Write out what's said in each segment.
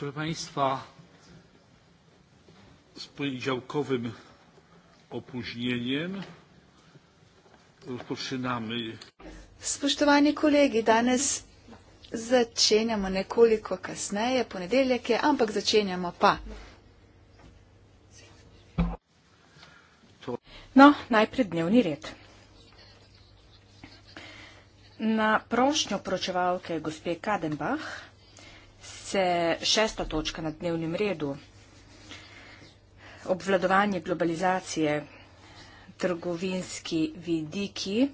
Proszę Państwa, z poniedziałkowym opóźnieniem rozpoczynamy. Spoštovani kolegi, danes začenjamo nekoliko kasneje, ponedeljek je, ampak začenjamo pa. No, najprej dnevni red. Na prošnjo pročevalke gospe Kadenbach sice šesta točka na dnevnem redu. Obvladovanje globalizacije, trgovinski vidiki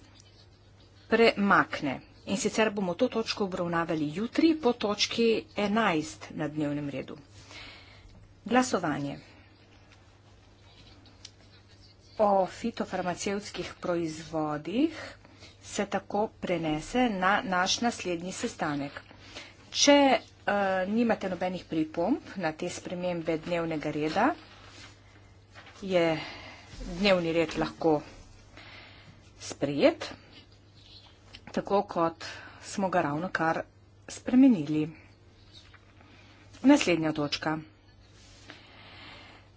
premakne. In sicer bomo to točko obravnavali jutri po točki 11 na dnevnem redu. Glasovanje o fitofarmacevskih proizvodih se tako prenese na naš naslednji sestanek. Če Eh, nimate nobenih pripomb na te spremembe dnevnega reda, je dnevni red lahko sprejet, tako kot smo ga ravno kar spremenili. Naslednja točka.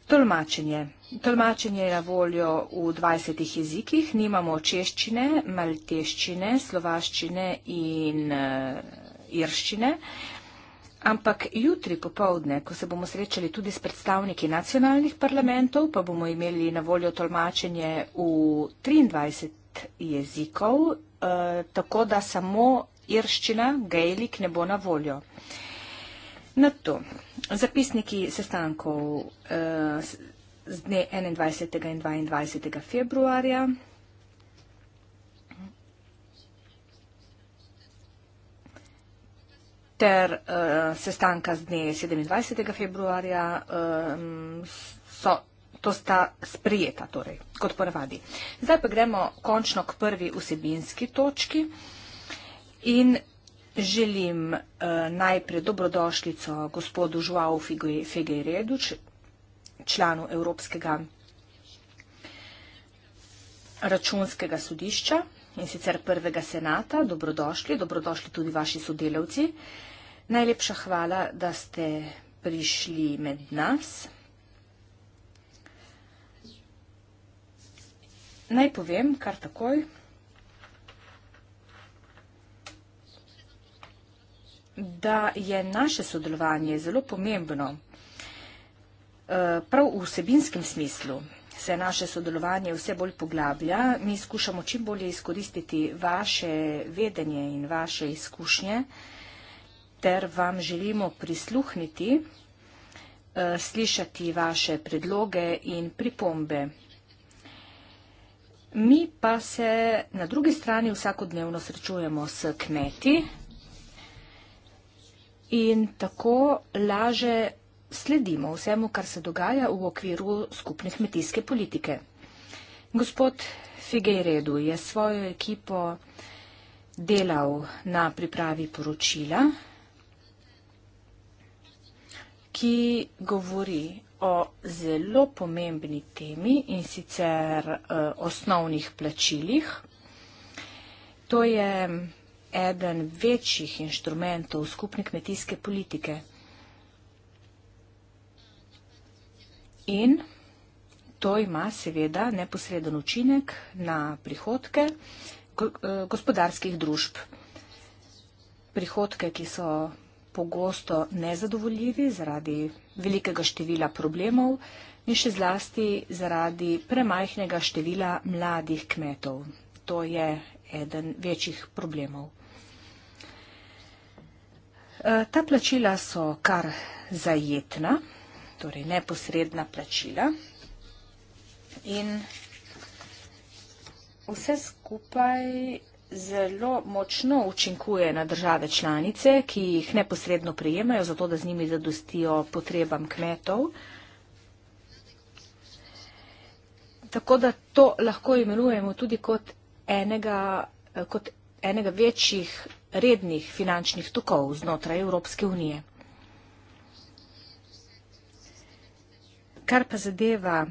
Tolmačenje. Tolmačenje je na voljo v 20 jezikih. Nimamo češčine, malteščine, slovaščine in eh, irščine. Ampak jutri popovdne, ko se bomo srečali tudi s predstavniki nacionalnih parlamentov, pa bomo imeli na voljo tolmačenje v 23 jezikov, eh, tako da samo irščina, gejlik ne bo na voljo. Na to, zapisniki sestankov eh, z dne 21. in 22. februarja ter uh, sestanka z dne 27. februarja uh, so. To sta sprijeta, torej, kot ponavadi. Zdaj pa gremo končno k prvi vsebinski točki in želim eh, najprej dobrodošljico gospodu Žuavu Figueiredu, članu Evropskega računskega sodišča in sicer prvega senata. Dobrodošli, dobrodošli tudi vaši sodelavci. Eh, Najlepša hvala, da ste prišli med nas. Naj povem kar takoj. da je naše sodelovanje zelo pomembno. Eh, prav v vsebinskem smislu se naše sodelovanje vse bolj poglablja. Mi skušamo čim bolje izkoristiti vaše vedenje in vaše izkušnje ter vam želimo prisluhniti, eh, slišati vaše predloge in pripombe. Mi pa se na drugi strani vsakodnevno srečujemo s kmeti in tako laže sledimo vsemu, kar se dogaja v okviru skupne kmetijske politike. Gospod Figejredu je svojo ekipo delal na pripravi poročila ki govori o zelo pomembni temi in sicer uh, osnovnih plačilih. To je eden večjih inštrumentov skupne kmetijske politike. In to ima seveda neposreden učinek na prihodke eh, gospodarskih družb. Prihodke, ki so pogosto nezadovoljivi zaradi velikega števila problemov in še zlasti zaradi premajhnega števila mladih kmetov. To je eden večjih problemov. E, ta plačila so kar zajetna, torej neposredna plačila in vse skupaj zelo močno učinkuje na države članice, ki jih neposredno prijemajo, zato da z njimi zadostijo potrebam kmetov. Tako da to lahko imenujemo tudi kot enega, kot enega večjih rednih finančnih tokov znotraj Evropske unije. Kar pa zadeva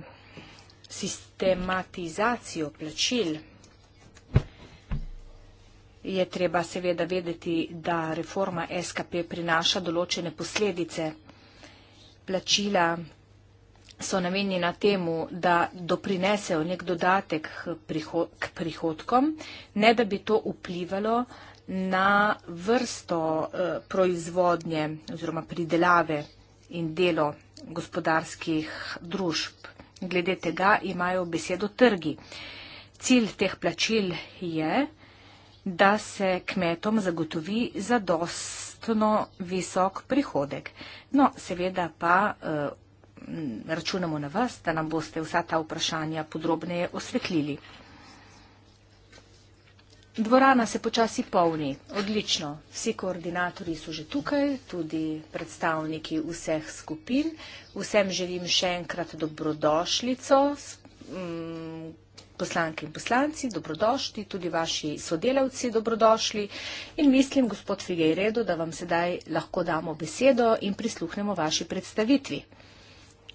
sistematizacijo plačil, je treba seveda vedeti, da reforma SKP prinaša določene posledice. Plačila so namenjena temu, da doprinesejo nek dodatek k prihodkom, ne da bi to vplivalo na vrsto eh, proizvodnje oziroma pridelave in delo gospodarskih družb. Glede tega imajo besedo trgi. Cilj teh plačil je, da se kmetom zagotovi zadostno visok prihodek. No, seveda pa eh, računamo na vas, da nam boste vsa ta vprašanja podrobneje osvetlili. Dvorana se počasi polni, odlično. Vsi koordinatori so že tukaj, tudi predstavniki vseh skupin. Vsem želim še enkrat dobrodošljico, poslanke in poslanci, dobrodošli, tudi vaši sodelavci, dobrodošli. In mislim, gospod Figejredo, da vam sedaj lahko damo besedo in prisluhnemo vaši predstavitvi.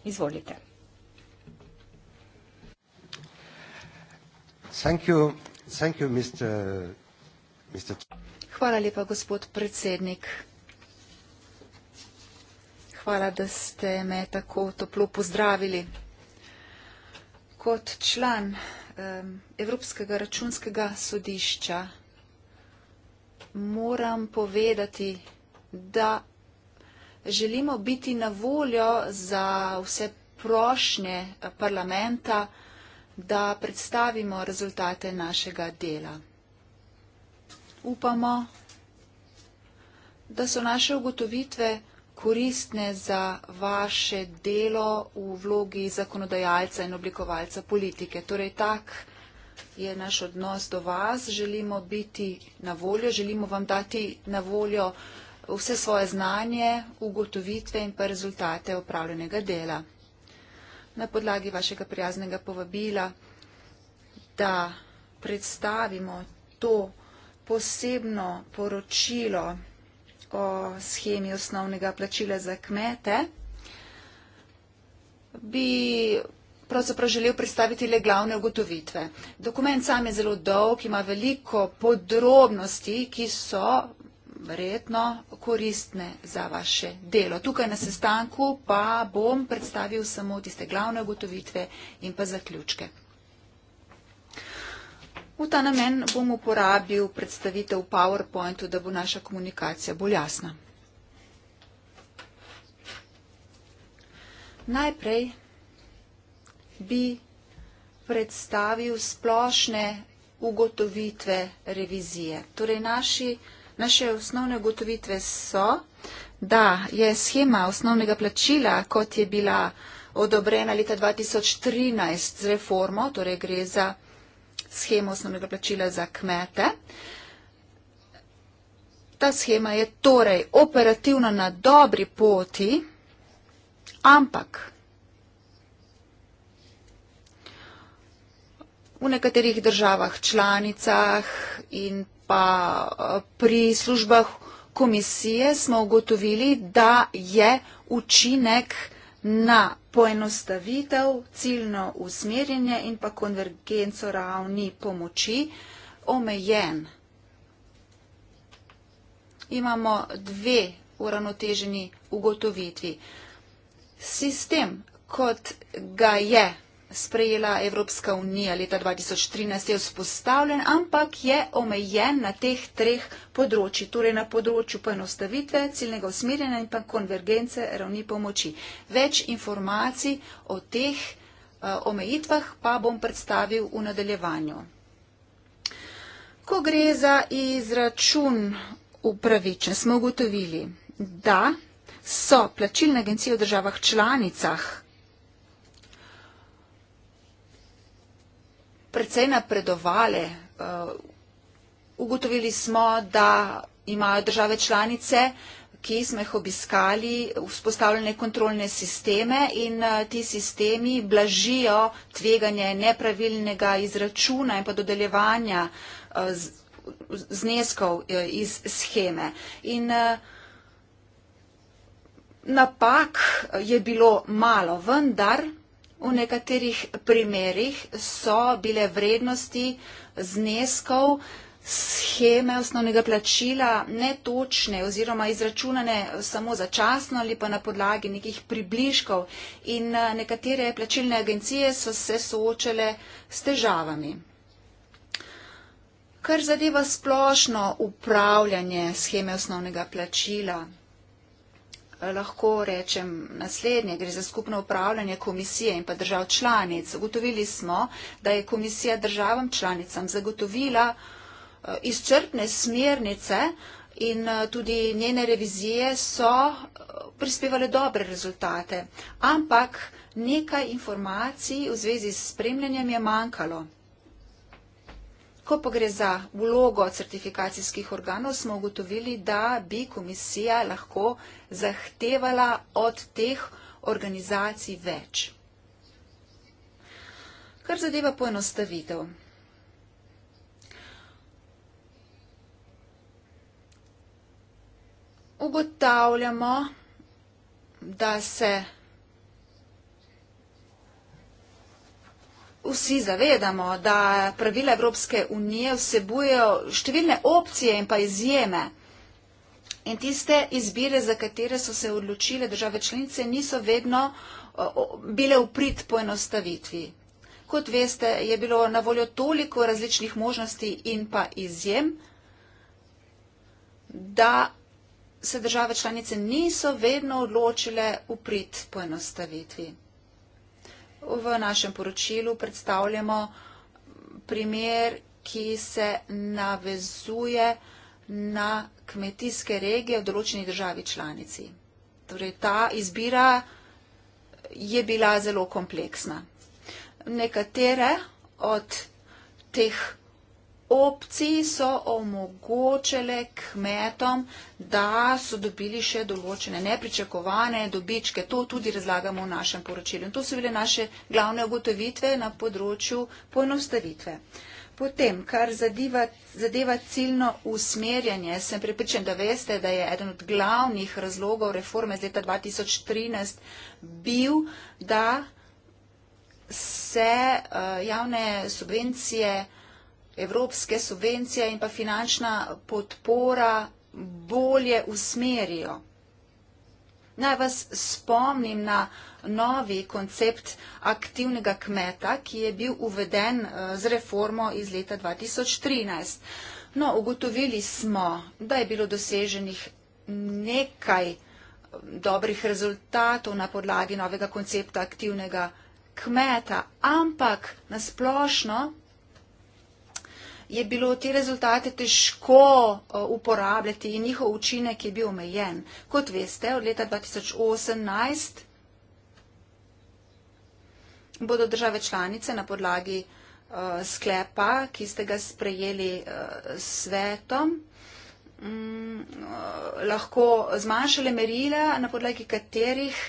Izvolite. Thank you, thank you, Mr. Mr. Hvala lepa, gospod predsednik. Hvala, da ste me tako toplo pozdravili. Kot član um, Evropskega računskega sodišča, moram povedati, da želimo biti na voljo za vse prošnje parlamenta, da predstavimo rezultate našega dela. Upamo, da so naše ugotovitve koristne za vaše delo v vlogi zakonodajalca in oblikovalca politike. Torej, tak je naš odnos do vas. Želimo biti na voljo, želimo vam dati na voljo vse svoje znanje, ugotovitve in pa rezultate opravljenega dela. Na podlagi vašega prijaznega povabila, da predstavimo to posebno poročilo, o schemi osnovnega plačila za kmete, bi pravzaprav želel predstaviti le glavne ugotovitve. Dokument sam je zelo dolg, ima veliko podrobnosti, ki so verjetno koristne za vaše delo. Tukaj na sestanku pa bom predstavil samo tiste glavne ugotovitve in pa zaključke. V ta namen bom uporabil predstavitev v PowerPointu, da bo naša komunikacija bolj jasna. Najprej bi predstavil splošne ugotovitve revizije. Torej naši, naše osnovne ugotovitve so, da je schema osnovnega plačila, kot je bila odobrena leta 2013 z reformo, torej gre za schemo osnovnega plačila za kmete. Ta schema je torej operativna na dobri poti, ampak v nekaterih državah članicah in pa eh, pri službah komisije smo ugotovili, da je učinek na poenostavitev, ciljno usmerjenje in pa konvergenco ravni pomoči omejen. Imamo dve uravnoteženi ugotovitvi. Sistem, kot ga je sprejela Evropska unija leta 2013, je vzpostavljen, ampak je omejen na teh treh področjih, torej na področju poenostavitve, ciljnega usmerjanja in pa konvergence ravni pomoči. Več informacij o teh eh, omejitvah pa bom predstavil v nadaljevanju. Ko gre za izračun upravičen, smo ugotovili, da so plačilne agencije v državah članicah precej napredovale. Uh, ugotovili smo, da imajo države članice, ki smo jih obiskali, vzpostavljene kontrolne sisteme in uh, ti sistemi blažijo tveganje nepravilnega izračuna in pa dodeljevanja uh, zneskov iz scheme. In napak je bilo malo, vendar V nekaterih primerjih so bile vrednosti zneskov scheme osnovnega plačila netočne oziroma izračunane samo začasno ali pa na podlagi nekih približkov in eh, nekatere plačilne agencije so se soočale s težavami. Kar zadeva splošno upravljanje scheme osnovnega plačila, lahko rečem naslednje, gre za skupno upravljanje komisije in pa držav članic. Ugotovili smo, da je komisija državam članicam zagotovila eh, izčrpne smernice in eh, tudi njene revizije so eh, prispevale dobre rezultate, ampak nekaj informacij v zvezi s spremljanjem je manjkalo. Ko pa gre za vlogo certifikacijskih organov, smo ugotovili, da bi komisija lahko zahtevala od teh organizacij več. Kar zadeva poenostavitev. Ugotavljamo, da se vsi zavedamo, da pravila Evropske unije vsebujejo številne opcije in pa izjeme. In tiste izbire, za katere so se odločile države članice, niso vedno bile v prid poenostavitvi. Kot veste, je bilo na voljo toliko različnih možnosti in pa izjem, da se države članice niso vedno odločile v prid poenostavitvi v našem poročilu predstavljamo primer, ki se navezuje na kmetijske regije v določeni državi članici. Torej, ta izbira je bila zelo kompleksna. Nekatere od teh opciji so omogočile kmetom, da so dobili še določene nepričakovane dobičke. To tudi razlagamo v našem poročilju. In to so bile naše glavne ugotovitve na področju poenostavitve. Potem, kar zadeva, zadeva ciljno usmerjanje, sem pripričan, da veste, da je eden od glavnih razlogov reforme z leta 2013 bil, da se uh, javne subvencije uh, evropske subvencije in pa finančna podpora bolje usmerijo. Naj vas spomnim na novi koncept aktivnega kmeta, ki je bil uveden eh, z reformo iz leta 2013. No, ugotovili smo, da je bilo doseženih nekaj eh, dobrih rezultatov na podlagi novega koncepta aktivnega kmeta, ampak nasplošno je bilo te rezultate težko eh, uporabljati in njihov učinek je bil omejen. Kot veste, od leta 2018 bodo države članice na podlagi eh, sklepa, ki ste ga sprejeli eh, svetom, mm, lahko zmanjšale merile, na podlagi katerih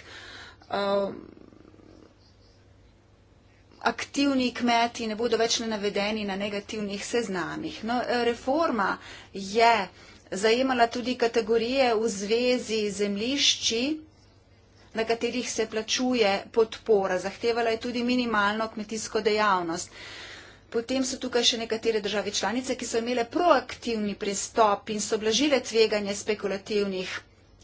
aktivni kmeti ne bodo več ne navedeni na negativnih seznamih. No, reforma je zajemala tudi kategorije v zvezi zemlišči, na katerih se plačuje podpora. Zahtevala je tudi minimalno kmetijsko dejavnost. Potem so tukaj še nekatere države članice, ki so imele proaktivni pristop in so blažile tveganje spekulativnih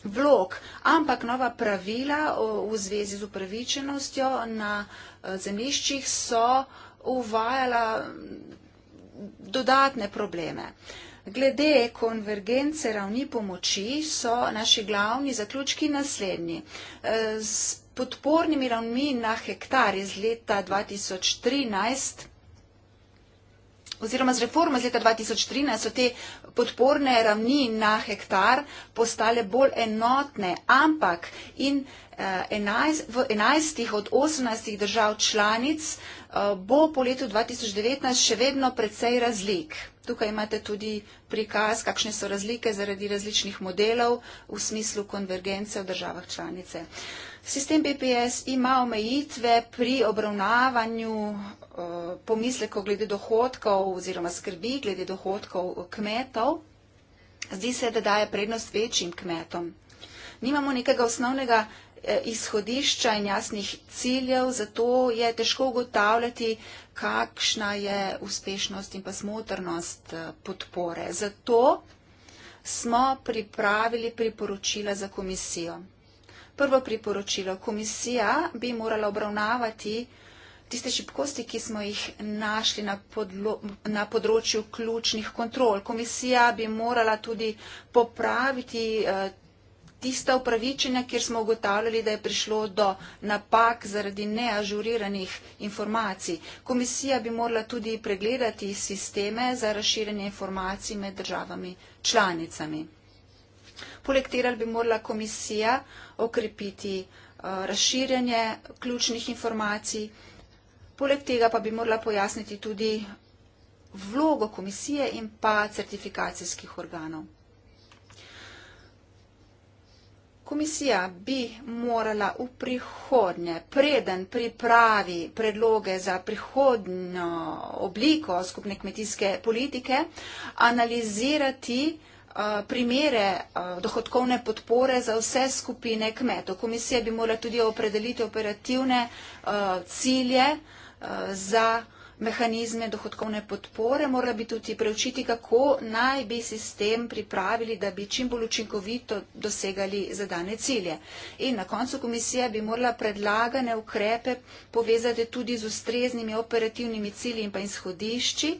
vlog, ampak nova pravila v zvezi z upravičenostjo na eh, zemljiščih so uvajala mm, dodatne probleme. Glede konvergence ravni pomoči so naši glavni zaključki naslednji. Eh, s podpornimi ravni na hektar iz leta 2013 oziroma z reformo iz leta 2013 so te podporne ravni na hektar postale bolj enotne, ampak in, uh, eh, enajst, v 11 od 18 držav članic uh, bo po letu 2019 še vedno precej razlik. Tukaj imate tudi prikaz, kakšne so razlike zaradi različnih modelov v smislu konvergence v državah članice. Uh, Sistem BPS ima omejitve pri obravnavanju eh, pomislekov glede dohodkov oziroma skrbi glede dohodkov kmetov. Zdi se, da daje prednost večjim kmetom. Nimamo nekega osnovnega eh, izhodišča in jasnih ciljev, zato je težko ugotavljati, kakšna je uspešnost in pa smotrnost eh, podpore. Zato smo pripravili priporočila za komisijo prvo priporočilo. Komisija bi morala obravnavati tiste šibkosti, ki smo jih našli na, podlo, na področju ključnih kontrol. Komisija bi morala tudi popraviti eh, tista upravičenja, kjer smo ugotavljali, da je prišlo do napak zaradi neažuriranih informacij. Komisija bi morala tudi pregledati sisteme za razširjanje informacij med državami članicami. Poleg tega bi morala komisija okrepiti uh, razširjanje ključnih informacij. Poleg tega pa bi morala pojasniti tudi vlogo komisije in pa certifikacijskih organov. Komisija bi morala v prihodnje, preden pripravi predloge za prihodnjo obliko skupne kmetijske politike, analizirati uh, primere dohodkovne podpore za vse skupine kmetov. Komisija bi morala tudi opredeliti operativne cilje za mehanizme dohodkovne podpore, morala bi tudi preučiti, kako naj bi sistem pripravili, da bi čim bolj učinkovito dosegali zadane cilje. In na koncu komisija bi morala predlagane ukrepe povezati tudi z ustreznimi operativnimi cilji in pa izhodišči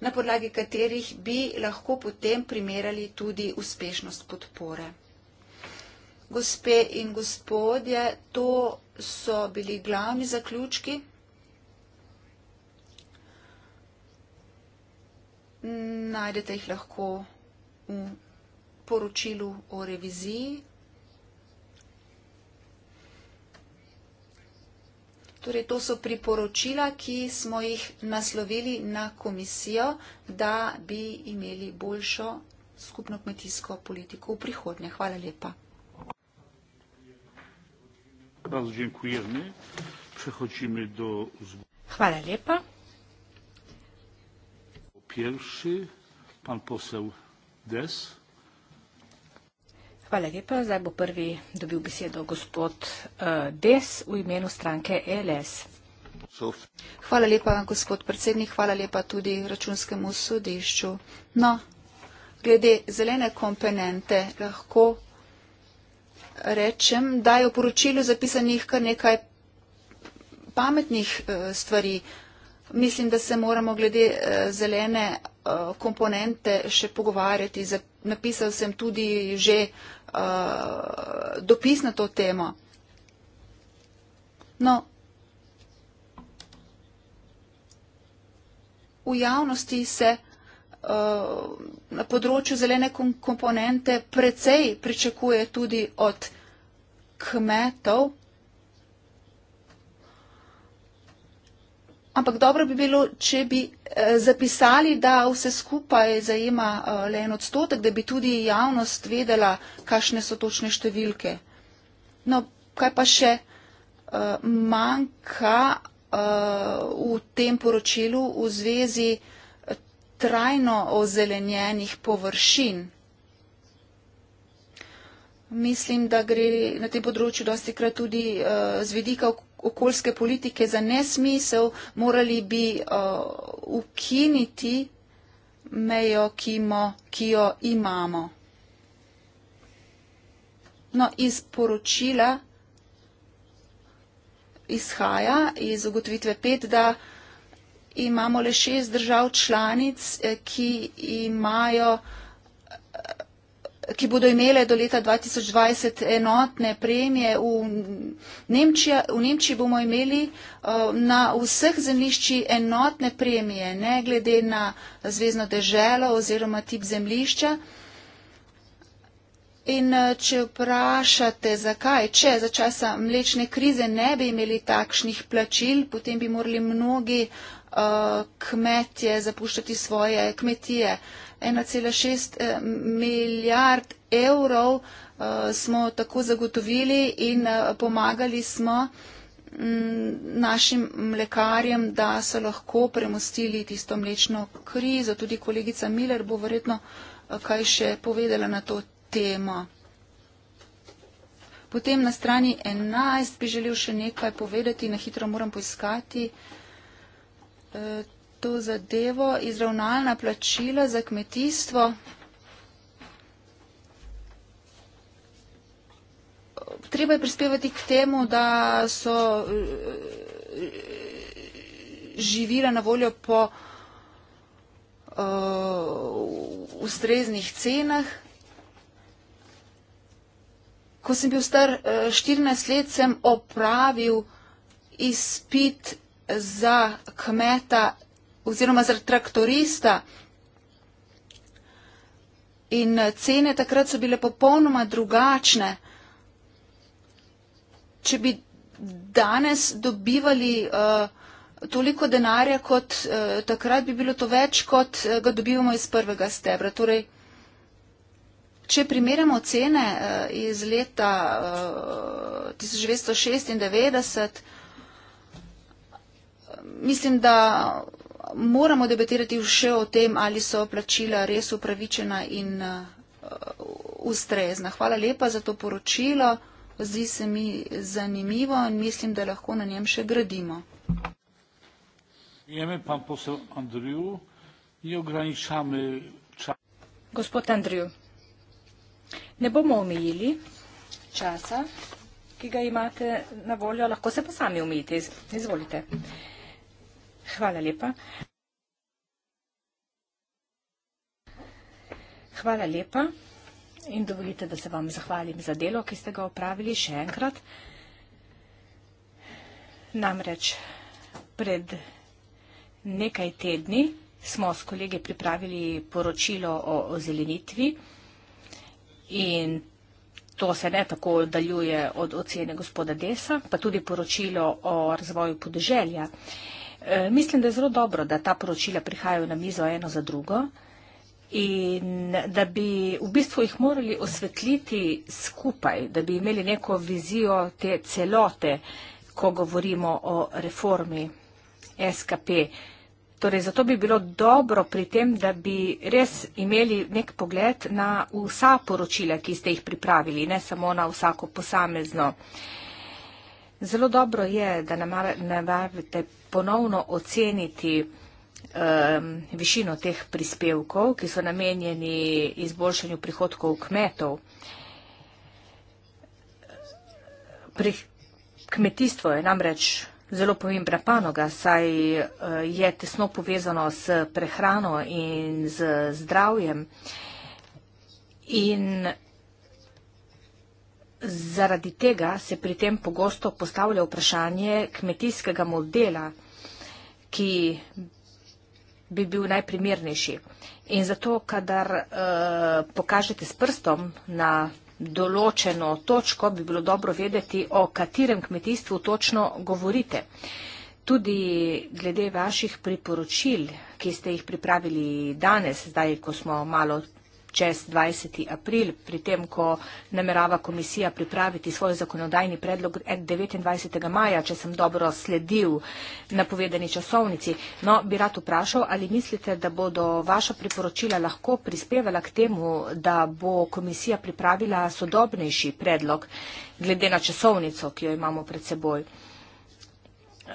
na podlagi katerih bi lahko potem primerjali tudi uspešnost podpore. Gospe in gospodje, to so bili glavni zaključki. Najdete jih lahko v poročilu o reviziji. Torej, to so priporočila, ki smo jih naslovili na komisijo, da bi imeli boljšo skupno kmetijsko politiko v prihodnje. Hvala lepa. Hvala lepa. Prvi, pan posel Des. Hvala lepa. Zdaj bo prvi dobil besedo gospod eh, Des v imenu stranke LS. Hvala lepa, gospod predsednik. Hvala lepa tudi računskemu sodišču. No, glede zelene komponente lahko rečem, da je v poročilu zapisanih kar nekaj pametnih eh, stvari. Mislim, da se moramo glede eh, zelene komponente še pogovarjati. Napisal sem tudi že uh, dopis na to temo. No, v javnosti se uh, na področju zelene komponente precej pričakuje tudi od kmetov. ampak dobro bi bilo, če bi eh, zapisali, da vse skupaj zajema eh, le en odstotek, da bi tudi javnost vedela, kakšne so točne številke. No, kaj pa še eh, manjka v tem poročilu v zvezi trajno ozelenjenih površin? Mislim, da gre na tem področju dosti krat tudi z vidika okoljske politike za nesmisel, morali bi uh, ukiniti mejo, ki, mo, ki jo imamo. No, iz poročila izhaja iz ugotovitve 5, da imamo le šest držav članic, eh, ki imajo uh, ki bodo imele do leta 2020 enotne premije. V, Nemčija, v Nemčiji bomo imeli eh, na vseh zemlišči enotne premije, ne glede na zvezdno deželo oziroma tip zemlišča. In eh, če vprašate, zakaj, če za časa mlečne krize ne bi imeli takšnih plačil, potem bi morali mnogi uh, kmetje zapuščati svoje kmetije. Uh, 1,6 eh, milijard evrov eh, smo tako zagotovili in eh, pomagali smo mm, našim mlekarjem, da so lahko premostili tisto mlečno krizo. Tudi kolegica Miller bo verjetno kaj še povedala na to temo. Potem na strani 11 bi želel še nekaj povedati, na hitro moram poiskati to zadevo izravnalna plačila za kmetijstvo. Treba je prispevati k temu, da so eh, živila na voljo po uh, ustreznih cenah. Ko sem bil star 14 eh, let, sem opravil izpit za kmeta oziroma zaradi traktorista. In cene takrat so bile popolnoma drugačne. Če bi danes dobivali uh, toliko denarja, kot uh, takrat bi bilo to več, kot uh, ga dobivamo iz prvega stebra. Torej, če primerjamo cene uh, iz leta uh, 1996, mislim, da moramo debatirati še o tem, ali so plačila res upravičena in uh, ustrezna. Hvala lepa za to poročilo. Zdi se mi zanimivo in mislim, da lahko na njem še gradimo. Gospod Andriju, ne bomo omejili časa, ki ga imate na voljo, lahko se pa sami omejite. Izvolite. Hvala lepa. Hvala lepa in dovolite, da se vam zahvalim za delo, ki ste ga opravili še enkrat. Namreč pred nekaj tedni smo s kolege pripravili poročilo o ozelenitvi in to se ne tako oddaljuje od ocene gospoda Desa, pa tudi poročilo o razvoju podeželja. E, mislim, da je zelo dobro, da ta poročila prihajajo na mizo eno za drugo in da bi v bistvu jih morali osvetliti skupaj, da bi imeli neko vizijo te celote, ko govorimo o reformi SKP. Torej, zato bi bilo dobro pri tem, da bi res imeli nek pogled na vsa poročila, ki ste jih pripravili, ne samo na vsako posamezno. Uh, Zelo dobro je, da namavite ponovno oceniti um, višino teh prispevkov, ki so namenjeni izboljšanju prihodkov kmetov. Pri kmetijstvo je namreč zelo pomembna panoga, saj eh, je tesno povezano s prehrano in z zdravjem. In Zaradi tega se pri tem pogosto postavlja vprašanje kmetijskega modela, ki bi bil najprimernejši. In zato, kadar eh, pokažete s prstom na določeno točko, bi bilo dobro vedeti, o katerem kmetijstvu točno govorite. Tudi glede vaših priporočil, ki ste jih pripravili danes, zdaj, ko smo malo čez 20. april, pri tem, ko namerava komisija pripraviti svoj zakonodajni predlog 29. maja, če sem dobro sledil na povedani časovnici. No, bi rad vprašal, ali mislite, da bodo vaša priporočila lahko prispevala k temu, da bo komisija pripravila sodobnejši predlog glede na časovnico, ki jo imamo pred seboj.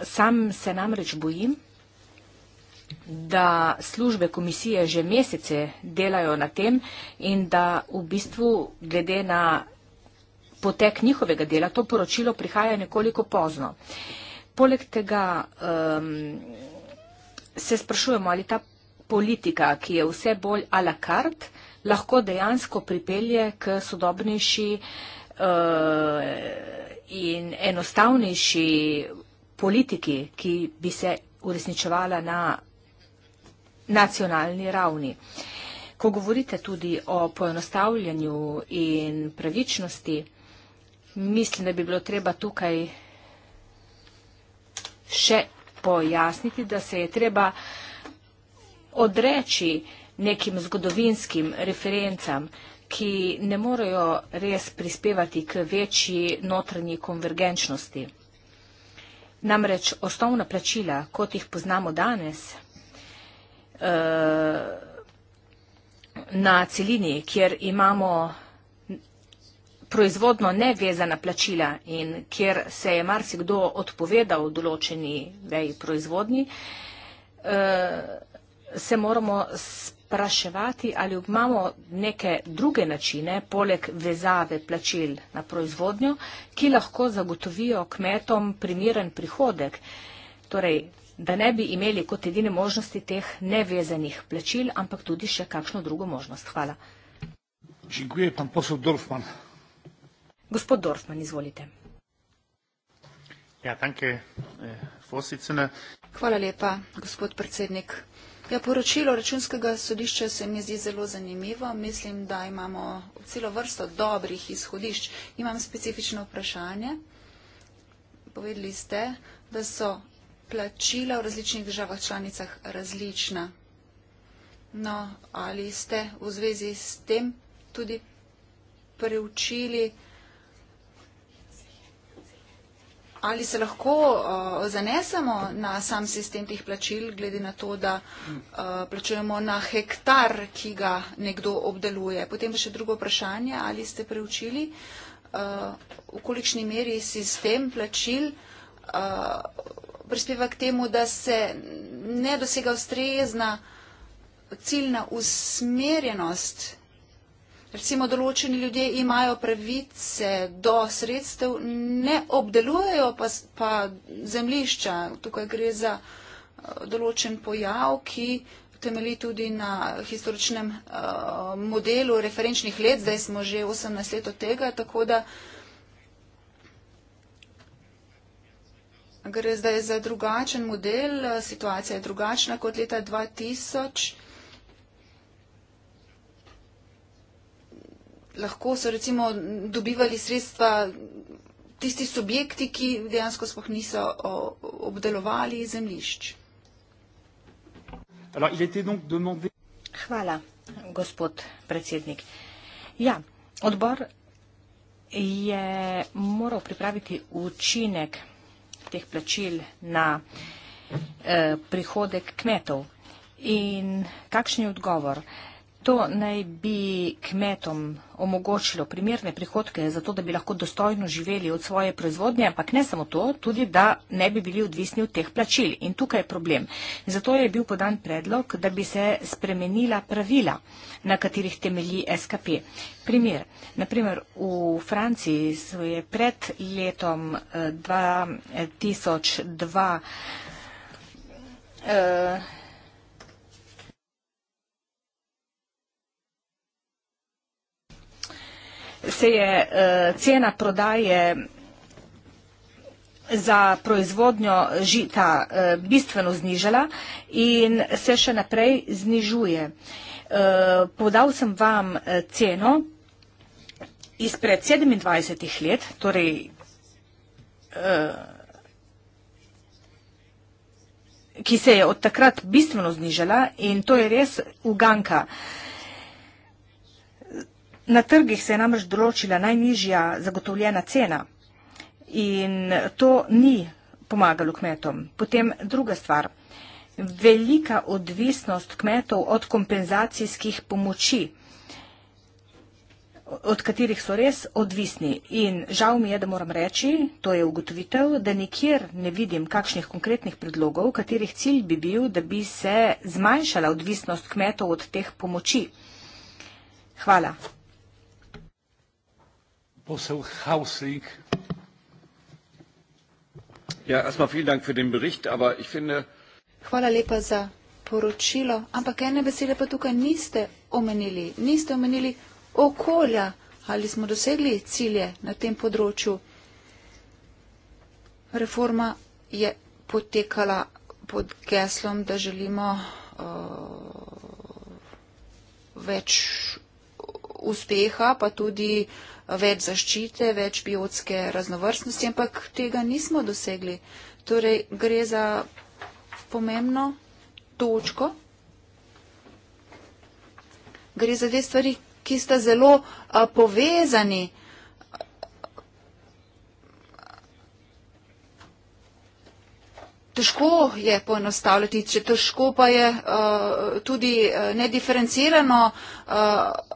Sam se namreč bojim, da službe komisije že mesece delajo na tem in da v bistvu glede na potek njihovega dela to poročilo prihaja nekoliko pozno. Poleg tega um, se sprašujemo, ali ta politika, ki je vse bolj a la carte, lahko dejansko pripelje k sodobnejši uh, in enostavnejši politiki, ki bi se uresničevala na nacionalni ravni. Ko govorite tudi o poenostavljanju in pravičnosti, mislim, da bi bilo treba tukaj še pojasniti, da se je treba odreči nekim zgodovinskim referencam, ki ne morejo res prispevati k večji notranji konvergenčnosti. Namreč osnovna plačila, kot jih poznamo danes, Eh, na celini, kjer imamo proizvodno nevezana plačila in kjer se je marsikdo odpovedal določeni veji proizvodni, eh, se moramo spraševati, ali imamo neke druge načine, poleg vezave plačil na proizvodnjo, ki lahko zagotovijo kmetom primiren prihodek. Torej, da ne bi imeli kot edine možnosti teh nevezanih plačil, ampak tudi še kakšno drugo možnost. Hvala. Žinkuje pan posel Dorfman. Gospod Dorfman, izvolite. Ja, tanke, fosicene. Eh, Hvala lepa, gospod predsednik. Ja, poročilo računskega sodišča se mi zdi zelo zanimivo. Mislim, da imamo celo vrsto dobrih izhodišč. Imam specifično vprašanje. Povedali ste, da so plačila v različnih državah članicah različna. No, ali ste v zvezi s tem tudi preučili, ali se lahko uh, zanesemo na sam sistem teh plačil, glede na to, da uh, plačujemo na hektar, ki ga nekdo obdeluje. Potem pa še drugo vprašanje, ali ste preučili, uh, v kolikšni meri sistem plačil uh, prispeva k temu, da se ne dosega ustrezna ciljna usmerjenost. Recimo določeni ljudje imajo pravice do sredstev, ne obdelujejo pa, pa zemlišča. Tukaj gre za eh, določen pojav, ki temeli tudi na historičnem uh, modelu referenčnih let. Zdaj smo že 18 let od tega, tako da uh, Gre zdaj za drugačen model, situacija je drugačna kot leta 2000. Lahko so recimo dobivali sredstva tisti subjekti, ki dejansko sploh niso obdelovali zemljišč. Hvala, gospod predsednik. Ja, odbor je moral pripraviti učinek teh plačil na eh, prihodek kmetov. In kakšen je odgovor? To naj bi kmetom omogočilo primerne prihodke za to, da bi lahko dostojno živeli od svoje proizvodnje, ampak ne samo to, tudi da ne bi bili odvisni od teh plačil. In tukaj je problem. Zato je bil podan predlog, da bi se spremenila pravila, na katerih temelji SKP. Primer, naprimer v Franciji so je pred letom 2002 uh, eh, se je uh, cena prodaje za proizvodnjo žita uh, bistveno znižala in se še naprej znižuje. Uh, podal sem vam uh, ceno izpred 27 let, torej uh, ki se je od takrat bistveno znižala in to je res uganka. Uh, Na trgih se je namreč določila najnižja zagotovljena cena in to ni pomagalo kmetom. Potem druga stvar. Velika odvisnost kmetov od kompenzacijskih pomoči, od katerih so res odvisni. In žal mi je, da moram reči, to je ugotovitev, da nikjer ne vidim kakšnih konkretnih predlogov, katerih cilj bi bil, da bi se zmanjšala odvisnost kmetov od teh pomoči. Hvala. Poseł Hausling. Ja, erstmal vielen Dank für den Bericht, aber ich finde. Hvala lepa za poročilo, ampak ene besede pa tukaj niste omenili. Niste omenili okolja, ali smo dosegli cilje na tem področju. Reforma je potekala pod geslom, da želimo uh, več uspeha, pa tudi eh, več zaščite, več biotske raznovrstnosti, ampak tega nismo dosegli. Torej, gre za pomembno točko. Gre za dve stvari, ki sta zelo a, eh, povezani. Težko je poenostavljati, če težko pa je uh, tudi uh, nediferencirano uh,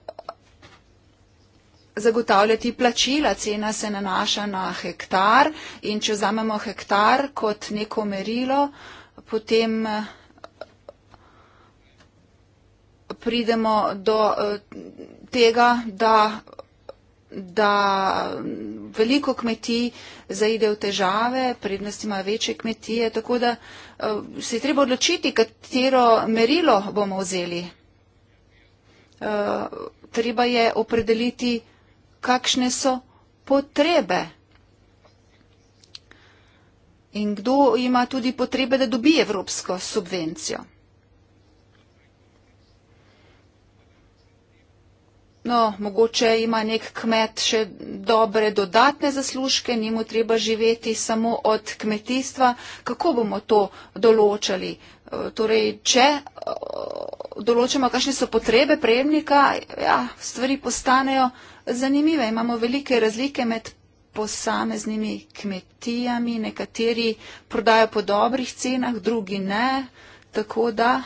zagotavljati plačila, cena se nanaša na hektar in če vzamemo hektar kot neko merilo, potem eh, pridemo do eh, tega, da, da veliko kmetij zaide v težave, prednosti imajo večje kmetije, tako da eh, se je treba odločiti, katero merilo bomo vzeli. Treba je opredeliti, kakšne so potrebe. In kdo ima tudi potrebe, da dobi evropsko subvencijo. No, mogoče ima nek kmet še dobre dodatne zaslužke, njemu treba živeti samo od kmetijstva. Kako bomo to določali? Eh, torej, če eh, določimo, kakšne so potrebe prejemnika, ja, stvari postanejo zanimive. Imamo velike razlike med posameznimi kmetijami, nekateri prodajo po dobrih cenah, drugi ne, tako da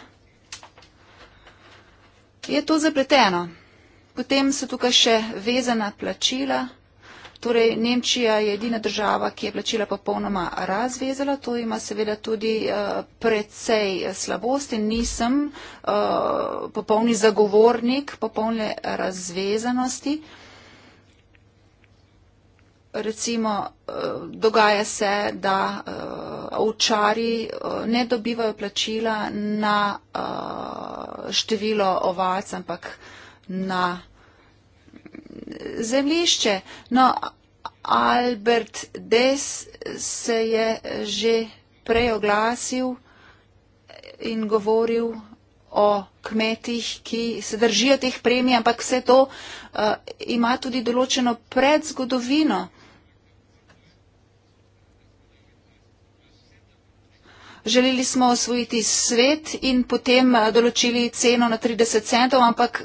je to zapleteno. Potem so tukaj še vezana plačila. Torej, Nemčija je edina država, ki je plačila popolnoma razvezala. To ima seveda tudi eh, precej eh, slabosti. Nisem uh, popolni zagovornik popolne razvezanosti. Uh, recimo eh, dogaja se, da eh, ovčari eh, ne dobivajo plačila na število ovac, ampak na mm, zemlišče. No, Albert Des se je že prej oglasil in govoril o kmetih, ki se držijo teh premij, ampak vse to uh, ima tudi določeno predzgodovino. Želeli smo osvojiti svet in potem eh, določili ceno na 30 centov, ampak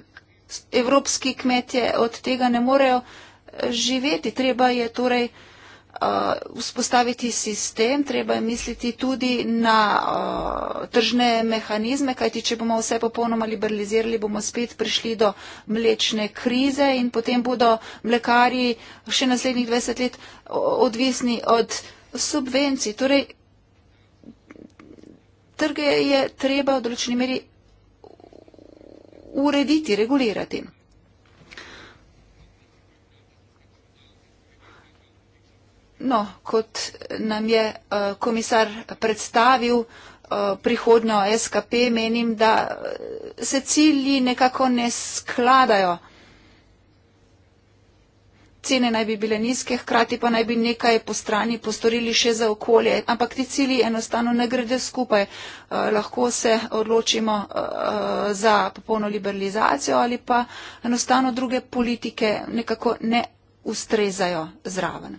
evropski kmetje od tega ne morejo eh, živeti. Treba je torej uh, vzpostaviti sistem, treba je misliti tudi na uh, tržne mehanizme, kajti če bomo vse popolnoma liberalizirali, bomo spet prišli do mlečne krize in potem bodo mlekarji še naslednjih 20 let odvisni od subvencij. Torej, trge je treba v določeni meri urediti, regulirati. No, kot nam je eh, komisar predstavil eh, prihodnjo SKP, menim, da eh, se cilji nekako ne skladajo cene naj bi bile nizke, hkrati pa naj bi nekaj po strani postorili še za okolje. Ampak ti cilji enostavno ne grede skupaj. Eh, lahko se odločimo eh, za popolno liberalizacijo ali pa enostavno druge politike nekako ne ustrezajo zraven.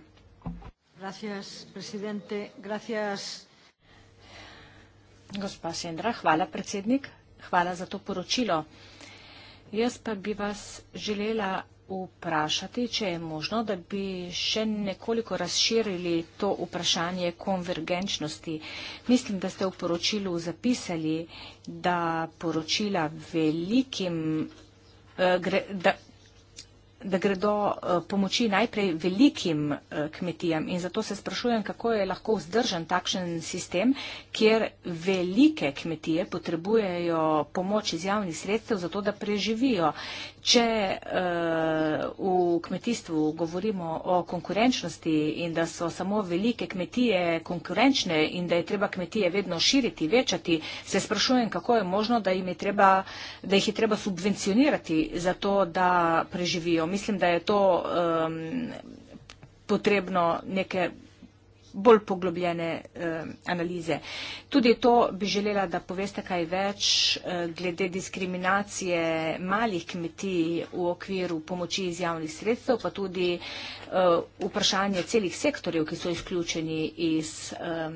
Gospa Sendra, hvala predsednik, hvala za to poročilo. Jaz pa bi vas želela vprašati, če je možno, da bi še nekoliko razširili to vprašanje konvergenčnosti. Mislim, da ste v poročilu zapisali, da poročila velikim, eh, da da gredo eh, pomoči najprej velikim eh, kmetijam in zato se sprašujem, kako je lahko vzdržen takšen sistem, kjer velike kmetije potrebujejo pomoč iz javnih sredstev za to, da preživijo. Če eh, v kmetijstvu govorimo o konkurenčnosti in da so samo velike kmetije konkurenčne in da je treba kmetije vedno širiti, večati, se sprašujem, kako je možno, da jih je treba subvencionirati za to, da preživijo. Mislim, da je to um, potrebno neke bolj poglobljene eh, analize. Tudi to bi želela, da poveste kaj več eh, glede diskriminacije malih kmetij v okviru pomoči iz javnih sredstev, pa tudi eh, vprašanje celih sektorjev, ki so izključeni iz eh,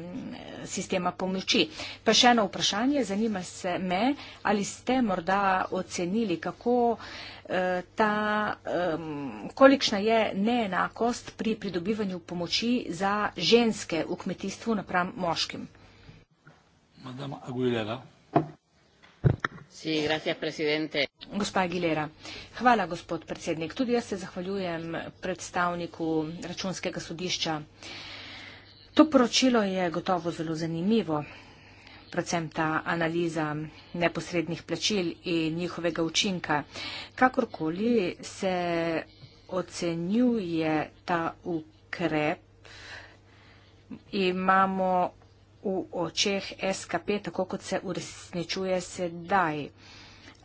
sistema pomoči. Pa še eno vprašanje, zanima se me, ali ste morda ocenili, kako eh, Eh, ta, um, kolikšna je neenakost pri pridobivanju pomoči za ženske v kmetijstvu napram moškim. Madama Aguilera. Gospa Aguilera, hvala gospod predsednik. Tudi jaz se zahvaljujem predstavniku računskega sodišča. To poročilo je gotovo zelo zanimivo predvsem ta analiza neposrednih plačil in njihovega učinka. Kakorkoli se ocenjuje ta ukrep, imamo v očeh SKP, tako kot se uresničuje sedaj.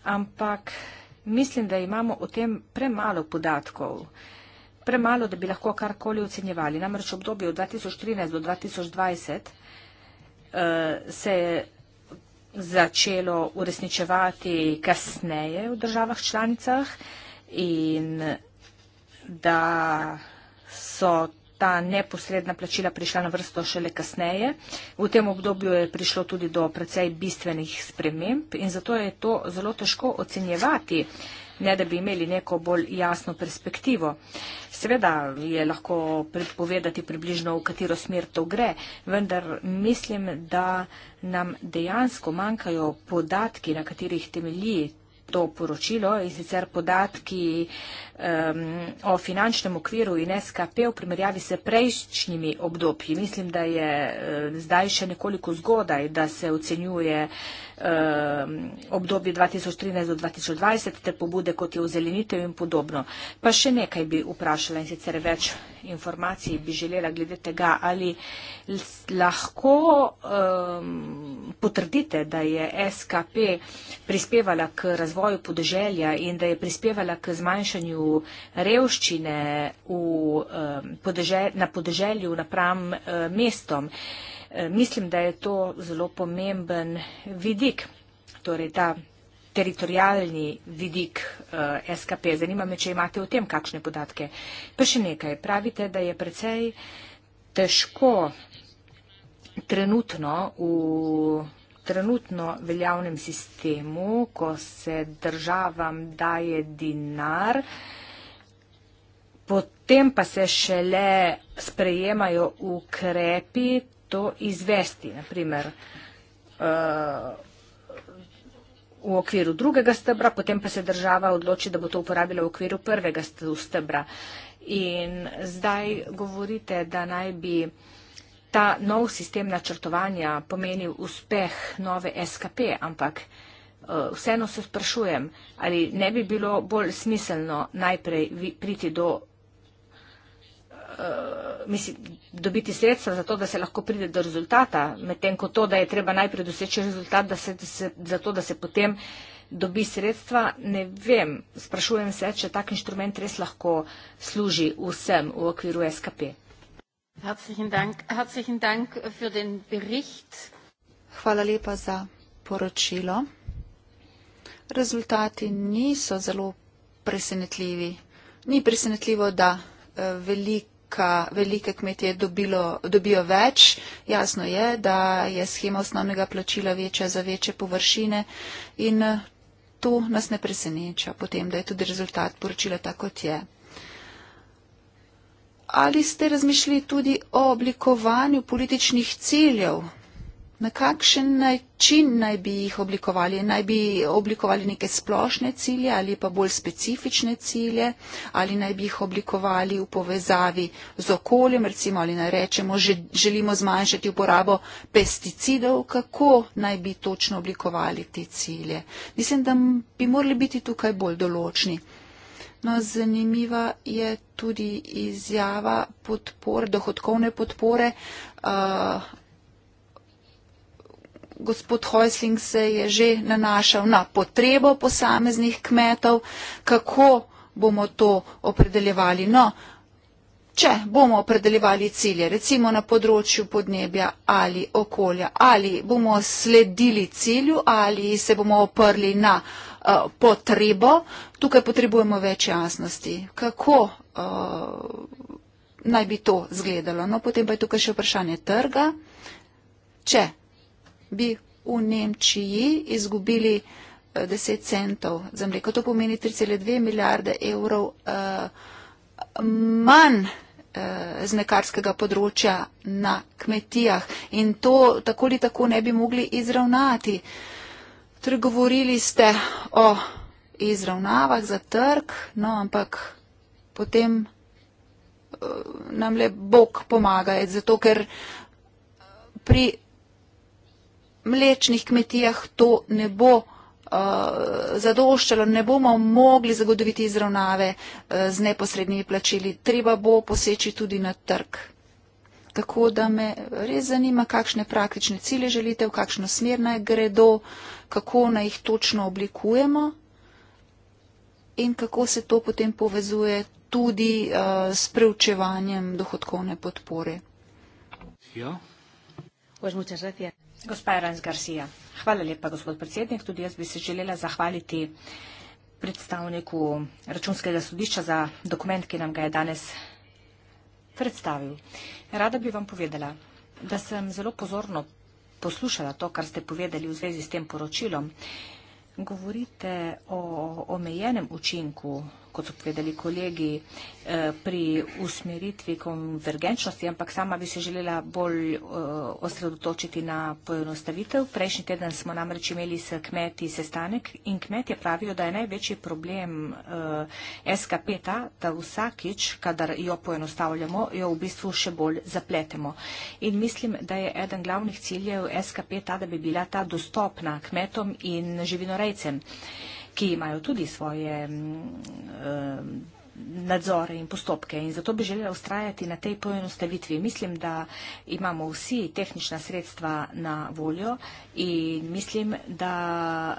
Ampak mislim, da imamo o tem premalo podatkov. Premalo, da bi lahko karkoli ocenjevali. Namreč obdobje od 2013 do 2020 uh, se je začelo uresničevati kasneje v državah članicah in da so ta neposredna plačila prišla na vrsto šele kasneje. V tem obdobju je prišlo tudi do precej bistvenih sprememb in zato je to zelo težko ocenjevati. Uh, ne da bi imeli neko bolj jasno perspektivo. Seveda je lahko povedati približno, v katero smer to gre, vendar mislim, da nam dejansko manjkajo podatki, na katerih temelji to poročilo in sicer podatki um, o finančnem okviru in SKP v primerjavi s prejšnjimi obdobji. Mislim, da je uh, zdaj še nekoliko zgodaj, da se ocenjuje um, obdobje 2013 do 2020, ter pobude kot je ozelenitev in podobno. Pa še nekaj bi vprašala in sicer več informacij bi želela glede tega, ali lahko um, potrdite, da je SKP prispevala k razvoju razvoju podeželja in da je prispevala k zmanjšanju revščine v, podeželj, na podeželju napram mestom. Mislim, da je to zelo pomemben vidik, torej ta teritorijalni vidik eh, SKP. Zanima me, če imate o tem kakšne podatke. Pa še nekaj, pravite, da je precej težko trenutno v trenutno veljavnem sistemu, ko se državam daje dinar, potem pa se šele sprejemajo ukrepi to izvesti. Naprimer, eh, v okviru drugega stebra, potem pa se država odloči, da bo to uporabila v okviru prvega stebra. In zdaj govorite, da naj bi ta nov sistem načrtovanja pomenil uspeh nove SKP, ampak eh, vseeno se sprašujem, ali ne bi bilo bolj smiselno najprej priti do, eh, mislim, dobiti sredstva za to, da se lahko pride do rezultata, medtem ko to, da je treba najprej doseči rezultat, da se, za to, da se potem dobi sredstva, ne vem, sprašujem se, če tak inštrument res lahko služi vsem v okviru SKP. Herzlichen Dank, herzlichen Dank für den Bericht. Hvala lepa za poročilo. Rezultati niso zelo presenetljivi. Ni presenetljivo, da eh, velika, velike kmetije dobilo, dobijo več. Jasno je, da je schema osnovnega plačila večja za večje površine in eh, to nas ne preseneča potem, da je tudi rezultat poročila tako, kot je ali ste razmišljali tudi o oblikovanju političnih ciljev? Na kakšen način naj bi jih oblikovali? Naj bi oblikovali neke splošne cilje ali pa bolj specifične cilje? Ali naj bi jih oblikovali v povezavi z okoljem, recimo ali naj rečemo, že, želimo zmanjšati uporabo pesticidov? Kako naj bi točno oblikovali te cilje? Mislim, da bi morali biti tukaj bolj določni. No, zanimiva je tudi izjava podpor, dohodkovne podpore. Uh, gospod Hojsling se je že nanašal na potrebo posameznih kmetov, kako bomo to opredeljevali. No, če bomo opredeljevali cilje, recimo na področju podnebja ali okolja, ali bomo sledili cilju, ali se bomo oprli na uh, Eh, potrebo. Tukaj potrebujemo več jasnosti. Kako eh, naj bi to zgledalo? No, potem pa je tukaj še vprašanje trga. Če bi v Nemčiji izgubili 10 eh, centov za mleko, to pomeni 3,2 milijarde evrov manj z nekarskega področja na kmetijah in to tako ali tako ne bi mogli izravnati. Uh, Torej, govorili ste o izravnavah za trg, no, ampak potem eh, nam le Bog pomaga, zato ker pri mlečnih kmetijah to ne bo uh, zadoščalo, ne bomo mogli zagotoviti izravnave uh, z neposrednimi plačili. Treba bo poseči tudi na trg. Tako da me res zanima, kakšne praktične cilje želite, v kakšno smer naj gredo. Uh, kako naj jih točno oblikujemo in kako se to potem povezuje tudi uh, s preučevanjem dohodkovne podpore. Ja. Hvala lepa, gospod predsednik. Tudi jaz bi se želela zahvaliti predstavniku računskega sodišča za dokument, ki nam ga je danes predstavil. Rada bi vam povedala, da sem zelo pozorno poslušala to, kar ste povedali v zvezi s tem poročilom. Govorite o omejenem učinku kot so povedali kolegi, eh, pri usmeritvi konvergenčnosti, ampak sama bi se želela bolj eh, osredotočiti na poenostavitev. Prejšnji teden smo namreč imeli s kmeti sestanek in kmetje pravijo, da je največji problem eh, SKP ta, da vsakič, kadar jo poenostavljamo, jo v bistvu še bolj zapletemo. In mislim, da je eden glavnih ciljev SKP ta, da bi bila ta dostopna kmetom in živinorejcem ki imajo tudi svoje mm, eh, nadzore in postopke in zato bi želela ustrajati na tej poenostavitvi. Mislim, da imamo vsi tehnična sredstva na voljo in mislim, da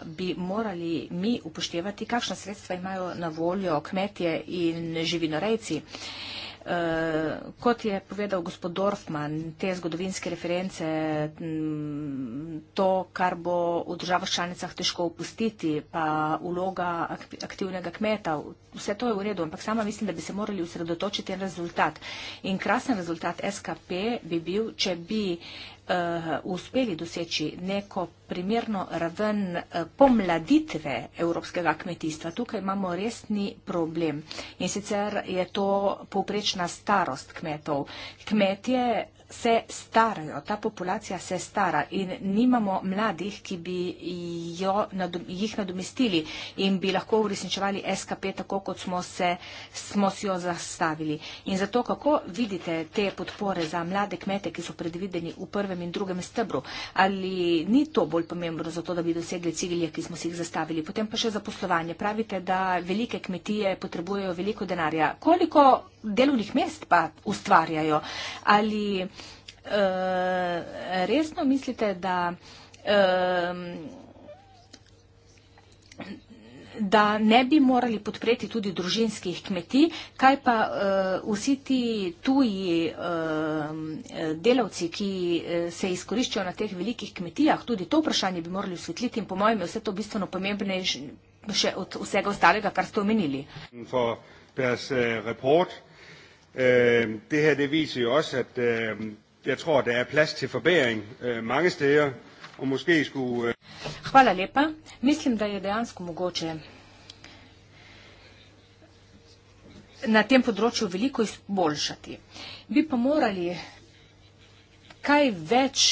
bi morali mi upoštevati, kakšna sredstva imajo na voljo kmetje in živinorejci. Eh, kot je povedal gospod Dorfman, te zgodovinske reference, mm, to, kar bo v državah članicah težko upustiti, pa uloga aktivnega kmeta, vse to je v redu, ampak sama mislim, da bi se morali usredotočiti na rezultat. In krasen rezultat SKP bi bil, če bi uh, Eh, uspeli doseči neko primerno raven eh, pomladitve evropskega kmetijstva. Tukaj imamo resni problem. In sicer je to povprečna starost kmetov. Kmetje se starajo, ta populacija se stara in nimamo mladih, ki bi jo, jih nadomestili in bi lahko uresničevali SKP tako, kot smo, se, smo si jo zastavili. In zato, kako vidite te podpore za mlade kmete, ki so predvideni v prvem in drugem stebru, ali ni to bolj pomembno za to, da bi dosegli cilje, ki smo si jih zastavili? Potem pa še zaposlovanje. Pravite, da velike kmetije potrebujejo veliko denarja. Koliko delovnih mest pa ustvarjajo? Ali Eh, resno mislite, da, uh, da ne bi morali podpreti tudi družinskih kmetij, kaj pa uh, vsi ti tuji uh, delavci, ki eh, se izkoriščajo na teh velikih kmetijah, tudi to vprašanje bi morali osvetliti in po mojem je vse to bistveno pomembnejše še od vsega ostalega, kar ste omenili. Deres, uh, report. Uh, det her det viser jo også, at uh, Jeg tror, der er plads til forbæring øh, mange steder, og måske skulle... Øh, Hvala lepa. Mislim, da je dejansko mogoče na tem področju veliko izboljšati. Bi pa morali kaj več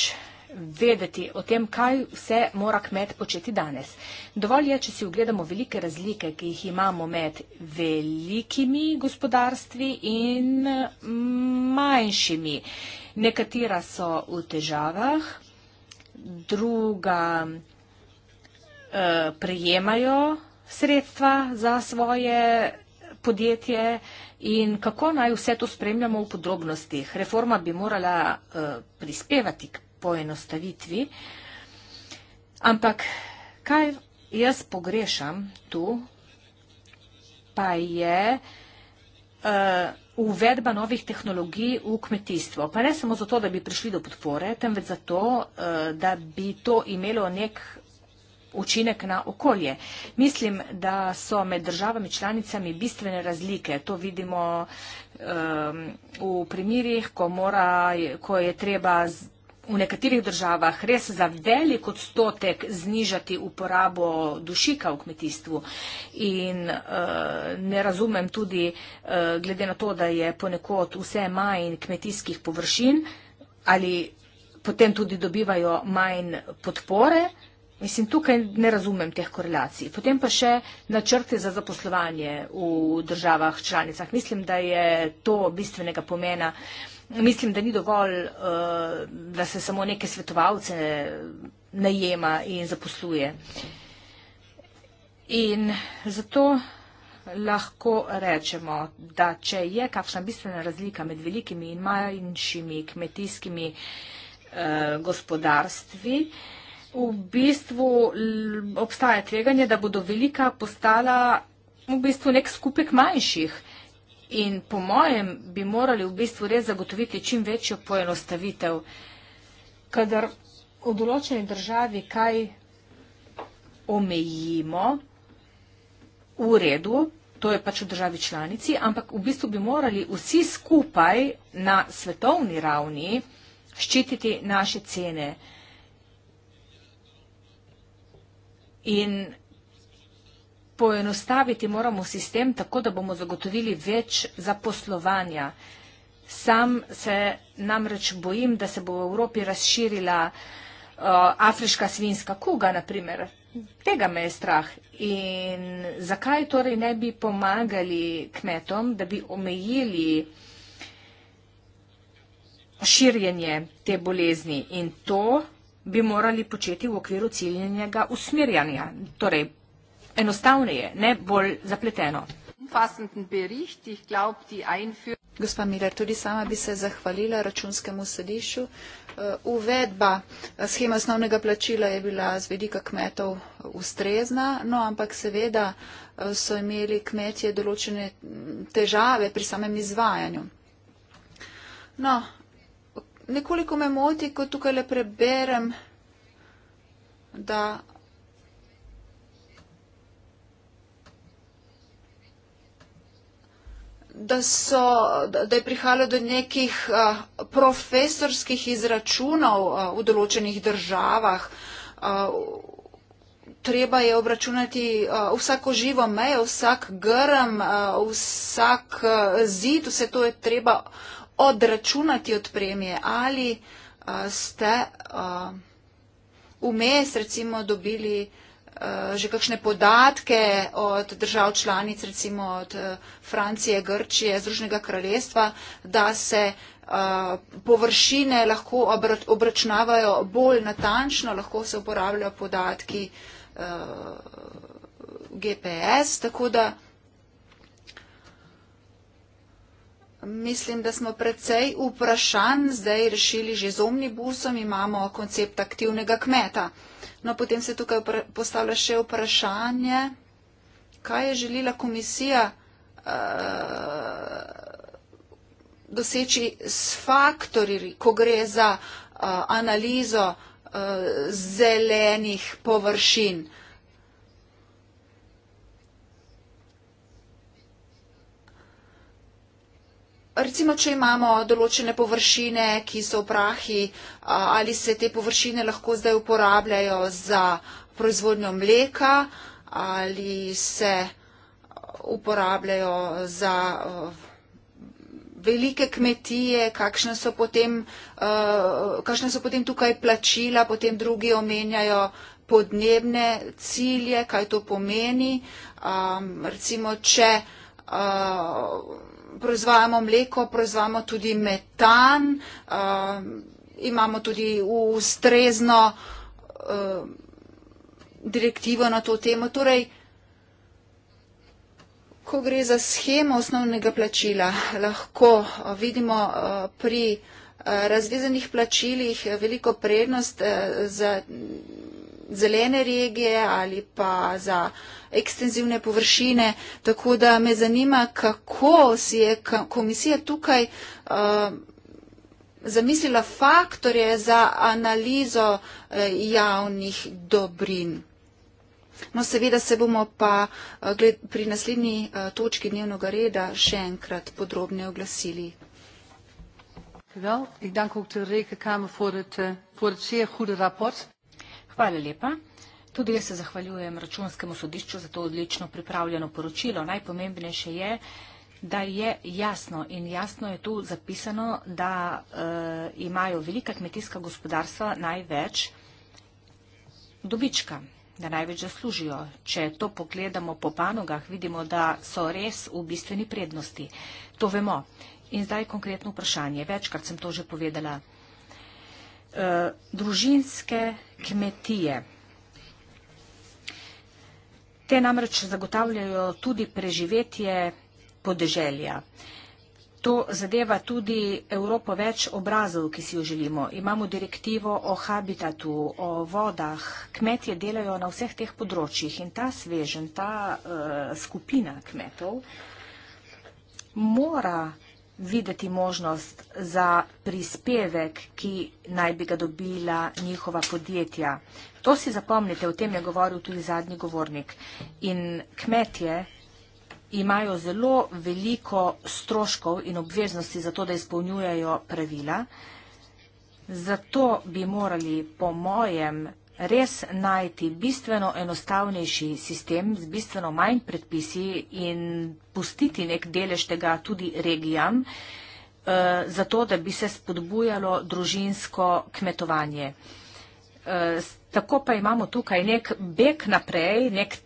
vedeti o tem, kaj vse mora kmet početi danes. Dovolj je, če si ogledamo velike razlike, ki jih imamo med velikimi gospodarstvi in mm, manjšimi gospodarstvi Nekatera so v težavah, druga eh, prejemajo sredstva za svoje podjetje in kako naj vse to spremljamo v podrobnostih. Reforma bi morala eh, prispevati k poenostavitvi, ampak kaj jaz pogrešam tu, pa je vsega, eh, uvedba novih tehnologij v kmetijstvo. Pa ne samo zato, da bi prišli do podpore, temveč zato, eh, da bi to imelo nek učinek na okolje. Mislim, da so med državami članicami bistvene razlike. To vidimo um, v primirih, ko, mora, ko je treba v nekaterih državah res za velik odstotek znižati uporabo dušika v kmetijstvu. In uh, ne razumem tudi, uh, glede na to, da je ponekod vse manj kmetijskih površin ali potem tudi dobivajo manj podpore. Mislim, tukaj ne razumem teh korelacij. Potem pa še načrte za zaposlovanje v državah članicah. Mislim, da je to bistvenega pomena. Uh, mislim, da ni dovolj, eh, da se samo neke svetovalce najema in zaposluje. In zato lahko rečemo, da če je kakšna bistvena razlika med velikimi in manjšimi kmetijskimi eh, gospodarstvi, v bistvu obstaja tveganje, da bodo velika postala v bistvu nek skupek manjših. In po mojem bi morali v bistvu res zagotoviti čim večjo poenostavitev. Kadar v določeni državi kaj omejimo, v redu, to je pač v državi članici, ampak v bistvu bi morali vsi skupaj na svetovni ravni ščititi naše cene. In poenostaviti moramo sistem tako, da bomo zagotovili več zaposlovanja. Sam se namreč bojim, da se bo v Evropi razširila eh, afriška svinska kuga, naprimer. Tega me je strah. In zakaj torej ne bi pomagali kmetom, da bi omejili širjenje te bolezni in to bi morali početi v okviru ciljenega usmerjanja. Torej, enostavneje, ne bolj zapleteno. Gospa Miller, tudi sama bi se zahvalila računskemu sedišu. Eh, uvedba eh, scheme osnovnega plačila je bila z vedika kmetov eh, ustrezna, no ampak seveda so imeli kmetje določene mm, težave pri samem izvajanju. No, nekoliko me moti, ko tukaj le preberem, da da, so, da je prihajalo do nekih profesorskih izračunov v določenih državah. Treba je obračunati vsako živo mejo, vsak grm, vsak zid, vse to je treba odračunati od premije. Ali ste vmes recimo dobili Eh, že kakšne podatke od držav članic, recimo od eh, Francije, Grčije, Združnega kraljestva, da se eh, površine lahko obračunavajo bolj natančno, lahko se uporabljajo podatki GPS, tako da mislim, da smo precej vprašanj zdaj rešili že z omnibusom, imamo koncept aktivnega kmeta. No, potem se tukaj postavlja še vprašanje, kaj je želila komisija uh, doseči s faktorji, ko gre za uh, analizo uh, zelenih površin. Uh, Recimo, če imamo določene površine, ki so v prahi, ali se te površine lahko zdaj uporabljajo za proizvodnjo mleka, ali se uporabljajo za velike kmetije, kakšne so potem, kakšne so potem tukaj plačila, potem drugi omenjajo podnebne cilje, kaj to pomeni. Recimo, če proizvajamo mleko, proizvajamo tudi metan, eh, imamo tudi ustrezno eh, direktivo na to temo. Torej, ko gre za schemo osnovnega plačila, lahko eh, vidimo pri razvezanih plačilih veliko prednost za zelene regije ali pa za ekstenzivne površine. Tako da me zanima, kako si je komisija tukaj uh, zamislila faktorje za analizo uh, javnih dobrin. No, seveda se bomo pa eh, gled, pri naslednji eh, točki dnevnega reda še enkrat podrobne oglasili. Well, ik dank ook de Rekenkamer voor het, voor het zeer goede rapport. Hvala lepa. Tudi jaz se zahvaljujem računskemu sodišču za to odlično pripravljeno poročilo. Najpomembnejše je, da je jasno in jasno je tu zapisano, da uh, imajo velika kmetijska gospodarstva največ dobička, da največ zaslužijo. Če to pogledamo po panogah, vidimo, da so res v bistveni prednosti. To vemo. In zdaj konkretno vprašanje. Večkrat sem to že povedala. Eh, družinske kmetije. Te namreč zagotavljajo tudi preživetje podeželja. To zadeva tudi Evropo več obrazov, ki si jo želimo. Imamo direktivo o habitatu, o vodah. Kmetje delajo na vseh teh področjih in ta svežen, ta uh, skupina kmetov mora uh, videti možnost za prispevek, ki naj bi ga dobila njihova podjetja. To si zapomnite, o tem je govoril tudi zadnji govornik. In kmetje imajo zelo veliko stroškov in obveznosti za to, da izpolnjujejo pravila. Zato bi morali po mojem res najti bistveno enostavnejši sistem z bistveno manj predpisi in pustiti nek delež tega tudi regijam, eh, zato da bi se spodbujalo družinsko kmetovanje. Eh, tako pa imamo tukaj nek beg naprej, nek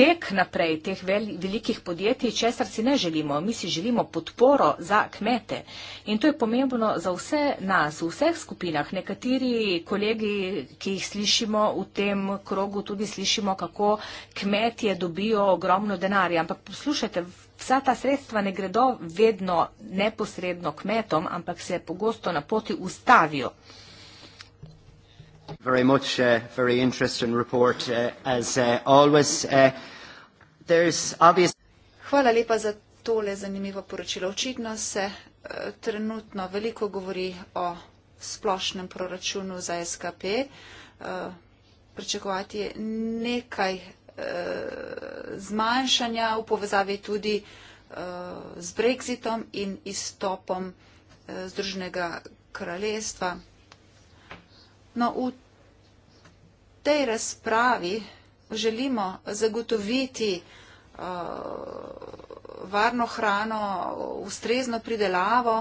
tek naprej teh velikih podjetij, česar si ne želimo. Mi si želimo podporo za kmete. In to je pomembno za vse nas, v vseh skupinah. Nekateri kolegi, ki jih slišimo v tem krogu, tudi slišimo, kako kmetje dobijo ogromno denarja. Ampak poslušajte, vsa ta sredstva ne gredo vedno neposredno kmetom, ampak se pogosto na poti ustavijo very much. Uh, very interesting report, uh, as uh, always. Uh, obvious... Hvala lepa za tole zanimivo poročilo. Očitno se uh, trenutno veliko govori o splošnem proračunu za SKP. Uh, pričakovati je nekaj uh, zmanjšanja v povezavi tudi uh, z Brexitom in izstopom uh, Združenega kraljestva. No, v tej razpravi želimo zagotoviti uh, varno hrano, ustrezno pridelavo.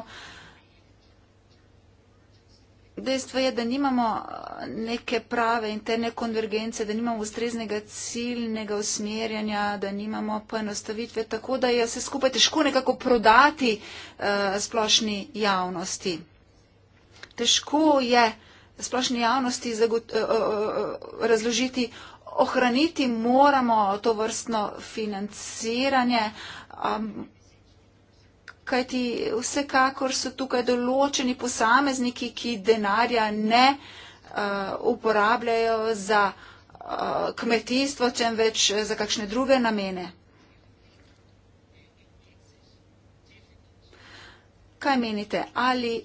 Dejstvo je, da nimamo uh, neke prave interne konvergence, da nimamo ustreznega ciljnega usmerjanja, da nimamo poenostavitve, tako da je vse skupaj težko nekako prodati uh, splošni javnosti. Težko je uh, splošni javnosti zagot, uh, uh, razložiti, ohraniti moramo to vrstno financiranje, um, kajti vsekakor so tukaj določeni posamezniki, ki denarja ne uh, uporabljajo za uh, kmetijstvo, temveč za kakšne druge namene. Kaj menite? Ali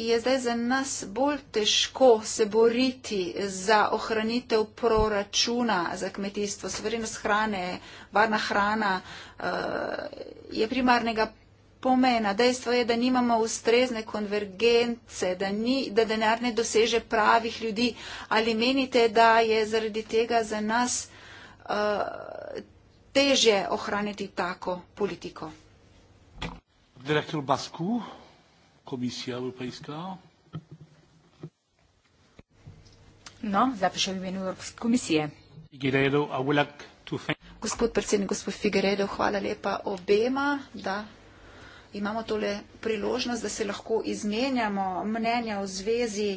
je zdaj za nas bolj težko se boriti za ohranitev proračuna za kmetijstvo. Svarenost hrane, varna hrana eh, je primarnega pomena. Dejstvo je, da nimamo ustrezne konvergence, da, ni, da denar ne doseže pravih ljudi. Ali menite, da je zaradi tega za nas eh, teže ohraniti tako politiko? Direktor Basku. Commission européenne. Non, je vais vous donner une commission. Figueredo, I would like to thank. Gospod predsednik, gospod Figueredo, hvala lepa obema, da imamo tole priložnost, da se lahko izmenjamo mnenja v zvezi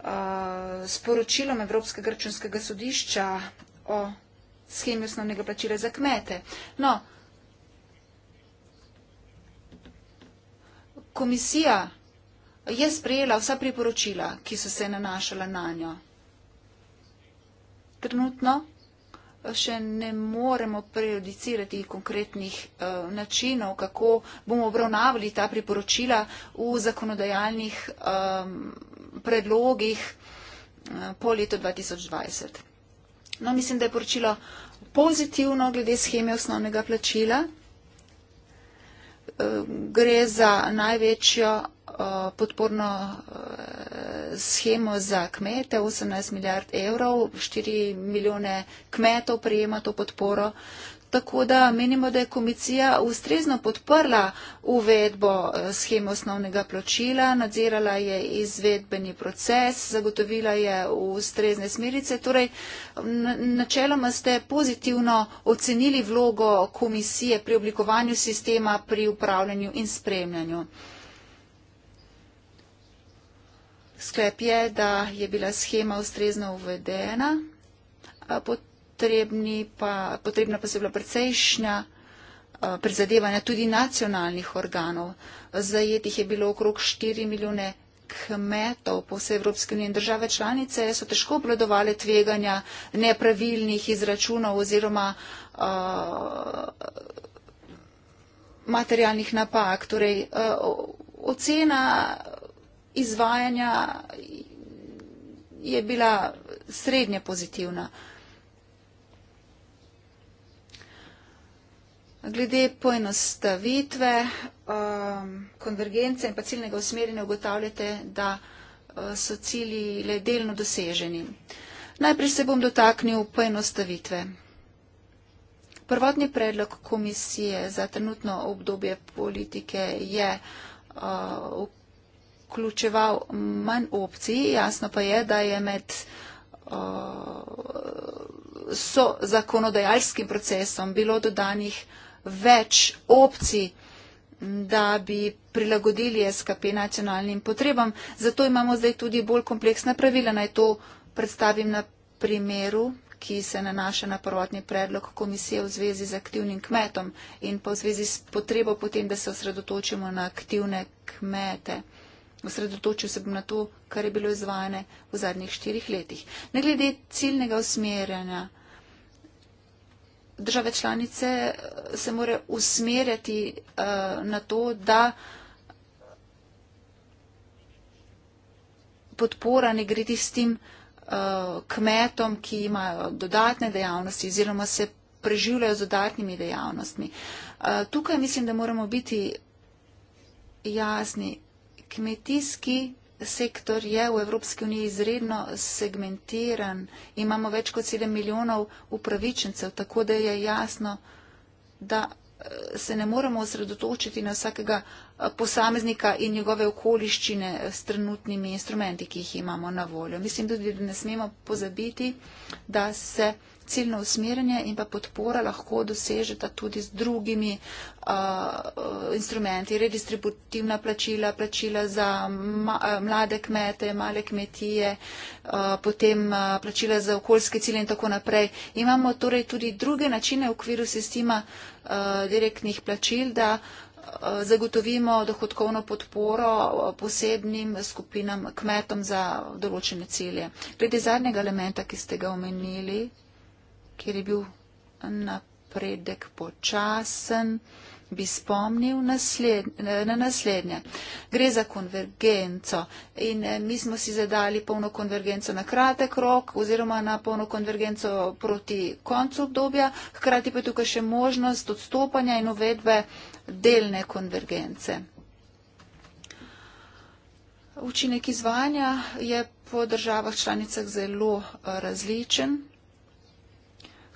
uh, s poročilom Evropskega računskega sodišča o schemi osnovnega plačila za kmete. No, komisija je sprejela vsa priporočila, ki so se nanašala na njo. Trenutno eh, še ne moremo prejudicirati konkretnih uh, načinov, kako bomo obravnavali ta priporočila v zakonodajalnih um, predlogih eh, po letu 2020. No, mislim, da je poročilo pozitivno glede scheme osnovnega plačila. Eh, gre za največjo eh, podporno eh, schemo za kmete, 18 milijard evrov, 4 milijone kmetov prejema to podporo, Tako da menimo, da je komisija ustrezno podprla uvedbo eh, scheme osnovnega plačila, nadzirala je izvedbeni proces, zagotovila je ustrezne smerice. Torej, načeloma ste pozitivno ocenili vlogo komisije pri oblikovanju sistema, pri upravljanju in spremljanju. Sklep je, da je bila schema ustrezno uvedena. Pod potrebni, pa, potrebna pa so bila precejšnja eh, prizadevanja tudi nacionalnih organov. Zajetih je bilo okrog 4 milijone kmetov po vsej Evropski uniji in države članice so težko obladovali tveganja nepravilnih izračunov oziroma uh, materialnih napak. Torej, uh, ocena izvajanja je bila srednje pozitivna. Uh, Glede poenostavitve um, konvergence in pa ciljnega usmerjanja ugotavljate, da uh, so cilji le delno doseženi. Najprej se bom dotaknil poenostavitve. Prvotni predlog komisije za trenutno obdobje politike je uh, vključeval manj opcij, jasno pa je, da je med uh, so zakonodajalskim procesom bilo dodanih več opcij, da bi prilagodili SKP nacionalnim potrebam. Zato imamo zdaj tudi bolj kompleksna pravila. Naj to predstavim na primeru, ki se nanaša na prvotni predlog komisije v zvezi z aktivnim kmetom in pa v zvezi s potrebo potem, da se osredotočimo na aktivne kmete. Osredotočil se bom na to, kar je bilo izvajane v zadnjih štirih letih. Ne glede ciljnega usmerjanja države članice eh, se more usmerjati eh, na to, da podpora ne gre tistim eh, kmetom, ki imajo dodatne dejavnosti oziroma se preživljajo z dodatnimi dejavnostmi. Tukaj mislim, da moramo biti jasni. Kmetijski sektor je v Evropski uniji izredno segmentiran. Imamo več kot 7 milijonov upravičencev, tako da je jasno, da eh, se ne moremo osredotočiti na vsakega eh, posameznika in njegove okoliščine s trenutnimi instrumenti, ki jih imamo na voljo. Mislim tudi, da ne smemo pozabiti, da se ciljno usmerjanje in pa podpora lahko dosežeta tudi z drugimi uh, uh instrumenti, redistributivna plačila, plačila za ma, uh, mlade kmete, male kmetije, uh, potem uh, plačila za okoljske cilje in tako naprej. Imamo torej tudi druge načine v okviru sistema uh, direktnih plačil, da uh, zagotovimo dohodkovno podporo posebnim skupinam kmetom za določene cilje. Glede zadnjega elementa, ki ste ga omenili, kjer je bil napredek počasen, bi spomnil naslednje, na naslednje. Gre za konvergenco in eh, mi smo si zadali polno konvergenco na kratek rok oziroma na polno konvergenco proti koncu obdobja, hkrati pa je tukaj še možnost odstopanja in uvedbe delne konvergence. Učinek izvanja je po državah članicah zelo eh, različen.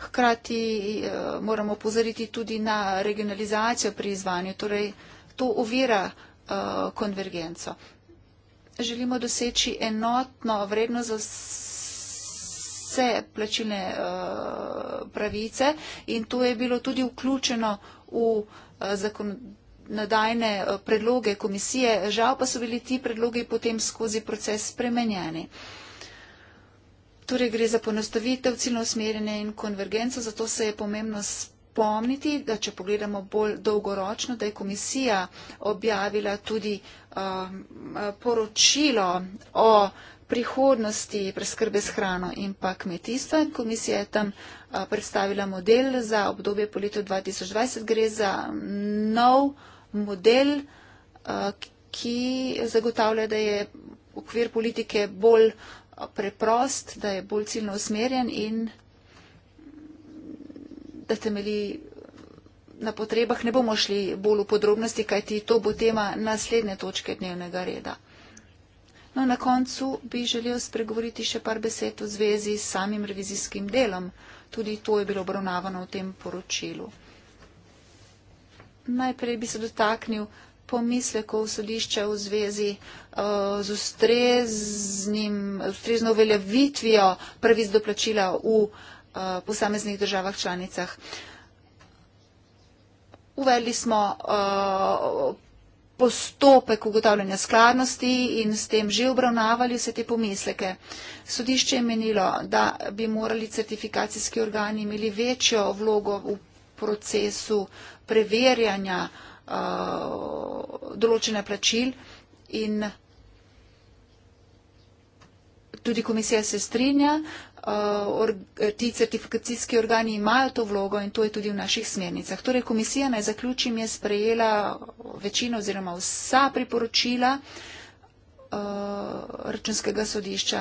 Hkrati eh, moramo pozoriti tudi na regionalizacijo pri izvanju, torej to uvira eh, konvergenco. Želimo doseči enotno vrednost za vse plačilne eh, pravice in to je bilo tudi vključeno v zakonodajne predloge komisije, žal pa so bili ti predlogi potem skozi proces spremenjeni. Torej gre za ponostavitev, ciljno usmerjene in konvergenco, zato se je pomembno spomniti, da če pogledamo bolj dolgoročno, da je komisija objavila tudi um, poročilo o prihodnosti preskrbe s hrano in pa kmetijstva. Komisija je tam a, uh, predstavila model za obdobje po letu 2020. Gre za nov model, a, uh, ki zagotavlja, da je okvir politike bolj preprost, da je bolj ciljno usmerjen in da temeli na potrebah. Ne bomo šli bolj v podrobnosti, kajti to bo tema naslednje točke dnevnega reda. No, na koncu bi želel spregovoriti še par besed v zvezi s samim revizijskim delom. Tudi to je bilo obravnavano v tem poročilu. Najprej bi se dotaknil pomislekov sodišča v zvezi eh, z ustreznim, ustrezno uveljavitvijo pravic do plačila v eh, posameznih državah članicah. Uvedli smo eh, postopek ugotavljanja skladnosti in s tem že obravnavali vse te pomisleke. Sodišče je menilo, da bi morali certifikacijski organi imeli večjo vlogo v procesu preverjanja uh, Uh, določene plačil in tudi komisija se strinja, uh, ti certifikacijski organi imajo to vlogo in to je tudi v naših smernicah. Torej komisija naj zaključim je sprejela večino oziroma vsa priporočila uh, računskega sodišča.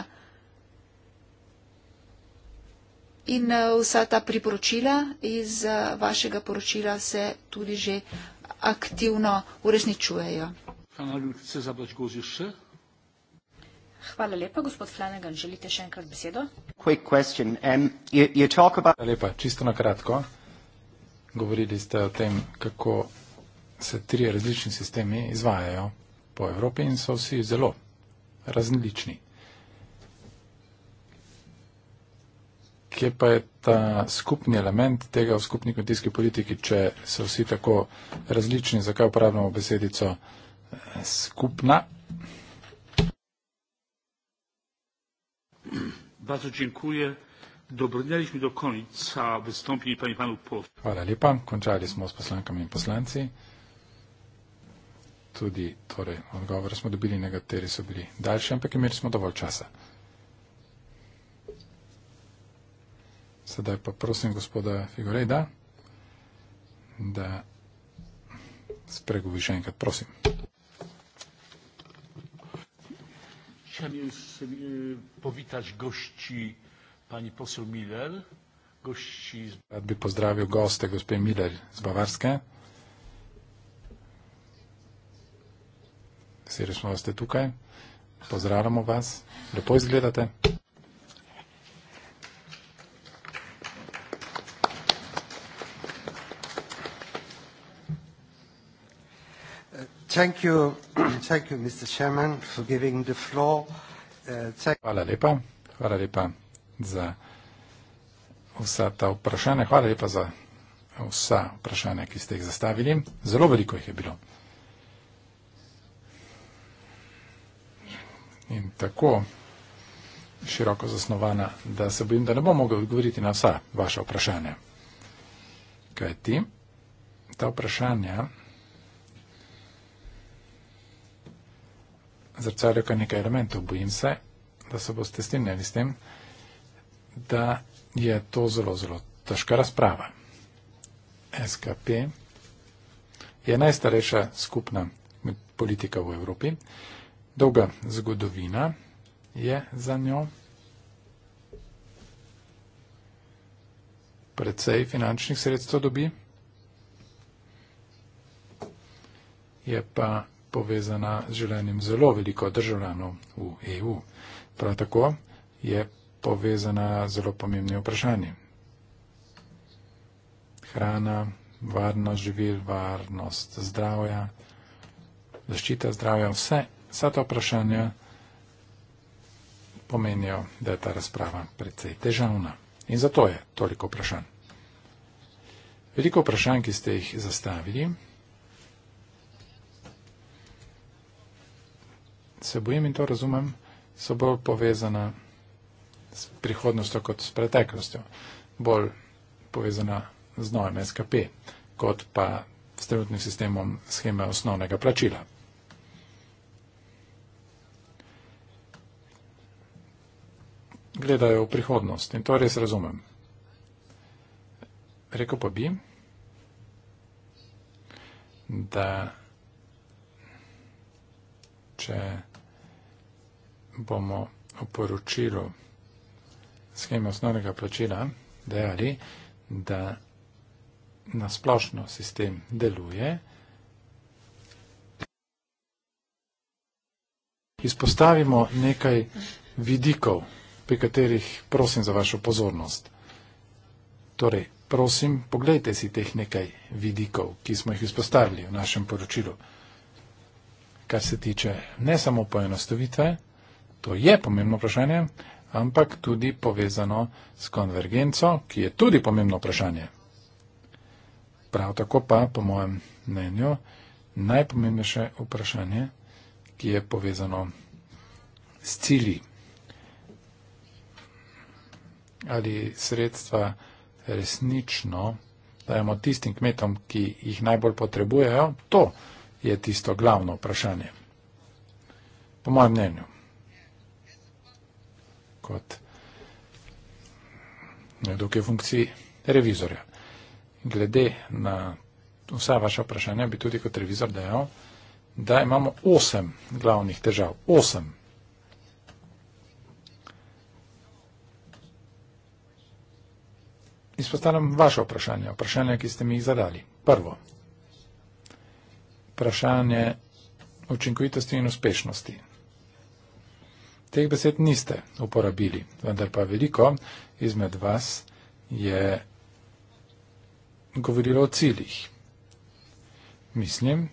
In vsa ta priporočila iz vašega poročila se tudi že aktivno urešničujejo. Hvala lepa, gospod Flanagan. Želite še enkrat besedo? Um, you, you about... Hvala lepa, čisto na kratko. Govorili ste o tem, kako se tri različni sistemi izvajajo po Evropi in so vsi zelo različni. kje pa je ta skupni element tega v skupni kmetijski politiki, če so vsi tako različni, zakaj uporabljamo besedico eh, skupna? Bardzo dziękuję. Dobrodnialiśmy do końca wystąpień pani panów posłów. Hvala lepa. Končali smo s poslankami in poslanci. Tudi torej, odgovor smo dobili, nekateri so bili daljši, ampak imeli smo dovolj časa. Sedaj pa prosim gospoda Figureda, da spregovi še enkrat, prosim. Chciałem e, powitać gości pani poseł Miller, gości z... by pozdrawił gostę, gospodę Miller z Bawarskie. Serdecznie was tutaj. Pozdrawiam was. Lepo wyglądacie. Thank you, thank you, Mr. Chairman, for giving the floor. Uh, hvala lepa, hvala lepa za vsa ta vprašanja, hvala lepa za vsa vprašanja, ki ste jih zastavili. Zelo veliko jih je bilo. In tako široko zasnovana, da se bojim, da ne bom mogel odgovoriti na vsa vaša vprašanja. Kaj ti? Ta vprašanja zrcalijo kar nekaj elementov. Bojim se, da se boste strinjali s tem, da je to zelo, zelo težka razprava. SKP je najstarejša skupna politika v Evropi. Dolga zgodovina je za njo. Predvsej finančnih sredstev dobi. Je pa povezana z življenjem zelo veliko državljanov v EU. Prav tako je povezana z zelo pomembnimi vprašanji. Hrana, varnost živil, varnost zdravja, zaščita zdravja, vse, vsa ta vprašanja pomenijo, da je ta razprava precej težavna. In zato je toliko vprašanj. Veliko vprašanj, ki ste jih zastavili, se bojim in to razumem, so bolj povezana s prihodnostjo kot s preteklostjo, bolj povezana z novim SKP, kot pa s trenutnim sistemom scheme osnovnega plačila. Gledajo v prihodnost in to res razumem. Rekl pa bi, da če bomo v poročilu scheme osnovnega plačila dejali, da na splošno sistem deluje. Izpostavimo nekaj vidikov, pri katerih prosim za vašo pozornost. Torej, prosim, pogledajte si teh nekaj vidikov, ki smo jih izpostavili v našem poročilu kar se tiče ne samo poenostavitve, to je pomembno vprašanje, ampak tudi povezano s konvergenco, ki je tudi pomembno vprašanje. Prav tako pa, po mojem mnenju, najpomembnejše vprašanje, ki je povezano s cili ali sredstva resnično dajemo tistim kmetom, ki jih najbolj potrebujejo, to je tisto glavno vprašanje. Po mojem mnenju, kot nekdo, ki je v funkciji revizorja. Glede na vsa vaša vprašanja, bi tudi kot revizor dejal, da imamo osem glavnih težav. Osem. Izpostavljam vaše vprašanje, vprašanje, ki ste mi jih zadali. Prvo vprašanje učinkovitosti in uspešnosti. Teh besed niste uporabili, vendar pa veliko izmed vas je govorilo o ciljih. Mislim,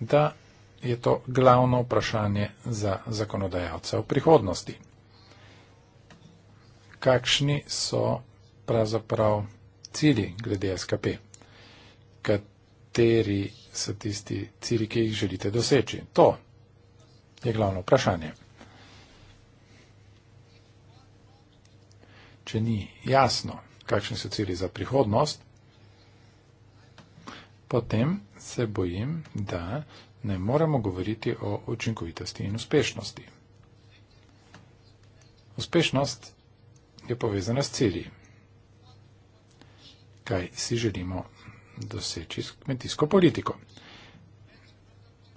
da je to glavno vprašanje za zakonodajalca v prihodnosti. Kakšni so pravzaprav cilji glede SKP? kateri so tisti cilji, ki jih želite doseči. To je glavno vprašanje. Če ni jasno, kakšni so cilji za prihodnost, potem se bojim, da ne moremo govoriti o učinkovitosti in uspešnosti. Uspešnost je povezana s cilji. Kaj si želimo doseči s kmetijsko politiko.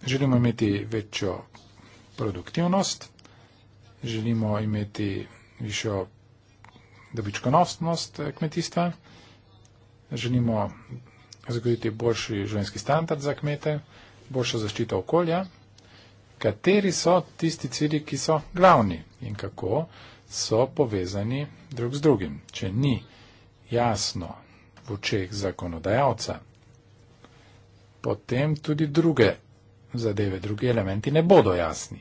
Želimo imeti večjo produktivnost, želimo imeti višjo dobičkonostnost eh, kmetijstva, želimo zagotoviti boljši življenjski standard za kmete, boljšo zaščito okolja. Kateri so tisti cilji, ki so glavni in kako so povezani drug z drugim? Če ni jasno očeh zakonodajalca. Potem tudi druge zadeve, drugi elementi ne bodo jasni.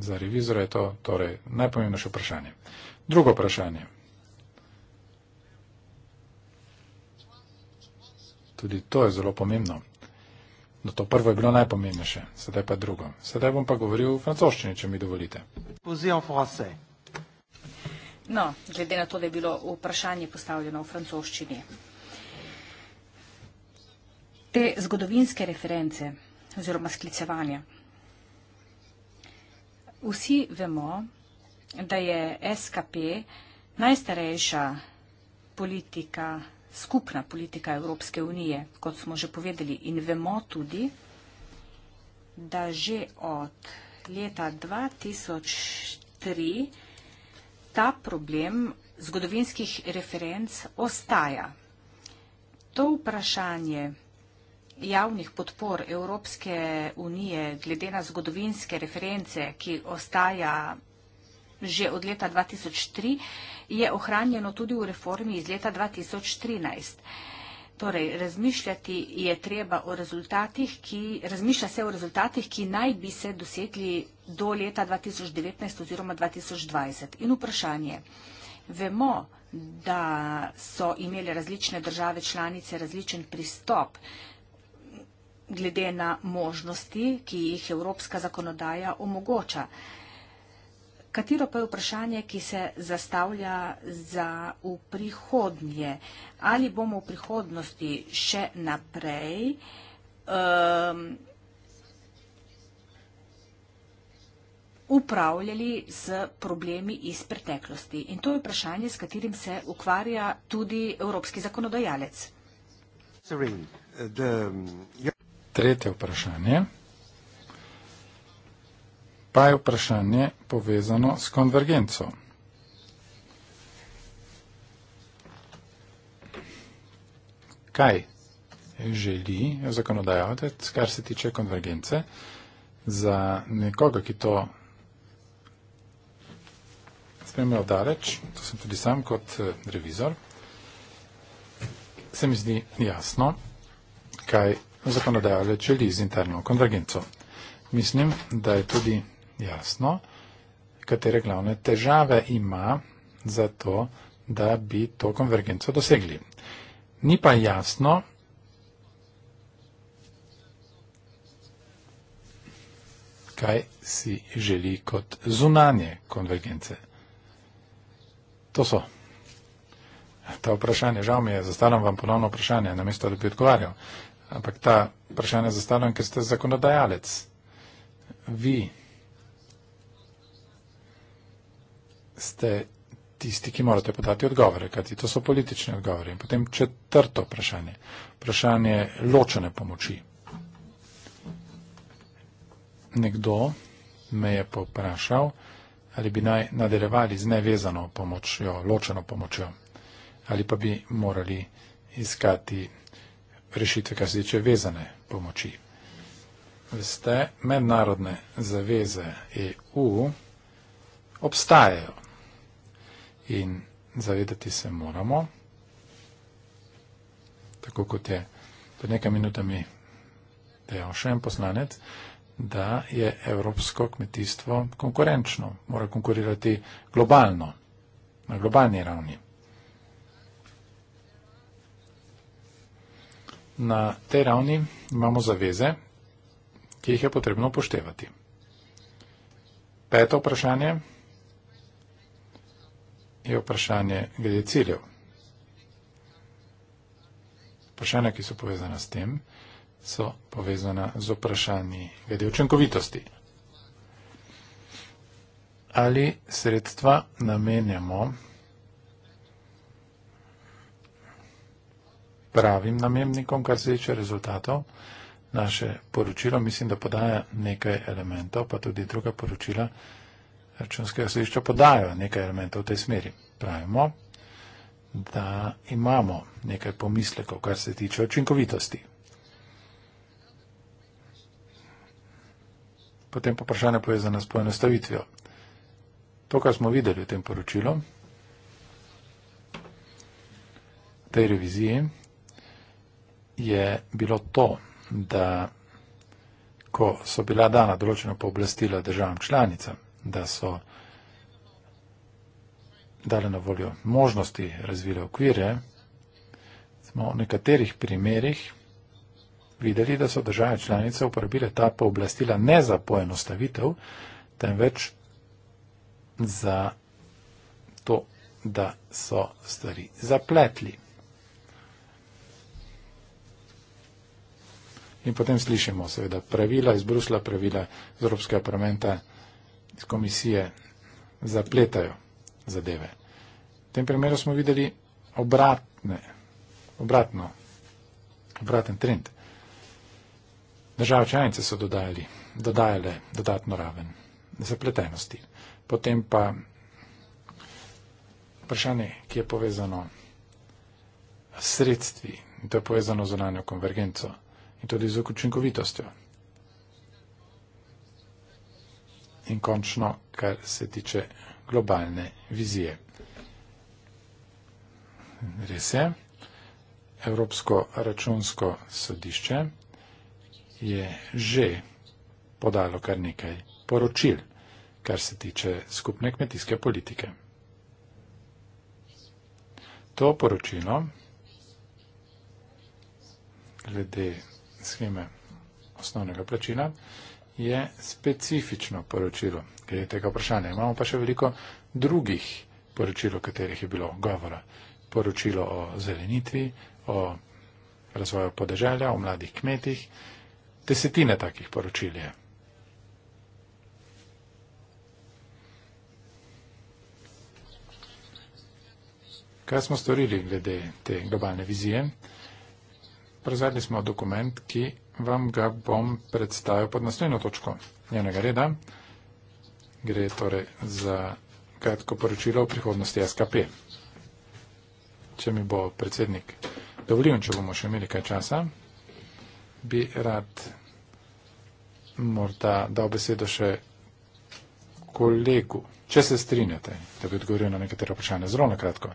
Za revizora je to torej najpomembnejše vprašanje. Drugo vprašanje. Tudi to je zelo pomembno. No, to prvo je bilo najpomembnejše, sedaj pa drugo. Sedaj bom pa govoril v francoščini, če mi dovolite. Pozivam francoščino. No, glede na to, da je bilo vprašanje postavljeno v francoščini. Te zgodovinske reference oziroma sklicevanja. Vsi vemo, da je SKP najstarejša politika, skupna politika Evropske unije, kot smo že povedali. In vemo tudi, da že od leta 2003 ta problem zgodovinskih referenc ostaja. To vprašanje javnih podpor Evropske unije glede na zgodovinske reference, ki ostaja že od leta 2003, je ohranjeno tudi v reformi iz leta 2013. Torej, razmišljati je treba o rezultatih, ki, razmišlja se o rezultatih, ki naj bi se dosedli do leta 2019 oziroma 2020. In vprašanje, vemo, da so imeli različne države članice različen pristop glede na možnosti, ki jih evropska zakonodaja omogoča. Katero pa je vprašanje, ki se zastavlja za v prihodnje? Ali bomo v prihodnosti še naprej um, upravljali z problemi iz preteklosti? In to je vprašanje, s katerim se ukvarja tudi evropski zakonodajalec. Uh, um, Tretje vprašanje pa je vprašanje povezano s konvergenco. Kaj želi zakonodajalec, kar se tiče konvergence, za nekoga, ki to spremlja daleč, to sem tudi sam kot eh, revizor, se mi zdi jasno, kaj zakonodajalec želi z interno konvergenco. Mislim, da je tudi jasno, katere glavne težave ima za to, da bi to konvergenco dosegli. Ni pa jasno, kaj si želi kot zunanje konvergence. To so. Ta vprašanja, žal mi je, zastavljam vam ponovno vprašanje, namesto da bi odgovarjal. Ampak ta vprašanja zastavljam, ker ste zakonodajalec. Vi ste tisti, ki morate podati odgovore, kajti to so politični odgovori. In potem četrto vprašanje, vprašanje ločene pomoči. Nekdo me je poprašal, ali bi naj nadaljevali z nevezano pomočjo, ločeno pomočjo, ali pa bi morali iskati rešitve, kar se tiče vezane pomoči. Veste, mednarodne zaveze EU obstajajo. In zavedati se moramo, tako kot je pred nekaj minutami dejal še en poslanec, da je evropsko kmetijstvo konkurenčno, mora konkurirati globalno, na globalni ravni. Na tej ravni imamo zaveze, ki jih je potrebno upoštevati. Peto vprašanje je vprašanje glede ciljev. Vprašanja, ki so povezana s tem, so povezana z vprašanji glede učinkovitosti. Ali sredstva namenjamo pravim namennikom, kar se tiče rezultatov? Naše poročilo mislim, da podaja nekaj elementov, pa tudi druga poročila računskega sodišča podajo nekaj elementov v tej smeri. Pravimo, da imamo nekaj pomislekov, kar se tiče očinkovitosti. Potem pa vprašanje povezano s poenostavitvijo. To, kar smo videli v tem poročilu, v tej reviziji, je bilo to, da ko so bila dana določena pooblastila državam članicam, da so dale na voljo možnosti razvile okvire, smo v nekaterih primerjih videli, da so države članice uporabile ta pooblastila ne za poenostavitev, temveč za to, da so stvari zapletli. In potem slišimo seveda pravila iz Brusla, pravila iz Evropskega parlamenta iz komisije zapletajo zadeve. V tem primeru smo videli obratne, obratno, obraten trend. Države članice so dodajali, dodajale dodatno raven zapletenosti. Potem pa vprašanje, ki je povezano s sredstvi, in to je povezano z zonanjo konvergenco in tudi z učinkovitostjo. in končno, kar se tiče globalne vizije. Res je, Evropsko računsko sodišče je že podalo kar nekaj poročil, kar se tiče skupne kmetijske politike. To poročilo glede scheme osnovnega plačila je specifično poročilo glede tega vprašanja. Imamo pa še veliko drugih poročil, o katerih je bilo govora. Poročilo o zelenitvi, o razvoju podeželja, o mladih kmetih. Desetine takih poročil je. Kaj smo storili glede te globalne vizije? Prezadnji smo dokument, ki vam ga bom predstavil pod naslednjo točko njenega reda. Gre torej za kratko poročilo o prihodnosti SKP. Če mi bo predsednik dovolil, če bomo še imeli kaj časa, bi rad morda dal besedo še kolegu, če se strinjate, da bi odgovoril na nekatero vprašanje. Zelo na kratko.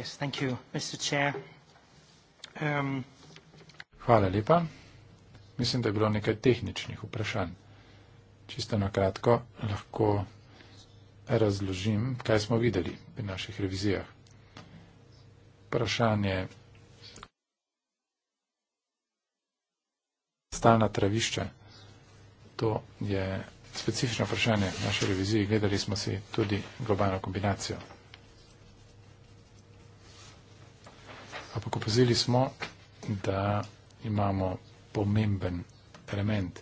Yes, thank you, Mr. Chair. Hvala lepa. Mislim, da je bilo nekaj tehničnih vprašanj. Čisto na kratko lahko razložim, kaj smo videli v naših revizijah. Vprašanje. Stalna travišča. To je specifično vprašanje naše revizije. Gledali smo si tudi globalno kombinacijo. ampak opazili smo, da imamo pomemben element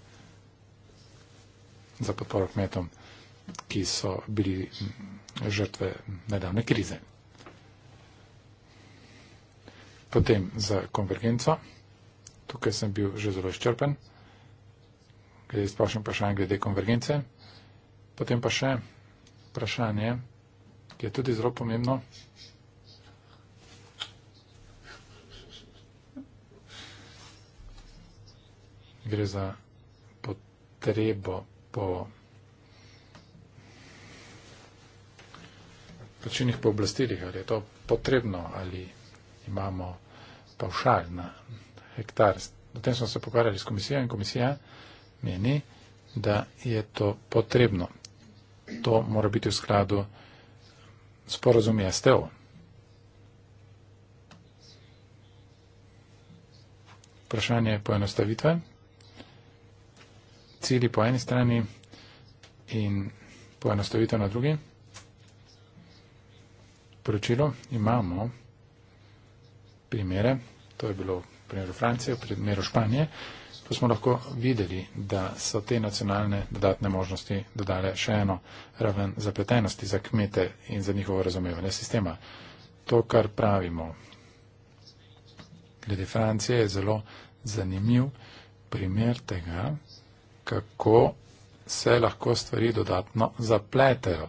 za podporo kmetom, ki so bili žrtve nedavne krize. Potem za konvergenco. Tukaj sem bil že zelo izčrpen. Glede splošne vprašanje glede konvergence. Potem pa še vprašanje, ki je tudi zelo pomembno. gre za potrebo po večinih pooblastilih, ali je to potrebno, ali imamo pavšal na hektar. O tem smo se pogovarjali s komisijo in komisija meni, da je to potrebno. To mora biti v skladu s porazumi STO. Vprašanje poenostavitve cilji po eni strani in poenostavitev na drugi. Poročilo imamo primere, to je bilo v primeru Francije, v primeru Španije, tu smo lahko videli, da so te nacionalne dodatne možnosti dodale še eno raven zapletenosti za kmete in za njihovo razumevanje sistema. To, kar pravimo glede Francije, je zelo zanimiv primer tega, kako se lahko stvari dodatno zapletejo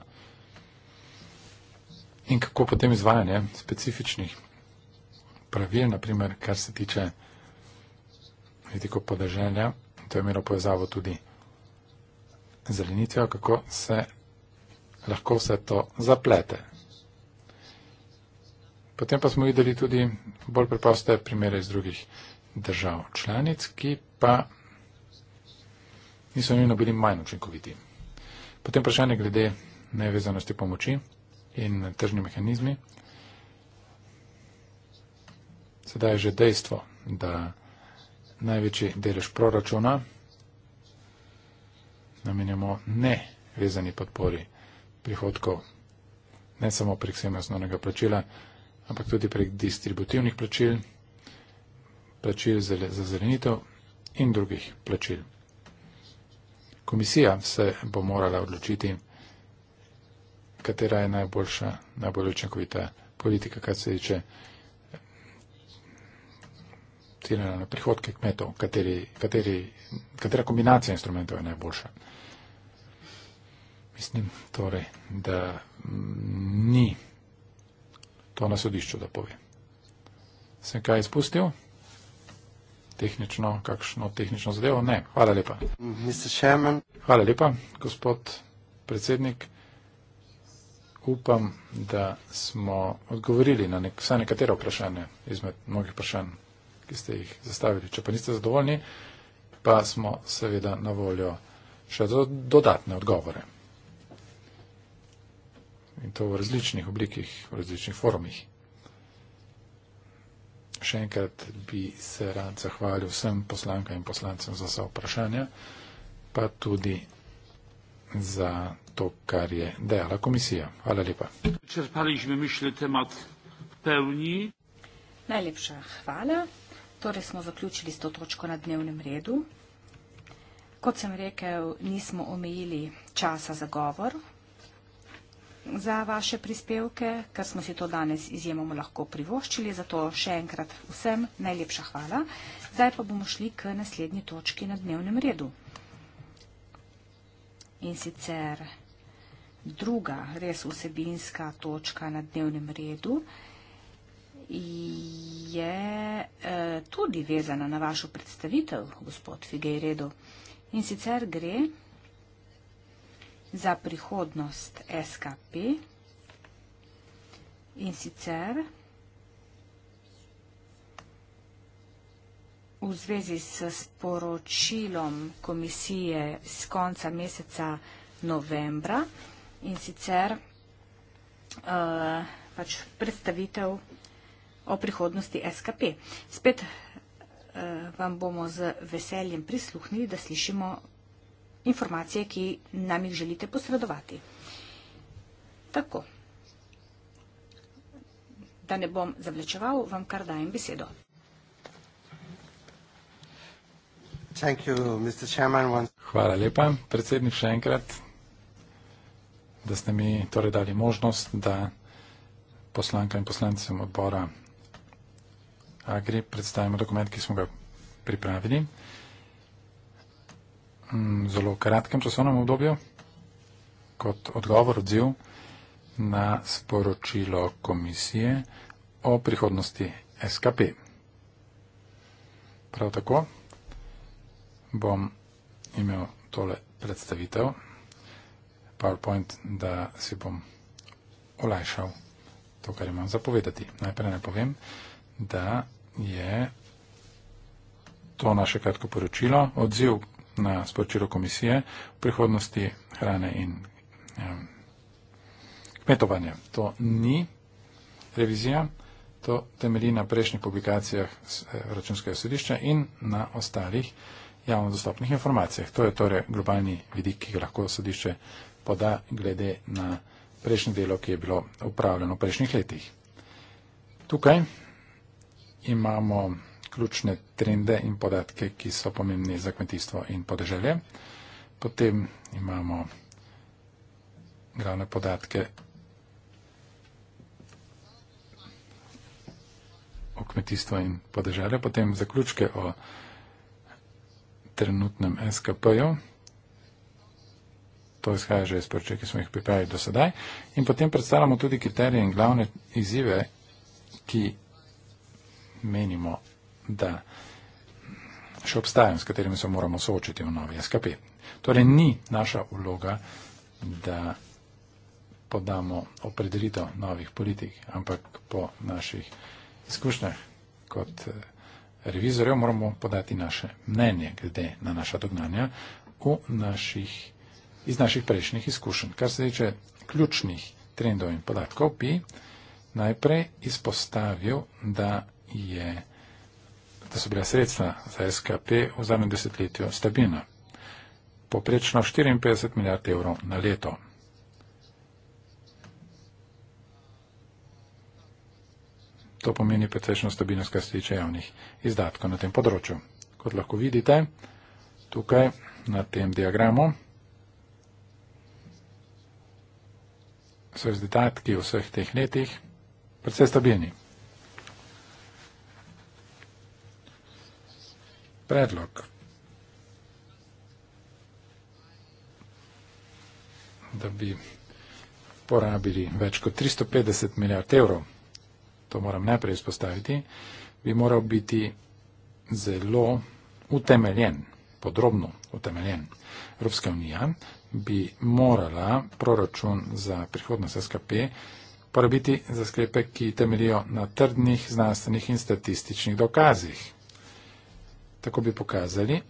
in kako potem izvajanje specifičnih pravil, naprimer, kar se tiče etiko podeželja, to je imelo povezavo tudi z zelenitvijo, kako se lahko vse to zaplete. Potem pa smo videli tudi bolj preproste primere iz drugih držav članic, ki pa niso nujno bili manj učinkoviti. Potem vprašanje glede nevezanosti pomoči in tržni mehanizmi. Sedaj je že dejstvo, da največji delež proračuna namenjamo nevezani podpori prihodkov, ne samo prek sejma osnovnega plačila, ampak tudi prek distributivnih plačil, plačil za zelenitev in drugih plačil. Komisija se bo morala odločiti, katera je najboljša, najbolj učinkovita politika, kar se tiče ciljena na prihodke kmetov, kateri, kateri, katera kombinacija instrumentov je najboljša. Mislim torej, da ni to na sodišču, da pove. Sem kaj izpustil? tehnično, kakšno tehnično zadevo. Ne, hvala lepa. Hvala lepa, gospod predsednik. Upam, da smo odgovorili na nek, vsaj nekatera vprašanja izmed mnogih vprašanj, ki ste jih zastavili. Če pa niste zadovoljni, pa smo seveda na voljo še do, dodatne odgovore. In to v različnih oblikih, v različnih forumih še enkrat bi se rad zahvalil vsem poslankam in poslancem za vse vprašanja, pa tudi za to, kar je dejala komisija. Hvala lepa. Črpališme mišlje temat pevni. Najlepša hvala. Torej smo zaključili s to točko na dnevnem redu. Kot sem rekel, nismo omejili časa za govor, za vaše prispevke, ker smo si to danes izjemoma lahko privoščili. Zato še enkrat vsem najlepša hvala. Zdaj pa bomo šli k naslednji točki na dnevnem redu. In sicer druga res vsebinska točka na dnevnem redu je eh, tudi vezana na vašo predstavitev, gospod Figej Redo. In sicer gre za prihodnost SKP in sicer v zvezi s sporočilom komisije z konca meseca novembra in sicer uh, pač predstavitev o prihodnosti SKP. Spet uh, vam bomo z veseljem prisluhnili, da slišimo informacije, ki nam jih želite posredovati. Tako, da ne bom zavlečeval, vam kar dajem besedo. Hvala lepa, predsednik, še enkrat, da ste mi torej dali možnost, da poslanka in poslancem odbora AGRI predstavimo dokument, ki smo ga pripravili m, mm, zelo kratkem časovnem obdobju kot odgovor, odziv na sporočilo komisije o prihodnosti SKP. Prav tako bom imel tole predstavitev, PowerPoint, da si bom olajšal to, kar imam zapovedati. Najprej ne povem, da je to naše kratko poročilo, odziv na sporočilo komisije v prihodnosti hrane in um, kmetovanja. To ni revizija, to temelji na prejšnjih publikacijah eh, računskega sodišča in na ostalih javno dostopnih informacijah. To je torej globalni vidik, ki ga lahko sodišče poda glede na prejšnje delo, ki je bilo upravljeno v prejšnjih letih. Tukaj imamo ključne trende in podatke, ki so pomembni za kmetijstvo in podeželje. Potem imamo glavne podatke o kmetijstvu in podeželju, potem zaključke o trenutnem SKP-ju, to izhaja že iz poročil, ki smo jih pripravili do sedaj, in potem predstavljamo tudi kriterije in glavne izzive, ki menimo, da še obstajam, s katerim se moramo soočiti v novi SKP. Torej ni naša vloga, da podamo opredelitev novih politik, ampak po naših izkušnjah kot eh, revizorjev moramo podati naše mnenje glede na naša dognanja naših, iz naših prejšnjih izkušenj. Kar se tiče ključnih trendov in podatkov, bi najprej izpostavil, da je da so bila sredstva za SKP v zadnjem desetletju stabilna. Poprečno 54 milijard evrov na leto. To pomeni precejšno stabilnost, kar se tiče javnih izdatkov na tem področju. Kot lahko vidite tukaj na tem diagramu, so izdatki v vseh teh letih precej stabilni. predlog. Da bi porabili več kot 350 milijard evrov, to moram najprej izpostaviti, bi moral biti zelo utemeljen, podrobno utemeljen. Evropska unija bi morala proračun za prihodnost SKP porabiti za sklepe, ki temeljijo na trdnih znanstvenih in statističnih dokazih. Tako bi pokazali,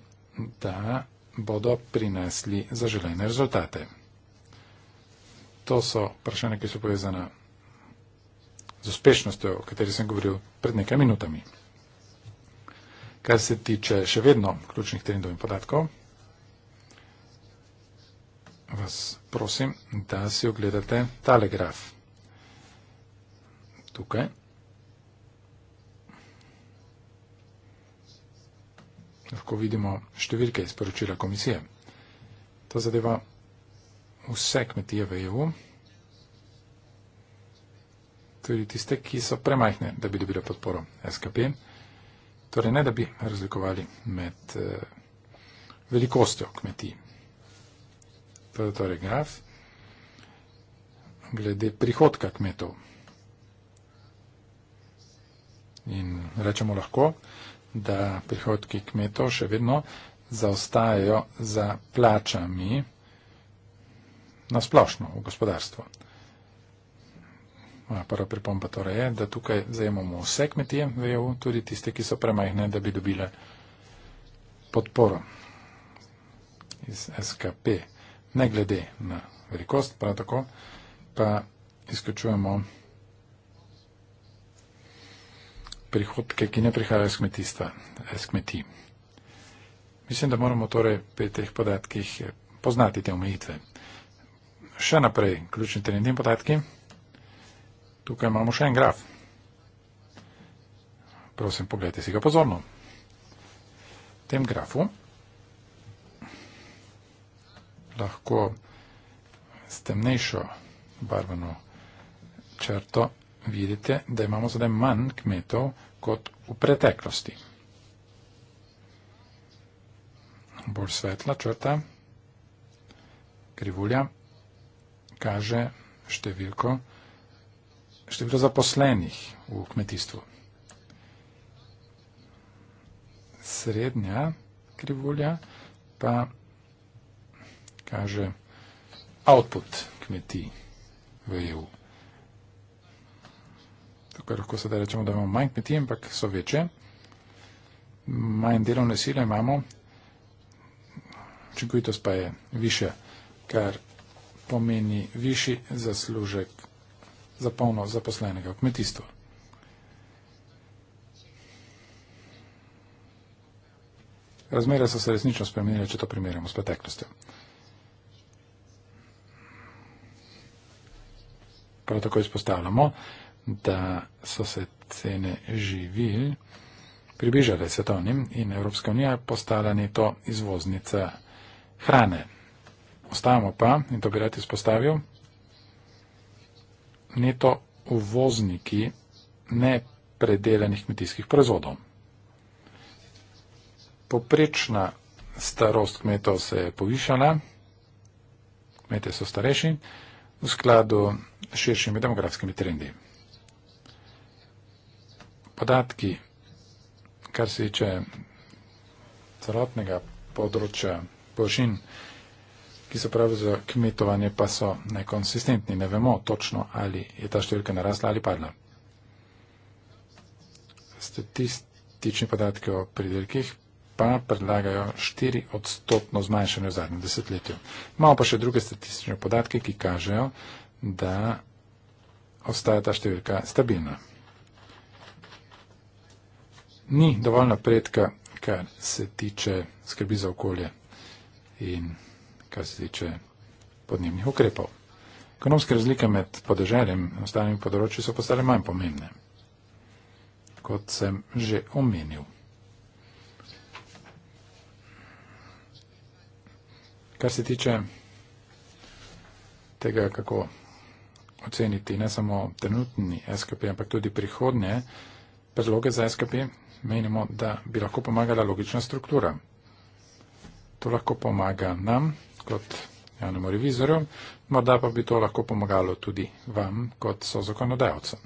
da bodo prinesli zaželene rezultate. To so vprašanja, ki so povezana z uspešnostjo, o kateri sem govoril pred nekaj minutami. Kar se tiče še vedno ključnih trendov in podatkov, vas prosim, da si ogledate tale graf. Tukaj. lahko vidimo številke iz poročila komisije. To zadeva vse kmetije v EU, tudi tiste, ki so premajhne, da bi dobile podporo SKP. Torej ne, da bi razlikovali med eh, velikostjo kmetij. To je torej graf glede prihodka kmetov. In rečemo lahko, da prihodki kmetov še vedno zaostajajo za plačami na splošno v gospodarstvu. Moja prva pripomba torej je, da tukaj zajemamo vse kmetije v EU, tudi tiste, ki so premajhne, da bi dobile podporo iz SKP, ne glede na velikost, prav tako pa izključujemo prihodke, ki ne prihajajo iz kmetijstva, eh, iz kmetij. Mislim, da moramo torej pri teh podatkih eh, poznati te omejitve. Še naprej, ključni trendi in podatki. Tukaj imamo še en graf. Prosim, pogledajte si ga pozorno. V tem grafu lahko s temnejšo barveno črto vidite, da imamo zdaj manj kmetov kot v preteklosti. Bolj svetla črta, krivulja, kaže številko, številko zaposlenih v kmetijstvu. Srednja krivulja pa kaže output kmetij v EU tako lahko sedaj rečemo, da imamo manj kmetij, ampak so večje, manj delovne sile imamo, učinkovitost pa je više, kar pomeni višji zaslužek za polno zaposlenega v kmetijstvu. Razmere so se resnično spremenile, če to primerjamo s preteklostjo. Prav tako izpostavljamo, da so se cene živil približale svetovnim in Evropska unija postala neto izvoznica hrane. Ostajamo pa, in to bi rad izpostavil, neto uvozniki nepredelanih kmetijskih proizvodov. Poprečna starost kmetov se je povišala, kmete so starejši, v skladu s širšimi demografskimi trendi podatki, kar se tiče celotnega področja božin, ki so pravi za kmetovanje, pa so nekonsistentni. Ne vemo točno, ali je ta številka narasla ali padla. Statistični podatki o pridelkih pa predlagajo 4 odstotno zmanjšanje v zadnjem desetletju. Imamo pa še druge statistične podatke, ki kažejo, da ostaja ta številka stabilna ni dovolj napredka, kar se tiče skrbi za okolje in kar se tiče podnebnih ukrepov. Ekonomske razlike med podeželjem in ostalimi področji so postale manj pomembne, kot sem že omenil. Kar se tiče tega, kako oceniti ne samo trenutni SKP, ampak tudi prihodnje predloge za SKP, menimo, da bi lahko pomagala logična struktura. To lahko pomaga nam, kot javnemu revizorju, morda pa bi to lahko pomagalo tudi vam, kot so zakonodajalcem.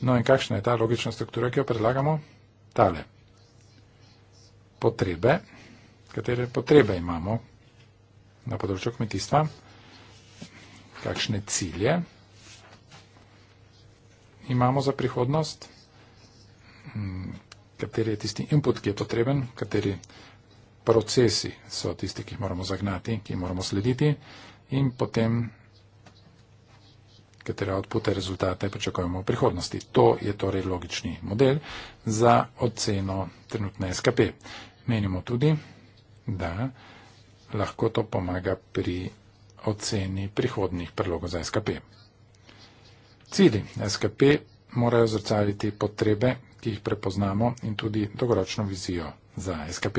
No in kakšna je ta logična struktura, ki jo predlagamo? Tale. Potrebe, katere potrebe imamo na področju kmetijstva, kakšne cilje imamo za prihodnost, Mm, kateri je tisti input, ki je potreben, kateri procesi so tisti, ki jih moramo zagnati, ki jih moramo slediti in potem katere odpute rezultate pričakujemo v prihodnosti. To je torej logični model za oceno trenutne SKP. Menimo tudi, da lahko to pomaga pri oceni prihodnih prilogov za SKP. Cili SKP morajo zrcaliti potrebe ki jih prepoznamo in tudi dolgoročno vizijo za SKP.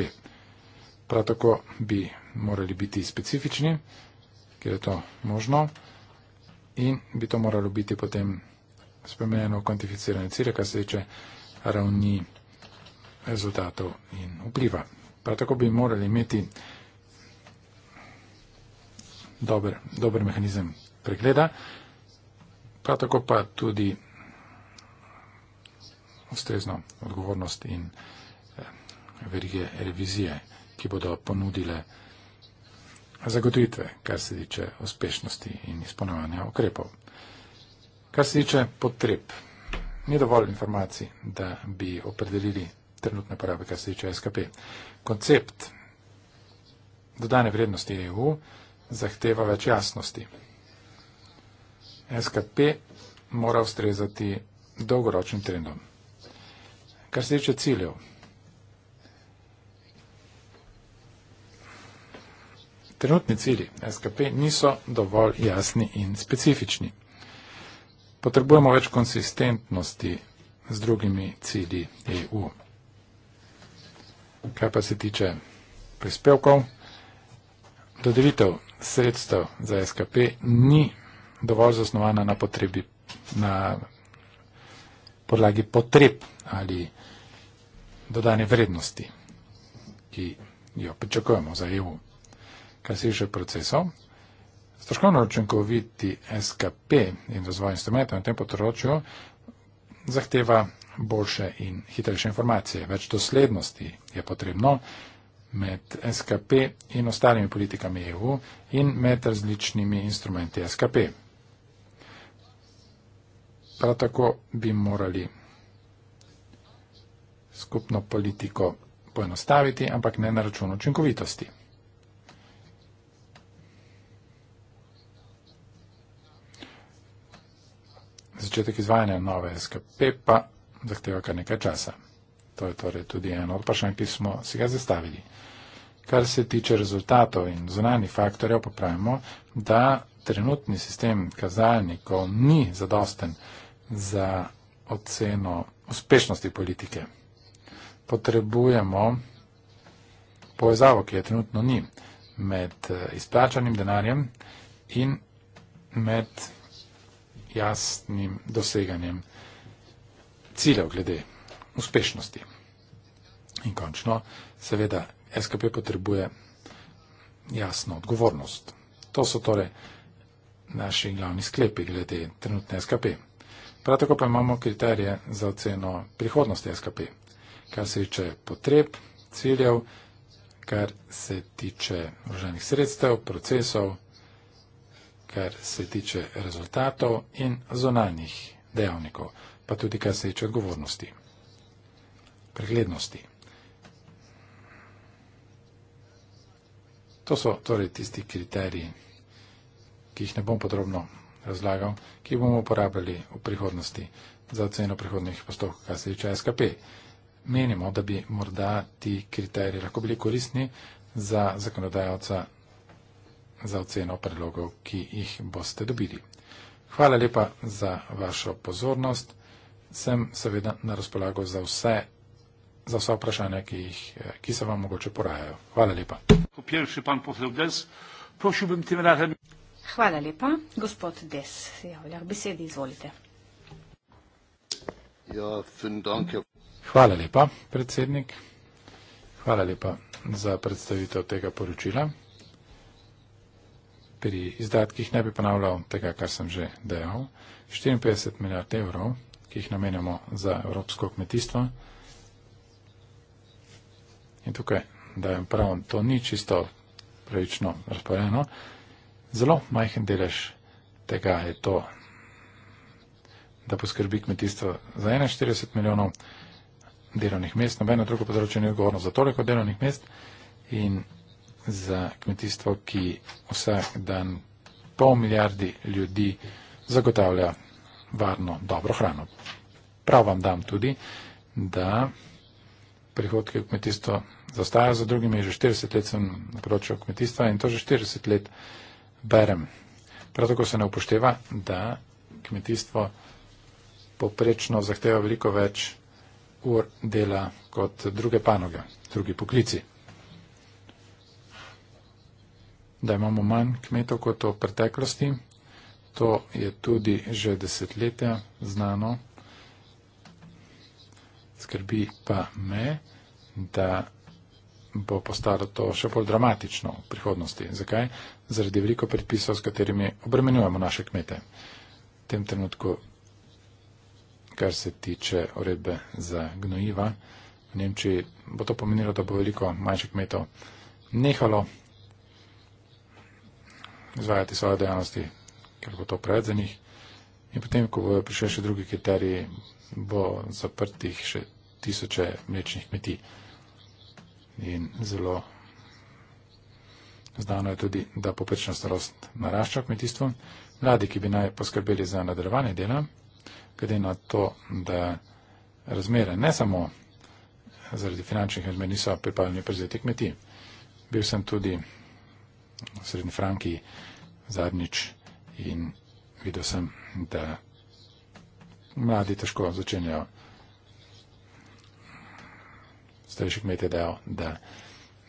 Prav tako bi morali biti specifični, ker je to možno in bi to moralo biti potem spremenjeno v kvantificirane cilje, kar se tiče ravni rezultatov in vpliva. Prav tako bi morali imeti dober, dober mehanizem pregleda, prav tako pa tudi ustrezno odgovornost in eh, verige revizije, ki bodo ponudile zagotovitve, kar se tiče uspešnosti in izpolnjevanja ukrepov. Kar se tiče potreb, ni dovolj informacij, da bi opredelili trenutne porabe, kar se tiče SKP. Koncept dodane vrednosti EU zahteva več jasnosti. SKP mora ustrezati dolgoročnim trendom. Kar se tiče ciljev, trenutni cilji SKP niso dovolj jasni in specifični. Potrebujemo več konsistentnosti z drugimi cilji EU. Kaj pa se tiče prispevkov, dodelitev sredstev za SKP ni dovolj zasnovana na potrebi na podlagi potreb ali dodane vrednosti, ki jo pričakujemo za EU. Kar se tiče procesov, stroškovno učinkoviti SKP in razvoj instrumentov na tem področju zahteva boljše in hitrejše informacije. Več doslednosti je potrebno med SKP in ostalimi politikami EU in med različnimi instrumenti SKP. Prav tako bi morali skupno politiko poenostaviti, ampak ne na račun učinkovitosti. Začetek izvajanja nove SKP pa zahteva kar nekaj časa. To je torej tudi eno od vprašanj, ki smo si ga zastavili. Kar se tiče rezultatov in zunanjih faktorjev, pa pravimo, da trenutni sistem kazalnikov ni zadosten za oceno uspešnosti politike. Potrebujemo povezavo, ki je trenutno ni, med eh, izplačanim denarjem in med jasnim doseganjem ciljev glede uspešnosti. In končno, seveda, SKP potrebuje jasno odgovornost. To so torej naši glavni sklepi glede trenutne SKP. Prav tako pa imamo kriterije za oceno prihodnosti SKP, kar se tiče potreb, ciljev, kar se tiče vloženih sredstev, procesov, kar se tiče rezultatov in zonalnih dejavnikov, pa tudi kar se tiče odgovornosti, preglednosti. To so torej tisti kriteriji, ki jih ne bom podrobno razlagal, ki bomo uporabljali v prihodnosti za oceno prihodnih postopkov, kar se tiče SKP. Menimo, da bi morda ti kriteriji lahko bili koristni za zakonodajalca za oceno predlogov, ki jih boste dobili. Hvala lepa za vašo pozornost. Sem seveda na razpolago za vse, za vse vprašanja, ki, jih, ki se vam mogoče porajajo. Hvala lepa. Prosim, bom ti razen. Hvala lepa. Gospod Des se javlja k besedi. Izvolite. Ja, ja. Hvala lepa, predsednik. Hvala lepa za predstavitev tega poročila. Pri izdatkih ne bi ponavljal tega, kar sem že dejal. 54 milijard evrov, ki jih namenjamo za evropsko kmetijstvo. In tukaj dajem prav, to ni čisto pravično razporejeno, zelo majhen delež tega je to, da poskrbi kmetijstvo za 41 milijonov delovnih mest. Nobeno drugo področje ni odgovorno za toliko delovnih mest in za kmetijstvo, ki vsak dan pol milijardi ljudi zagotavlja varno, dobro hrano. Prav vam dam tudi, da prihodke v kmetijstvo zastajajo za drugimi. Že 40 let sem na področju kmetijstva in to že 40 let berem. Prav tako se ne upošteva, da kmetijstvo poprečno zahteva veliko več ur dela kot druge panoge, drugi poklici. Da imamo manj kmetov kot v preteklosti, to je tudi že desetletja znano. Skrbi pa me, da bo postalo to še bolj dramatično v prihodnosti. Zakaj? zaradi veliko predpisov, s katerimi obremenjujemo naše kmete. V tem trenutku, kar se tiče uredbe za gnojiva v Nemčiji, bo to pomenilo, da bo veliko manjših kmetov nehalo izvajati svoje dejavnosti, ker bo to preveč za njih. In potem, ko bojo prišli še drugi kriteriji, bo zaprtih še tisoče mlečnih kmetij. In zelo Znano je tudi, da poprečna starost narašča v kmetijstvu. Mladi, ki bi naj poskrbeli za nadaljevanje dela, glede na to, da razmere ne samo zaradi finančnih razmer niso pripravljeni prezeti kmetij. Bil sem tudi v Srednji Franki zadnjič in videl sem, da mladi težko začenjajo starejši kmete dejo, da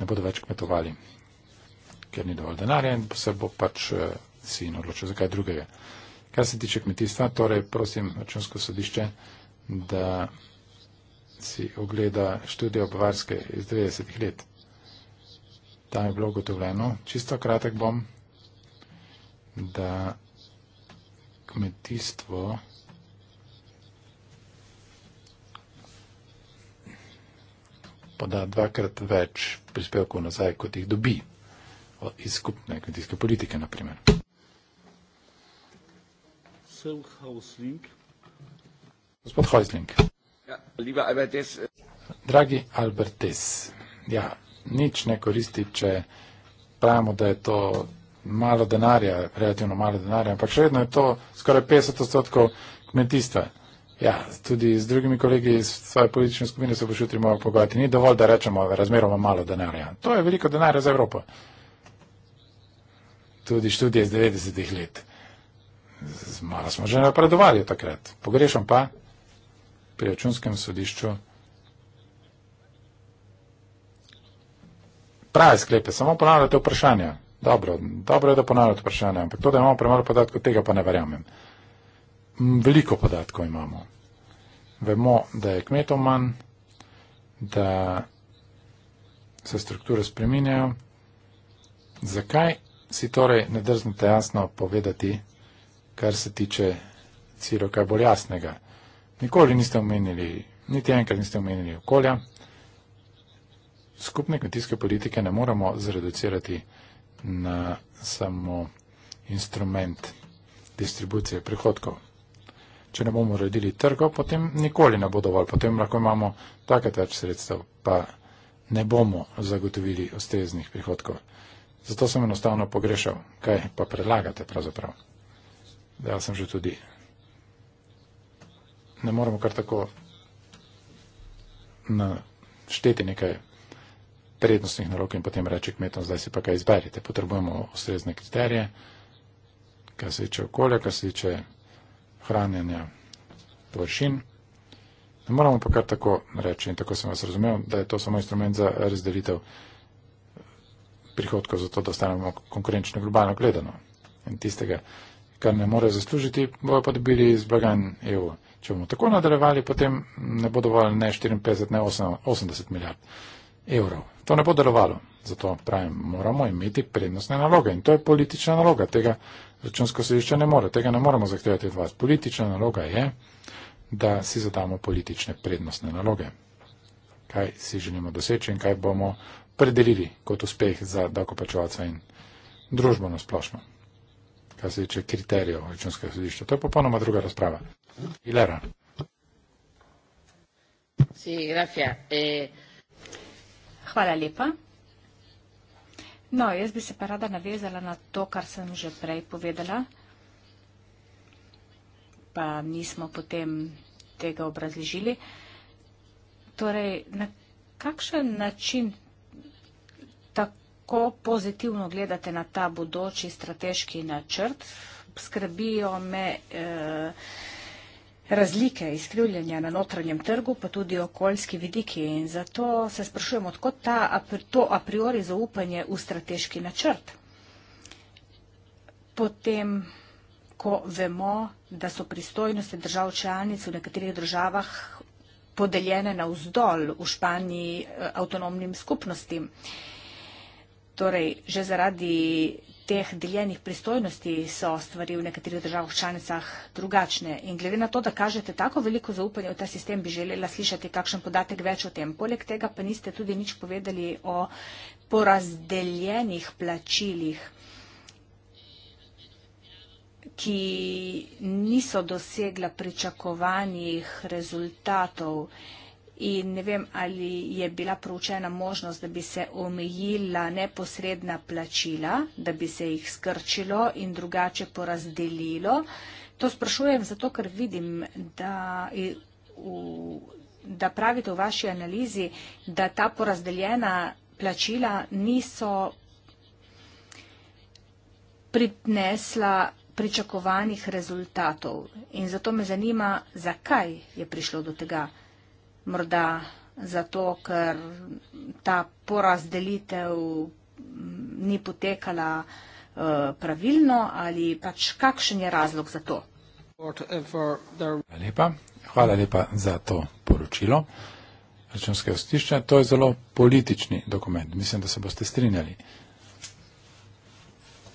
ne bodo več kmetovali ker ni dovolj denarja in se bo pač eh, sin odločil za kaj drugega. Kar se tiče kmetijstva, torej prosim računsko sodišče, da si ogleda študijo Bavarske iz 90. let. Tam je bilo ugotovljeno, čisto kratek bom, da kmetijstvo poda dvakrat več prispevkov nazaj, kot jih dobi iz skupne kmetijske politike, na primer. Gospod Hojsling. Ja, äh, Dragi Albertes, ja, nič ne koristi, če pravimo, da je to malo denarja, relativno malo denarja, ampak še vedno je to skoraj 50 odstotkov kmetijstva. Ja, tudi z drugimi kolegi iz svoje politične skupine se bo šutri mojo pogovarjati. Ni dovolj, da rečemo razmeroma malo denarja. To je veliko denarja za Evropo tudi študije iz 90-ih let. Z malo smo že napredovali takrat. Pogrešam pa pri računskem sodišču prave sklepe, samo ponavljate vprašanja. Dobro, dobro je, da ponavljate vprašanja, ampak to, da imamo premalo podatkov, tega pa ne verjamem. Veliko podatkov imamo. Vemo, da je kmetov manj, da se strukture spreminjajo. Zakaj si torej ne drznete jasno povedati, kar se tiče Ciro, kaj bolj jasnega. Nikoli niste omenili, niti enkrat niste omenili okolja. Skupne kmetijske politike ne moramo zreducirati na samo instrument distribucije prihodkov. Če ne bomo uredili trgov, potem nikoli ne bo dovolj, potem lahko imamo takrat več sredstev, pa ne bomo zagotovili ustreznih prihodkov. Zato sem enostavno pogrešal, kaj pa predlagate pravzaprav. Ja, sem že tudi. Ne moramo kar tako našteti nekaj prednostnih nalog in potem reči kmetom, zdaj si pa kaj izberite. Potrebujemo ustrezne kriterije, kar se tiče okolja, kar se tiče hranjenja površin. Ne moramo pa kar tako reči, in tako sem vas razumel, da je to samo instrument za razdelitev prihodkov za to, da stanemo konkurenčni globalno gledano. In tistega, kar ne more zaslužiti, bojo pa dobili iz blagajn EU. Če bomo tako nadaljevali, potem ne bo dovolj ne 54, ne 80 milijard evrov. To ne bo delovalo. Zato pravim, moramo imeti prednostne naloge. In to je politična naloga. Tega računsko sodišče ne more. Tega ne moremo zahtevati od vas. Politična naloga je, da si zadamo politične prednostne naloge. Kaj si želimo doseči in kaj bomo predelili kot uspeh za davkoplačevalca in družbo na splošno, kar se tiče kriterijev računskega sodišča. To je popolnoma druga razprava. Ilera. Si, grafija. Eh, Hvala lepa. No, jaz bi se pa rada navezala na to, kar sem že prej povedala, pa nismo potem tega obrazložili. Torej, na kakšen način tako pozitivno gledate na ta bodoči strateški načrt? Skrbijo me eh, razlike izkrivljanja na notranjem trgu, pa tudi okoljski vidiki. In zato se sprašujem, odkot ta, to a priori zaupanje v strateški načrt, potem, ko vemo, da so pristojnosti držav članic v nekaterih državah podeljene na vzdolj v Španiji eh, avtonomnim skupnostim. Uh, Torej, že zaradi teh deljenih pristojnosti so stvari v nekaterih državah članicah drugačne. In glede na to, da kažete tako veliko zaupanje v ta sistem, bi želela slišati kakšen podatek več o tem. Poleg tega pa niste tudi nič povedali o porazdeljenih plačilih, ki niso dosegla pričakovanjih rezultatov. Uh, in ne vem, ali je bila proučena možnost, da bi se omejila neposredna plačila, da bi se jih skrčilo in drugače porazdelilo. To sprašujem zato, ker vidim, da, da pravite v vaši analizi, da ta porazdeljena plačila niso pripnesla pričakovanih rezultatov. In zato me zanima, zakaj je prišlo do tega morda zato, ker ta porazdelitev mm, ni potekala eh, pravilno ali pač kakšen je razlog za to. Hvala lepa, Hvala lepa za to poročilo. Računske ostišče, to je zelo politični dokument. Mislim, da se boste strinjali.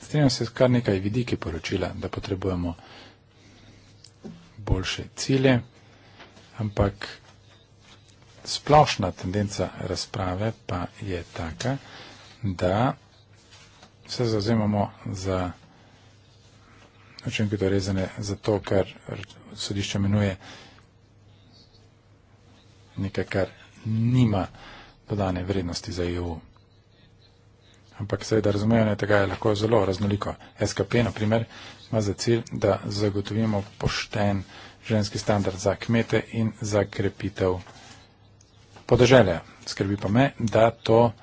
Strinjam se z kar nekaj vidiki poročila, da potrebujemo boljše cilje, ampak splošna tendenca razprave pa je taka, da se zazemamo za učinke dorezane torej za to, kar sodišče menuje nekaj, kar nima dodane vrednosti za EU. Ampak seveda razumevanje tega je lahko zelo raznoliko. SKP, na primer, ima za cilj, da zagotovimo pošten ženski standard za kmete in za krepitev podeželja. Skrbi pa me, da to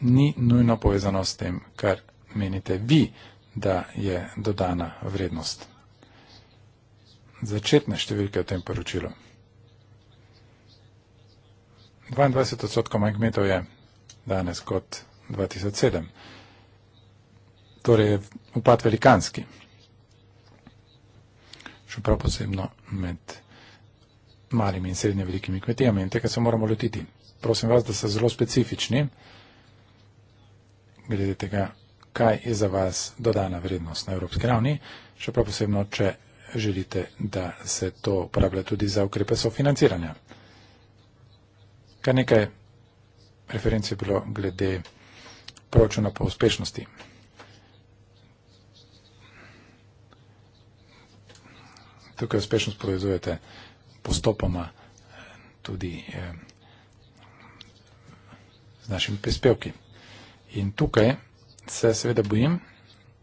ni nujno povezano s tem, kar menite vi, da je dodana vrednost. Začetne številke v tem poročilu. 22 odstotkov manj kmetov je danes kot 2007. Torej je upad velikanski. Še prav posebno med 2007 malimi in srednje velikimi kmetijami in tega se moramo lotiti. Prosim vas, da ste zelo specifični glede tega, kaj je za vas dodana vrednost na evropski ravni, še prav posebno, če želite, da se to uporablja tudi za ukrepe sofinanciranja. Kar nekaj referenc je bilo glede proračuna po uspešnosti. Tukaj uspešnost povezujete postopoma eh, tudi eh, z našimi prispevki. In tukaj se seveda bojim,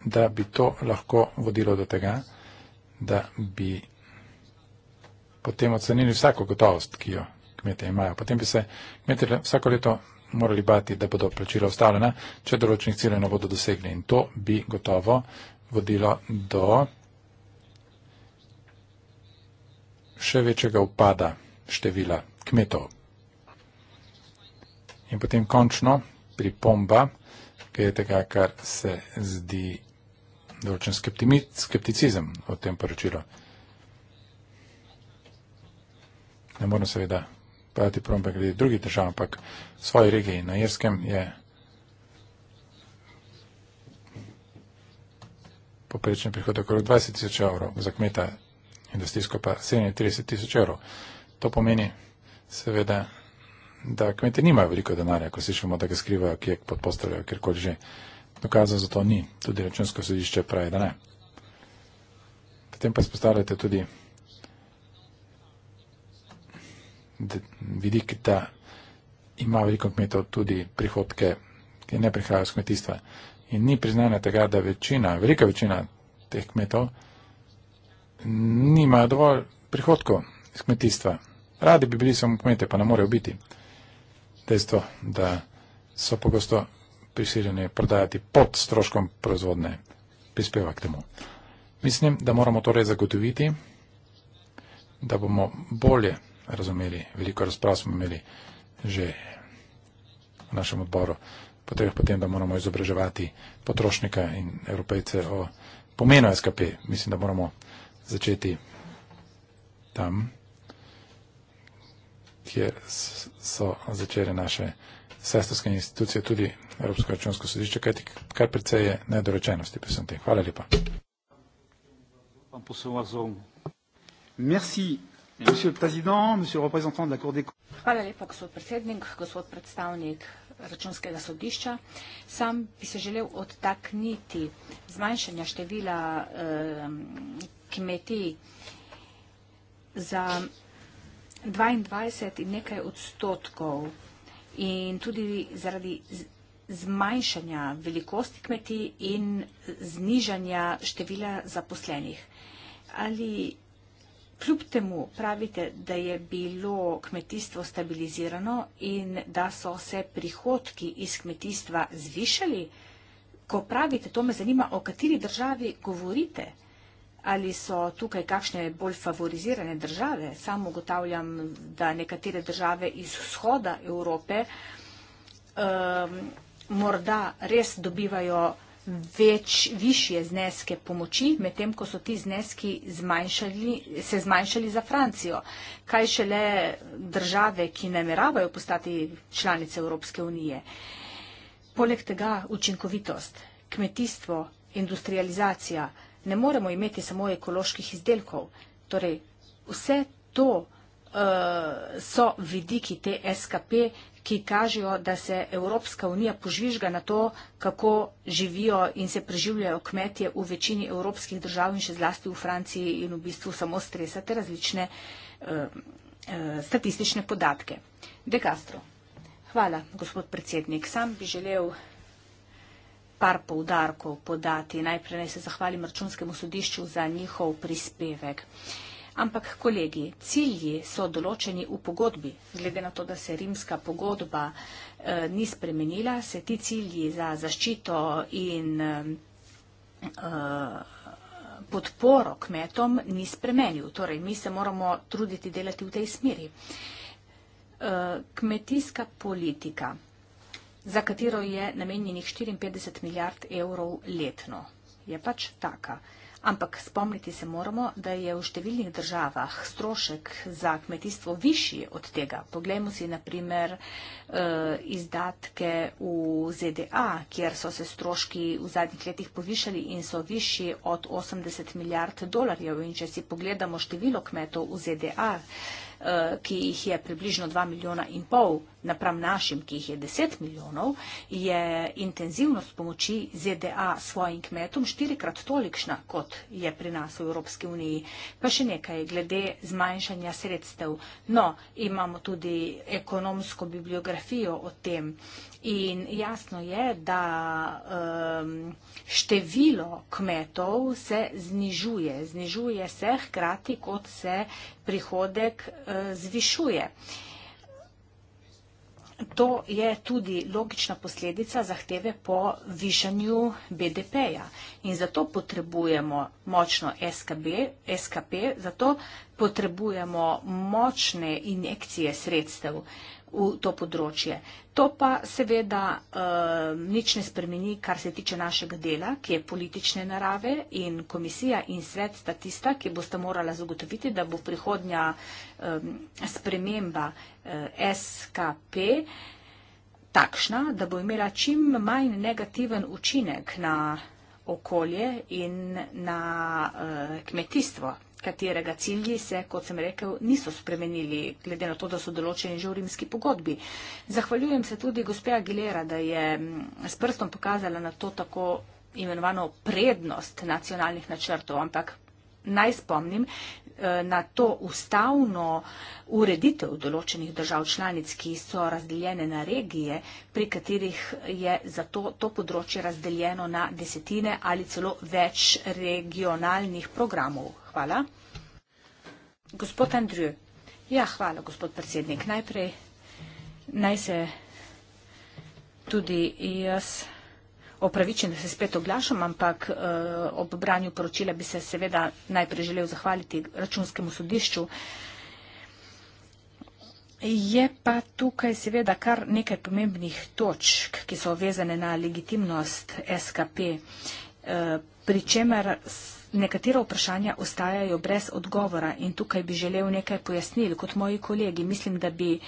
da bi to lahko vodilo do tega, da bi potem ocenili vsako gotovost, ki jo kmete imajo. Potem bi se kmete vsako leto morali bati, da bodo plačila ustavljena, če določenih ciljev ne bodo dosegli. In to bi gotovo vodilo do še večjega upada števila kmetov. In potem končno pripomba, ki je tega, kar se zdi določen skepticizem v tem poročilu. Ne moram seveda povedati pripombe glede drugih držav, ampak v svoji regiji na Jerskem je poprečen prihodek okrog 20 tisoč evrov za kmeta industrijsko pa 37 tisoč evrov. To pomeni seveda, da kmete nimajo veliko denarja, ko slišimo, da ga skrivajo, kje pod postavljajo, kjer kot že. Dokaza za to ni. Tudi računsko sodišče pravi, da ne. Potem pa spostavljate tudi vidik, da ima veliko kmetov tudi prihodke, ki ne prihajajo z kmetijstva. In ni priznanja tega, da večina, velika večina teh kmetov, nimajo dovolj prihodkov iz kmetijstva. Radi bi bili samo kmete, pa ne morejo biti. Dejstvo, da so pogosto prisiljeni prodajati pod stroškom proizvodne, prispeva k temu. Mislim, da moramo torej zagotoviti, da bomo bolje razumeli, veliko razprav smo imeli že v našem odboru, potem, da moramo izobraževati potrošnika in evropejce o pomenu SKP. Mislim, da moramo izobraževati začeti tam, kjer so začele naše sestrske institucije, tudi Evropsko računsko sodišče, kajti kar precej je nedorečenosti pri vsem tem. Hvala lepa. Merci. Hvala lepa, gospod predsednik, gospod predstavnik računskega sodišča. Sam bi se želel odtakniti zmanjšanja števila eh, kmetij za 22 in nekaj odstotkov in tudi zaradi zmanjšanja velikosti kmetij in znižanja števila zaposlenih. Ali kljub temu pravite, da je bilo kmetijstvo stabilizirano in da so se prihodki iz kmetijstva zvišali? Ko pravite, to me zanima, o kateri državi govorite? ali so tukaj kakšne bolj favorizirane države. Sam ugotavljam, da nekatere države iz vzhoda Evrope um, morda res dobivajo več, višje zneske pomoči, medtem ko so ti zneski zmanjšali, se zmanjšali za Francijo. Kaj šele države, ki nameravajo postati članice Evropske unije. Poleg tega učinkovitost, kmetijstvo, industrializacija, uh, ne moremo imeti samo ekoloških izdelkov. Torej, vse to uh, so vidiki te SKP, ki kažejo, da se Evropska unija požvižga na to, kako živijo in se preživljajo kmetje v večini evropskih držav in še zlasti v Franciji in v bistvu samo stresate različne uh, uh, statistične podatke. De Castro. Hvala, gospod predsednik. Sam bi želel par poudarkov podati. Najprej naj se zahvalim računskemu sodišču za njihov prispevek. Ampak, kolegi, cilji so določeni v pogodbi. Glede na to, da se rimska pogodba eh, ni spremenila, se ti cilji za zaščito in eh, podporo kmetom ni spremenil. Torej, mi se moramo truditi delati v tej smeri. Eh, kmetijska politika za katero je namenjenih 54 milijard evrov letno. Je pač taka. Ampak spomniti se moramo, da je v številnih državah strošek za kmetijstvo višji od tega. Poglejmo si naprimer eh, izdatke v ZDA, kjer so se stroški v zadnjih letih povišali in so višji od 80 milijard dolarjev. In če si pogledamo število kmetov v ZDA, eh, ki jih je približno 2 milijona in pol, napram našim, ki jih je 10 milijonov, je intenzivnost pomoči ZDA svojim kmetom štirikrat tolikšna, kot je pri nas v Evropski uniji. Pa še nekaj glede zmanjšanja sredstev. No, imamo tudi ekonomsko bibliografijo o tem. In jasno je, da um, število kmetov se znižuje. Znižuje se hkrati, kot se prihodek uh, zvišuje to je tudi logična posledica zahteve po višanju BDP-ja. In zato potrebujemo močno SKB, SKP, zato potrebujemo močne injekcije sredstev v to področje. To pa seveda uh, nič ne spremeni, kar se tiče našega dela, ki je politične narave in komisija in svet sta tista, ki boste morala zagotoviti, da bo prihodnja um, sprememba uh, eh, SKP takšna, da bo imela čim manj negativen učinek na okolje in na uh, kmetijstvo katerega cilji se, kot sem rekel, niso spremenili, glede na to, da so določeni že v rimski pogodbi. Zahvaljujem se tudi gospe Aguilera, da je s prstom pokazala na to tako imenovano prednost nacionalnih načrtov, ampak naj spomnim e, na to ustavno ureditev določenih držav članic, ki so razdeljene na regije, pri katerih je za to, to področje razdeljeno na desetine ali celo več regionalnih programov. Hvala. Gospod Andrew. Ja, hvala, gospod predsednik. Najprej naj se tudi jaz opravičim, da se spet oglašam, ampak eh, ob branju poročila bi se seveda najprej želel zahvaliti računskemu sodišču. Je pa tukaj seveda kar nekaj pomembnih točk, ki so vezane na legitimnost SKP, eh, pri čemer nekatera vprašanja ostajajo brez odgovora in tukaj bi želel nekaj pojasnil. Kot moji kolegi, mislim, da bi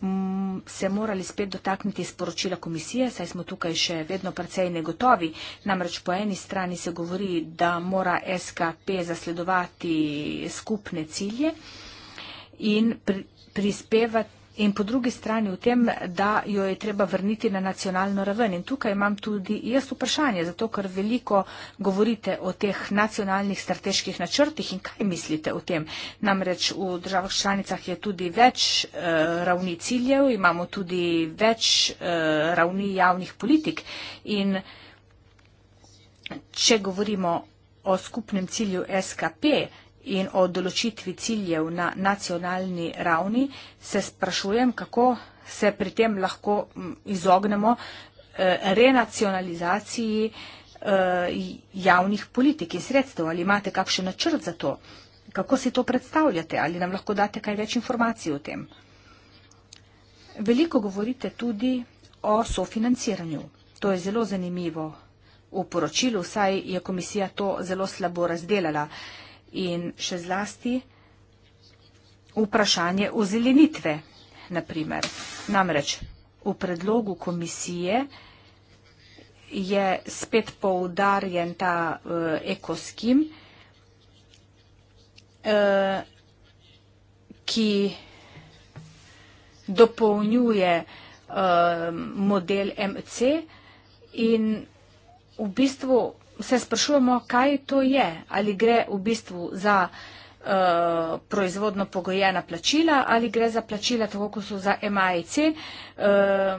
mm, se morali spet dotakniti sporočila komisije, saj smo tukaj še vedno precej negotovi. Namreč po eni strani se govori, da mora SKP zasledovati skupne cilje in pri, prispevati in po drugi strani v tem, da jo je treba vrniti na nacionalno raven. In tukaj imam tudi jaz vprašanje, zato ker veliko govorite o teh nacionalnih strateških načrtih in kaj mislite o tem. Namreč v državah članicah je tudi več e, ravni ciljev, imamo tudi več e, ravni javnih politik in če govorimo o skupnem cilju SKP, in o določitvi ciljev na nacionalni ravni, se sprašujem, kako se pri tem lahko izognemo eh, renacionalizaciji eh, javnih politik in sredstev. Ali imate kakšen načrt za to? Kako si to predstavljate? Ali nam lahko date kaj več informacij o tem? Veliko govorite tudi o sofinanciranju. To je zelo zanimivo. V poročilu vsaj je komisija to zelo slabo razdelala in še zlasti vprašanje o zelenitve, naprimer. Namreč v predlogu komisije je spet poudarjen ta uh, ekoskim, uh, ki dopolnjuje uh, model MC in v bistvu se sprašujemo, kaj to je, ali gre v bistvu za uh, proizvodno pogojena plačila ali gre za plačila, tako kot so za MAIC uh, eh,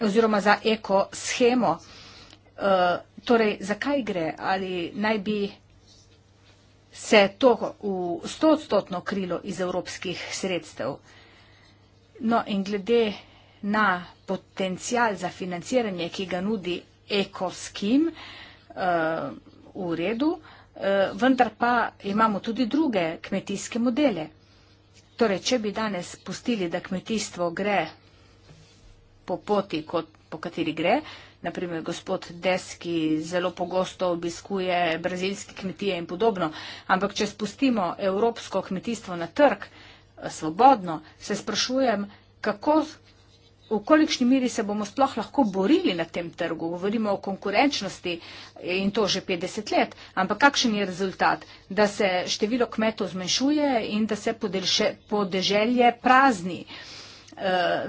oziroma za eko schemo. Uh, eh, torej, zakaj gre? Ali naj bi se to v stotstotno krilo iz evropskih sredstev? No in glede na potencial za financiranje, ki ga nudi ekoskim, uh, uh, v redu, uh, vendar pa imamo tudi druge kmetijske modele. Torej, če bi danes pustili, da kmetijstvo gre po poti, kot, po kateri gre, naprimer gospod Deski zelo pogosto obiskuje brazilske kmetije in podobno, ampak če spustimo evropsko kmetijstvo na trg, eh, svobodno, se sprašujem, kako, v kolikšni miri se bomo sploh lahko borili na tem trgu. Govorimo o konkurenčnosti in to že 50 let, ampak kakšen je rezultat? Da se število kmetov zmanjšuje in da se podeželje prazni. E,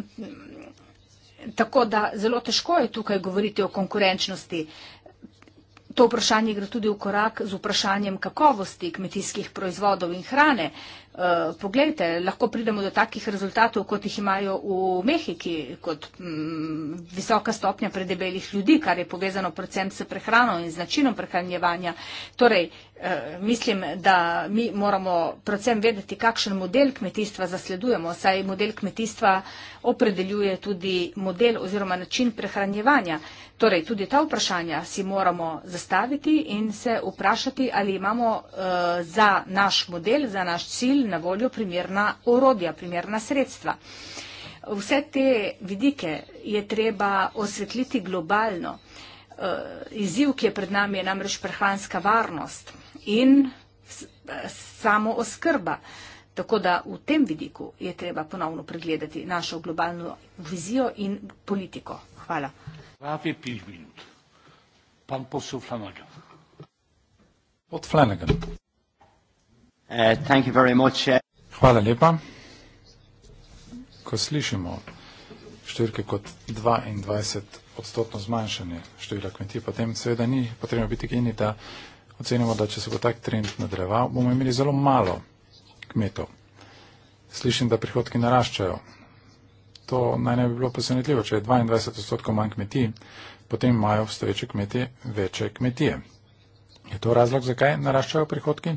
tako da zelo težko je tukaj govoriti o konkurenčnosti. To vprašanje gre tudi v korak z vprašanjem kakovosti kmetijskih proizvodov in hrane. Eh, poglejte, lahko pridemo do takih rezultatov, kot jih imajo v Mehiki, kot m, mm, visoka stopnja predebelih ljudi, kar je povezano predvsem s prehrano in z načinom prehranjevanja. Torej, eh, mislim, da mi moramo predvsem vedeti, kakšen model kmetijstva zasledujemo, saj model kmetijstva opredeljuje tudi model oziroma način prehranjevanja. Torej, tudi ta vprašanja si moramo zastaviti in se vprašati, ali imamo uh, za naš model, za naš cilj, na voljo primerna orodja, primerna sredstva. Vse te vidike je treba osvetliti globalno. Eh, izziv, ki je pred nami, je namreč prehranska varnost in eh, samo oskrba. Tako da v tem vidiku je treba ponovno pregledati našo globalno vizijo in politiko. Hvala. Od Flanagan. Uh, uh, Hvala lepa. Ko slišimo številke kot 22 odstotno zmanjšanje števila kmetij, potem seveda ni potrebno biti geni, da ocenimo, da če se bo tak trend nadaljeval, bomo imeli zelo malo kmetov. Slišim, da prihodki naraščajo. To naj ne bi bilo presenetljivo, če je 22 odstotkov manj kmetij, potem imajo obstoječe kmetije večje kmetije. Je to razlog, zakaj naraščajo prihodki?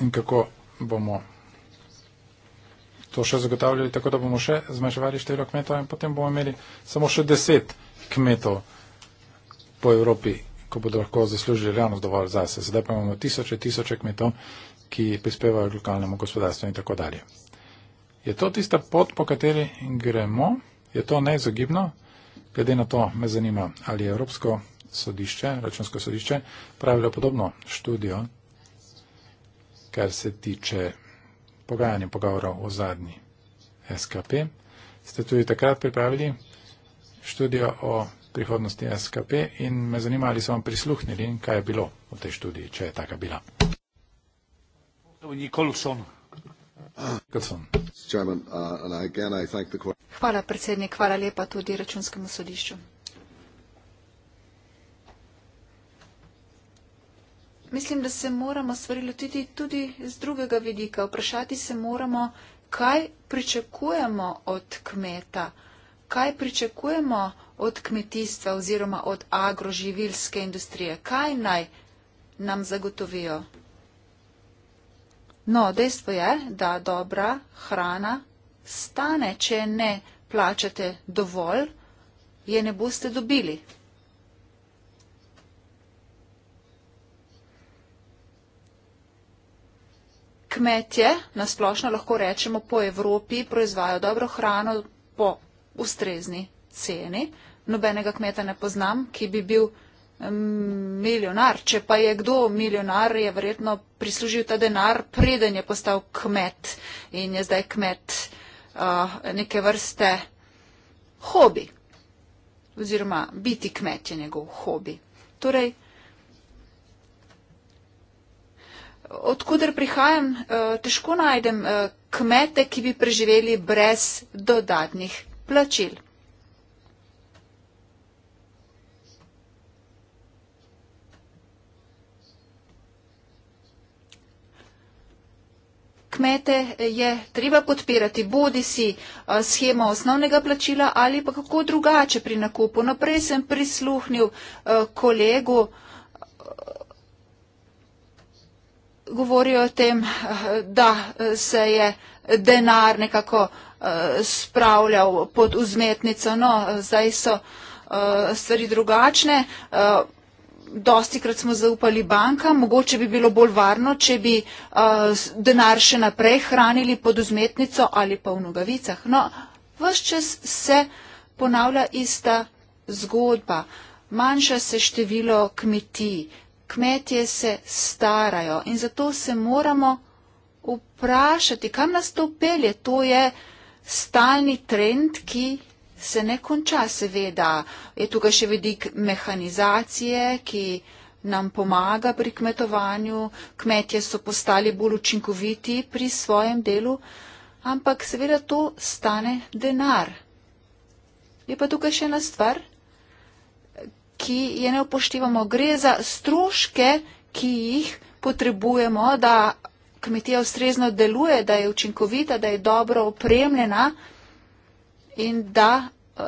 in kako bomo to še zagotavljali, tako da bomo še zmanjševali število kmetov in potem bomo imeli samo še deset kmetov po Evropi, ko bodo lahko zaslužili ravno dovolj zase. Sedaj pa imamo tisoče, tisoče kmetov, ki prispevajo k lokalnemu gospodarstvu in tako dalje. Je to tista pot, po kateri gremo? Je to neizogibno? Glede na to me zanima, ali je Evropsko sodišče, računsko sodišče, pravilo podobno študijo kar se tiče pogajanja pogovorov o zadnji SKP. Ste tudi takrat pripravili študijo o prihodnosti SKP in me zanima, ali so vam prisluhnili in kaj je bilo v tej študiji, če je taka bila. Uh, hvala predsednik, hvala lepa tudi računskemu sodišču. Mislim, da se moramo stvari lotiti tudi z drugega vidika. Vprašati se moramo, kaj pričakujemo od kmeta, kaj pričakujemo od kmetijstva oziroma od agroživilske industrije, kaj naj nam zagotovijo. No, dejstvo je, da dobra hrana stane, če ne plačate dovolj, je ne boste dobili. kmetje, nasplošno lahko rečemo, po Evropi proizvajajo dobro hrano po ustrezni ceni. Nobenega kmeta ne poznam, ki bi bil milijonar. Če pa je kdo milijonar, je verjetno prislužil ta denar, preden je postal kmet in je zdaj kmet uh, neke vrste hobi. Oziroma biti kmet je njegov hobi. Torej, odkuder prihajam, eh, težko najdem eh, kmete, ki bi preživeli brez dodatnih plačil. Kmete eh, je treba podpirati bodi si schema osnovnega plačila ali pa kako drugače pri nakupu. Naprej no, sem prisluhnil kolegu govorijo o tem, eh, da eh, se je denar nekako eh, spravljal pod uzmetnico. No, zdaj so stvari drugačne. Dosti krat smo zaupali bankam, mogoče bi bilo bolj varno, če bi denar še naprej hranili pod uzmetnico ali pa v nogavicah. No, vse čas se ponavlja ista zgodba. Manjša se število kmetij, kmetje se starajo in zato se moramo vprašati, kam nas to pelje. To je stalni trend, ki se ne konča. Seveda je tukaj še vedik mehanizacije, ki nam pomaga pri kmetovanju, kmetje so postali bolj učinkoviti pri svojem delu, ampak seveda to stane denar. Je pa tukaj še ena stvar, ki je ne upoštevamo. Gre za stroške, ki jih potrebujemo, da kmetija ustrezno deluje, da je učinkovita, da je dobro opremljena in da uh,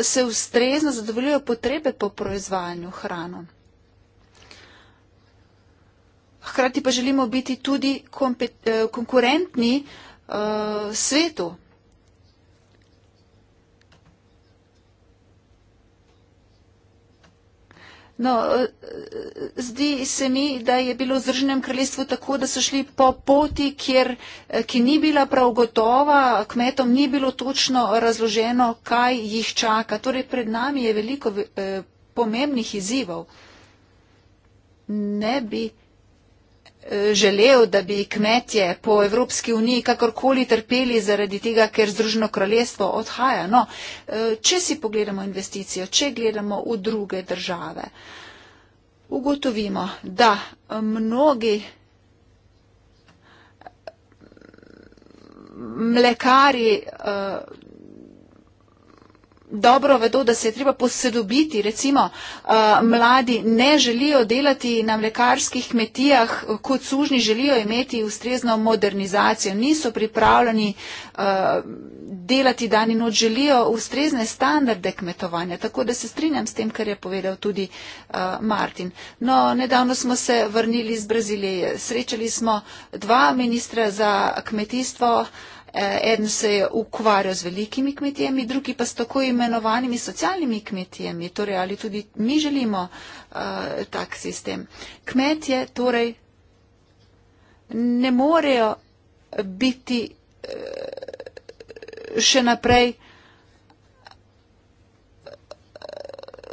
se ustrezno zadovoljujo potrebe po proizvajanju hrano. Hkrati pa želimo biti tudi eh, konkurentni uh, svetu. No, eh, zdi se mi, da je bilo v Združenem kraljestvu tako, da so šli po poti, kjer, eh, ki ni bila prav gotova, kmetom ni bilo točno razloženo, kaj jih čaka. Torej, pred nami je veliko eh, pomembnih izzivov. Ne bi želel, da bi kmetje po Evropski uniji kakorkoli trpeli zaradi tega, ker Združeno kraljestvo odhaja. No, eh, če si pogledamo investicijo, če gledamo v druge države, ugotovimo, da mnogi eh, mlekari eh, dobro vedo, da se je treba posedobiti. Recimo, eh, mladi ne želijo delati na mlekarskih kmetijah, kot sužni želijo imeti ustrezno modernizacijo. Niso pripravljeni eh, delati dan in noč, želijo ustrezne standarde kmetovanja. Tako da se strinjam s tem, kar je povedal tudi eh, Martin. No, nedavno smo se vrnili iz Brazilije. Srečali smo dva ministra za kmetijstvo. Eh, eden se je ukvarjal z velikimi kmetijami, drugi pa s tako imenovanimi socialnimi kmetijami. Torej, ali tudi mi želimo eh, tak sistem. Kmetje torej ne morejo biti eh, še naprej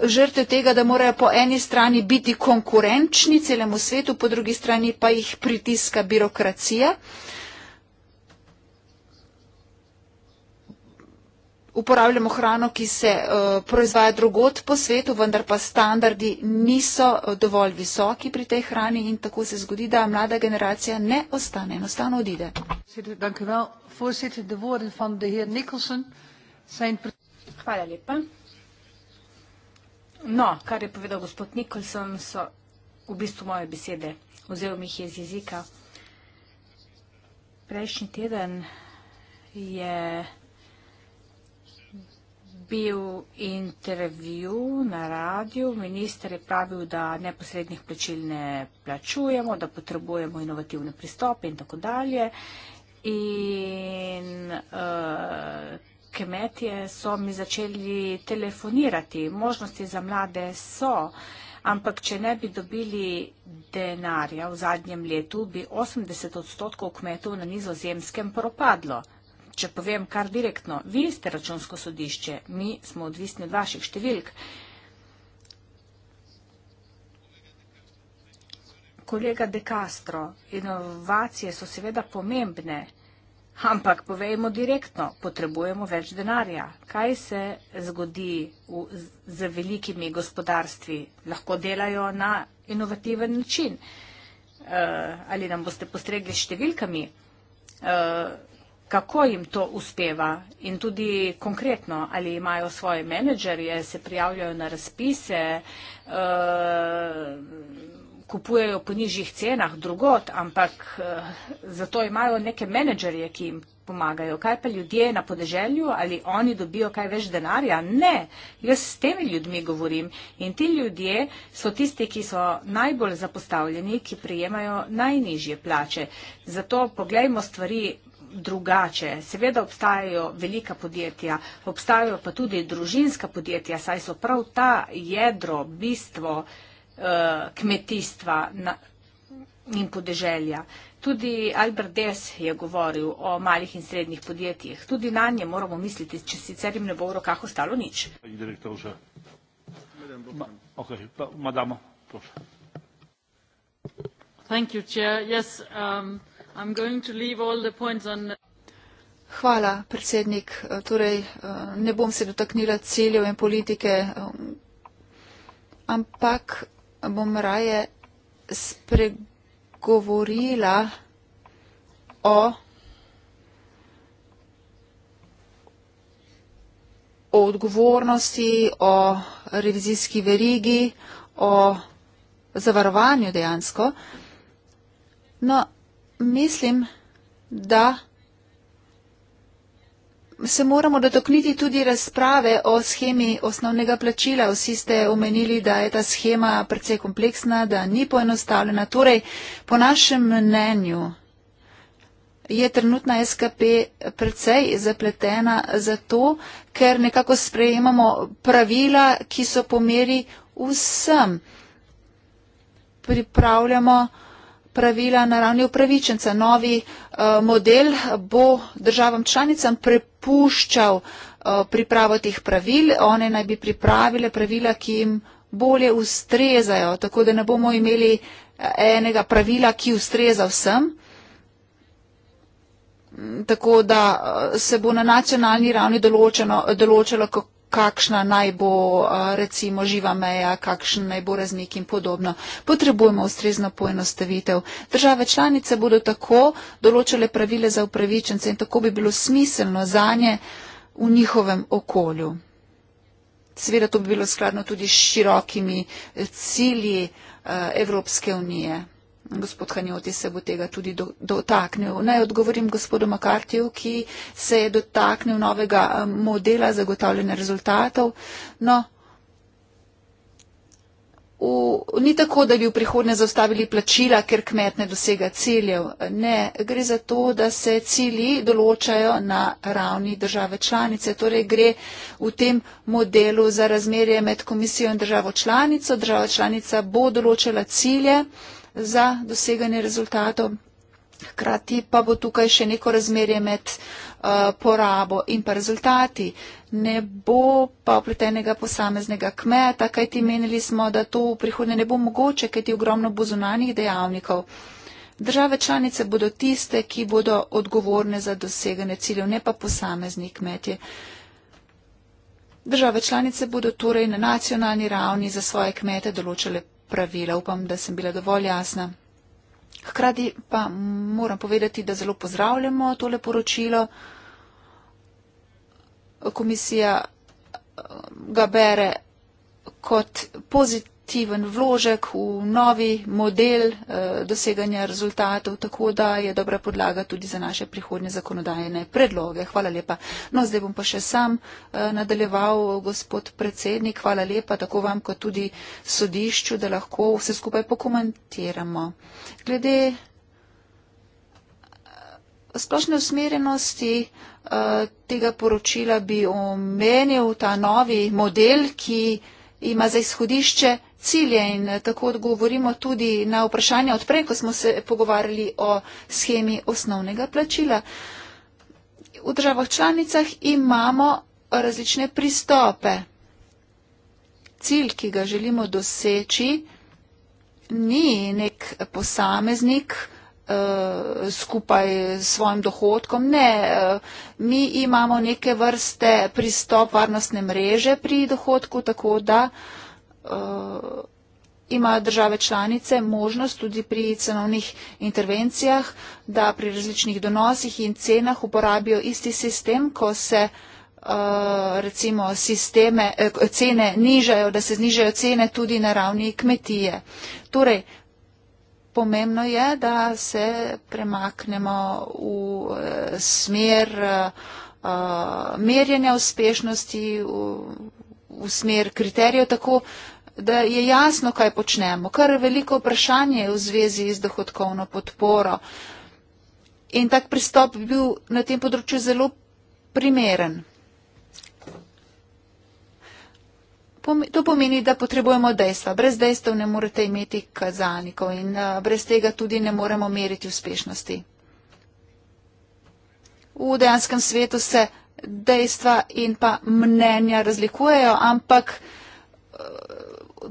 žrte tega, da morajo po eni strani biti konkurenčni celemu svetu, po drugi strani pa jih pritiska birokracija. Uh, uporabljamo hrano, ki se uh, proizvaja drugot po svetu, vendar pa standardi niso eh, dovolj visoki pri tej hrani in tako se zgodi, da mlada generacija ne ostane, enostavno odide. Hvala lepa. No, kar je povedal gospod Nikolson, so v bistvu moje besede, oziroma jih je iz jezika. Prejšnji teden je bil intervju na radiju, minister je pravil, da neposrednih plačil ne plačujemo, da potrebujemo inovativne pristope in tako dalje. In uh, kmetje so mi začeli telefonirati, možnosti za mlade so, ampak če ne bi dobili denarja v zadnjem letu, bi 80 odstotkov kmetov na nizozemskem propadlo če povem kar direktno, vi ste računsko sodišče, mi smo odvisni od vaših številk. Kolega De Castro, inovacije so seveda pomembne, ampak povejmo direktno, potrebujemo več denarja. Kaj se zgodi v, z, z velikimi gospodarstvi? Lahko delajo na inovativen način. Uh, ali nam boste postregli s številkami? Uh, kako jim to uspeva in tudi konkretno, ali imajo svoje menedžerje, se prijavljajo na razpise, eh, kupujejo po nižjih cenah drugot, ampak eh, zato imajo neke menedžerje, ki jim pomagajo. Kaj pa ljudje na podeželju, ali oni dobijo kaj več denarja? Ne, jaz s temi ljudmi govorim in ti ljudje so tisti, ki so najbolj zapostavljeni, ki prijemajo najnižje plače. Zato poglejmo stvari drugače. Seveda obstajajo velika podjetja, obstajajo pa tudi družinska podjetja, saj so prav ta jedro, bistvo eh, kmetijstva na, in podeželja. Tudi Albert Des je govoril o malih in srednjih podjetjih. Tudi na nje moramo misliti, če sicer jim ne bo v rokah ostalo nič. Ma, okay, pa, madama, Thank you, Chair. Yes, um, Hvala, predsednik. Eh, torej, eh, ne bom se dotaknila ciljev in politike, eh, ampak bom raje spregovorila o o odgovornosti, o revizijski verigi, o zavarovanju dejansko. No, mislim, da se moramo dotakniti tudi razprave o schemi osnovnega plačila. Vsi ste omenili, da je ta schema precej kompleksna, da ni poenostavljena. Torej, po našem mnenju je trenutna SKP precej zapletena zato, ker nekako sprejemamo pravila, ki so po meri vsem. Pripravljamo pravila na ravni upravičenca. Novi eh, model bo državam članicam prepuščal eh, pripravo teh pravil. One naj bi pripravile pravila, ki jim bolje ustrezajo, tako da ne bomo imeli eh, enega pravila, ki ustreza vsem. Tako da se bo na nacionalni ravni določeno, določilo, kako kakšna naj bo recimo živa meja, kakšen naj bo raznik in podobno. Potrebujemo ustrezno poenostavitev. Države članice bodo tako določile pravile za upravičence in tako bi bilo smiselno za nje v njihovem okolju. Seveda to bi bilo skladno tudi s širokimi eh, cilji eh, Evropske unije gospod Hanjoti se bo tega tudi dotaknil. Naj odgovorim gospodu Makartiju, ki se je dotaknil novega modela zagotavljanja rezultatov. No, v, ni tako, da bi v prihodnje zaustavili plačila, ker kmet ne dosega ciljev. Ne, gre za to, da se cilji določajo na ravni države članice. Torej gre v tem modelu za razmerje med komisijo in državo članico. Država članica bo določila cilje za doseganje rezultatov. Hkrati pa bo tukaj še neko razmerje med uh, porabo in pa rezultati. Ne bo pa opletenega posameznega kmeta, kajti menili smo, da to v prihodnje ne bo mogoče, kajti ogromno bo zunanjih dejavnikov. Države članice bodo tiste, ki bodo odgovorne za doseganje ciljev, ne pa posamezni kmetje. Države članice bodo torej na nacionalni ravni za svoje kmete določale pravila. Upam, da sem bila dovolj jasna. Hkrati pa moram povedati, da zelo pozdravljamo tole poročilo. Komisija eh, ga bere kot pozit, aktiven vložek v novi model eh, doseganja rezultatov, tako da je dobra podlaga tudi za naše prihodnje zakonodajne predloge. Hvala lepa. No, zdaj bom pa še sam eh, nadaljeval, gospod predsednik. Hvala lepa tako vam, kot tudi sodišču, da lahko vse skupaj pokomentiramo. Glede eh, splošne usmerjenosti tega poročila bi omenil ta novi model, ki ima za izhodišče cilje in eh, tako odgovorimo tudi na vprašanje odprej, ko smo se pogovarjali o schemi osnovnega plačila. V državah članicah imamo različne pristope. Cilj, ki ga želimo doseči, ni nek posameznik eh, skupaj s svojim dohodkom. Ne, eh, mi imamo neke vrste pristop varnostne mreže pri dohodku, tako da uh, uh, imajo države članice možnost tudi pri cenovnih intervencijah, da pri različnih donosih in cenah uporabijo isti sistem, ko se uh, recimo sisteme, eh, cene nižajo, da se znižajo cene tudi na ravni kmetije. Torej, Pomembno je, da se premaknemo v eh, smer uh, merjenja uspešnosti, v, v smer kriterijev, tako da je jasno, kaj počnemo. Kar veliko vprašanje je v zvezi z dohodkovno podporo. In tak pristop bi bil na tem področju zelo primeren. To pomeni, da potrebujemo dejstva. Brez dejstev ne morete imeti kazalnikov in eh, brez tega tudi ne moremo meriti uspešnosti. V dejanskem svetu se dejstva in pa mnenja razlikujejo, ampak eh,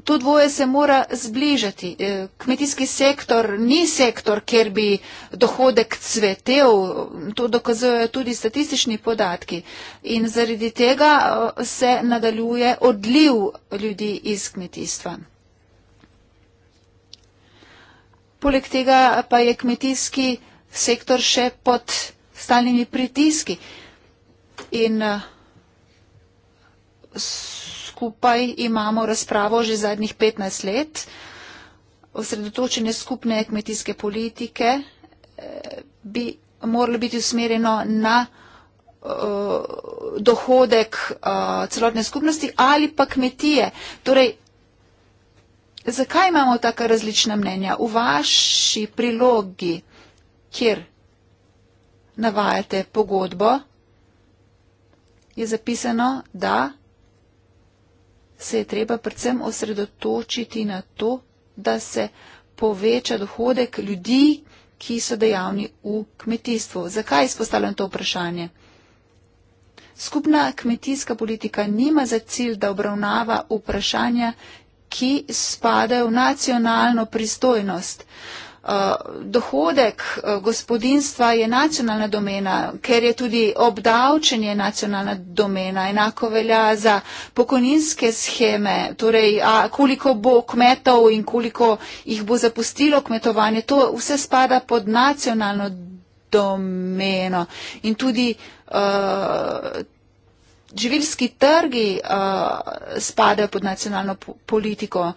to dvoje se mora zbližati. Eh, kmetijski sektor ni sektor, kjer bi dohodek cvetel, to dokazujejo tudi statistični podatki in zaradi tega eh, se nadaljuje odliv ljudi iz kmetijstva. Poleg tega pa je kmetijski sektor še pod stalnimi pritiski. Uh, in eh, skupaj imamo razpravo že zadnjih 15 let, osredotočene skupne kmetijske politike eh, bi morali biti usmerjeno na eh, dohodek celotne skupnosti ali pa kmetije. Torej, zakaj imamo taka različna mnenja? V vaši prilogi, kjer navajate pogodbo, je zapisano, da se je treba predvsem osredotočiti na to, da se poveča dohodek ljudi, ki so dejavni v kmetijstvu. Zakaj izpostavljam to vprašanje? Skupna kmetijska politika nima za cilj, da obravnava vprašanja, ki spadajo v nacionalno pristojnost. Eh, dohodek eh, gospodinstva je nacionalna domena, ker je tudi obdavčenje nacionalna domena. Enako velja za pokojninske scheme, torej a, koliko bo kmetov in koliko jih bo zapustilo kmetovanje. To vse spada pod nacionalno domeno. In tudi uh, živilski trgi uh, spadajo pod nacionalno po politiko. Uh,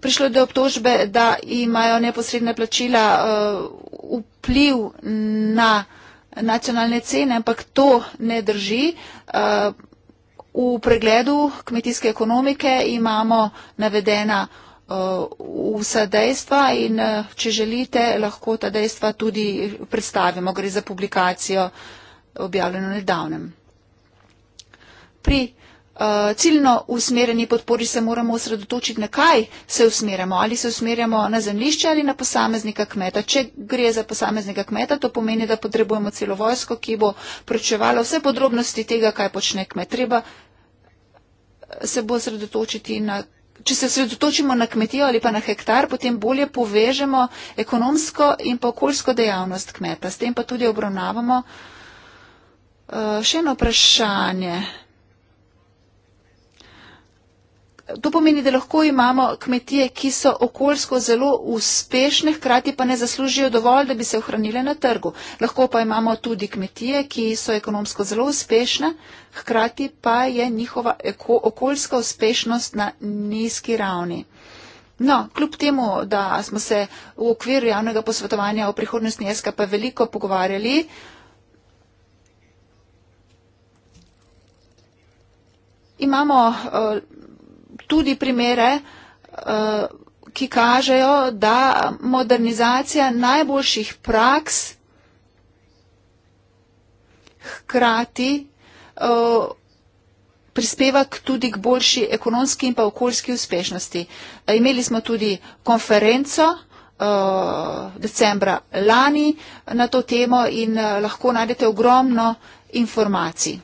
prišlo do obtožbe, da imajo neposredne plačila uh, vpliv na nacionalne cene, ampak to ne drži. Uh, v pregledu kmetijske ekonomike imamo navedena uh, vsa dejstva in uh, če želite, lahko ta dejstva tudi predstavimo. Gre za publikacijo objavljeno nedavnem. Pri uh, Eh, ciljno usmerjeni podpori se moramo osredotočiti, na kaj se usmerjamo. Ali se usmerjamo na zemlišče ali na posameznika kmeta. Če gre za posameznega kmeta, to pomeni, da potrebujemo celo vojsko, ki bo pročevala vse podrobnosti tega, kaj počne kmet. Treba eh, se bo osredotočiti na. Če se osredotočimo na kmetijo ali pa na hektar, potem bolje povežemo ekonomsko in pa okoljsko dejavnost kmeta. S tem pa tudi obravnavamo uh, še eno vprašanje. Uh, To pomeni, da lahko imamo kmetije, ki so okoljsko zelo uspešne, hkrati pa ne zaslužijo dovolj, da bi se ohranile na trgu. Lahko pa imamo tudi kmetije, ki so ekonomsko zelo uspešne, hkrati pa je njihova eko, okoljska uspešnost na nizki ravni. No, kljub temu, da smo se v okviru javnega posvetovanja o prihodnosti SKP veliko pogovarjali, imamo. Uh, tudi primere, eh, ki kažejo, da modernizacija najboljših praks hkrati eh, prispeva tudi k boljši ekonomski in pa okoljski uspešnosti. Eh, imeli smo tudi konferenco decembra lani na to temo in lahko najdete ogromno informacij.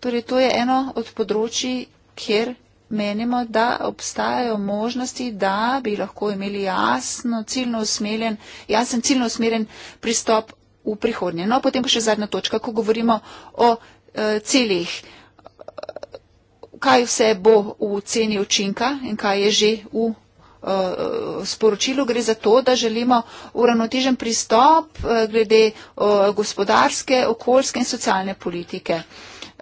Torej, to je eno od področji, kjer menimo, da obstajajo možnosti, da bi lahko imeli jasno, ciljno usmerjen, jasen ciljno usmerjen pristop v prihodnje. No, potem pa še zadnja točka, ko govorimo o e, ciljih. Kaj vse bo v ceni učinka in kaj je že v eh, sporočilu gre za to, da želimo uravnotežen pristop eh, glede gospodarske, okoljske in socialne politike.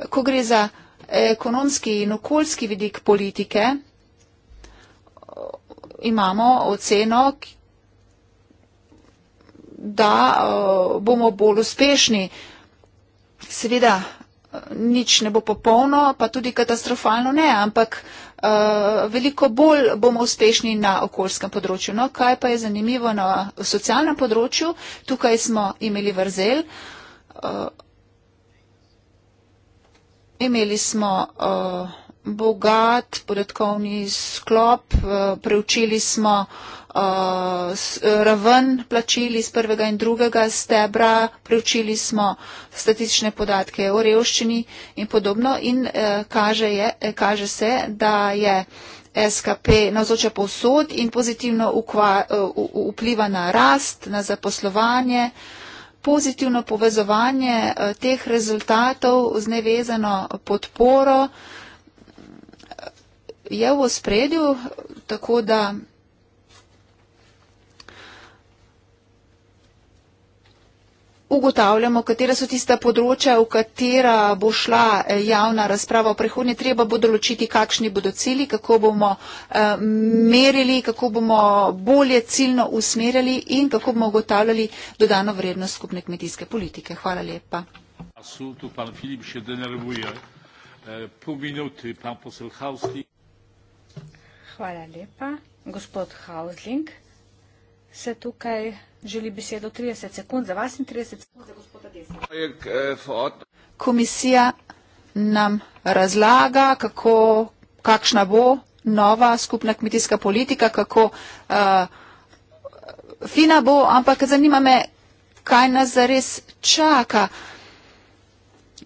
Ko gre za ekonomski in okoljski vidik politike, imamo oceno, da eh, bomo bolj uspešni. Seveda, nič ne bo popolno, pa tudi katastrofalno ne, ampak eh, veliko bolj bomo uspešni na okoljskem področju. No, kaj pa je zanimivo na socialnem področju, tukaj smo imeli vrzel. Eh, Imeli smo uh, bogat podatkovni sklop, uh, preučili smo uh, s, raven plačil iz prvega in drugega stebra, preučili smo statistične podatke o revščini in podobno in uh, kaže, je, e, kaže se, da je SKP navzoča povsod in pozitivno ukva, uh, vpliva na rast, na zaposlovanje. Uh, pozitivno povezovanje eh, teh rezultatov z nevezano podporo eh, je v ospredju, tako da ugotavljamo, katera so tista področja, v katera bo šla eh, javna razprava v prihodnje. Treba bo določiti, kakšni bodo cili, kako bomo eh, merili, kako bomo bolje ciljno usmerjali in kako bomo ugotavljali dodano vrednost skupne kmetijske politike. Hvala lepa. E, Hvala lepa. Gospod Hausling se tukaj Želi besedo 30 sekund za vas in 30 sekund za gospoda Desa. Komisija nam razlaga, kako, kakšna bo nova skupna kmetijska politika, kako uh, fina bo, ampak zanima me, kaj nas zares čaka.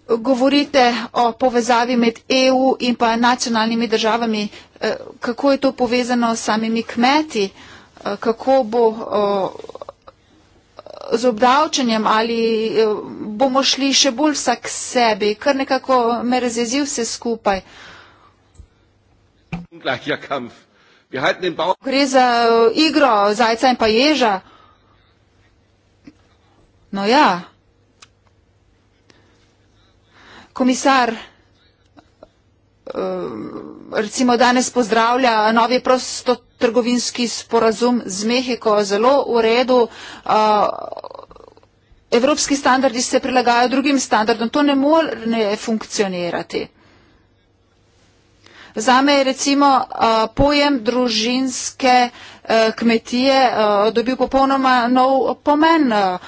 Govorite o povezavi med EU in pa nacionalnimi državami, eh, kako je to povezano s samimi kmeti, eh, kako bo z obdavčenjem ali eh, bomo šli še bolj vsak sebi, kar nekako me razjezi vse skupaj. Gre za eh, igro zajca in pa ježa. No ja. Komisar eh, recimo danes pozdravlja novi prostot trgovinski sporazum z Mehiko zelo v redu. Evropski standardi se prilagajajo drugim standardom, to ne more funkcionirati. Zame je recimo pojem družinske e, kmetije e, dobil popolnoma nov pomen. E,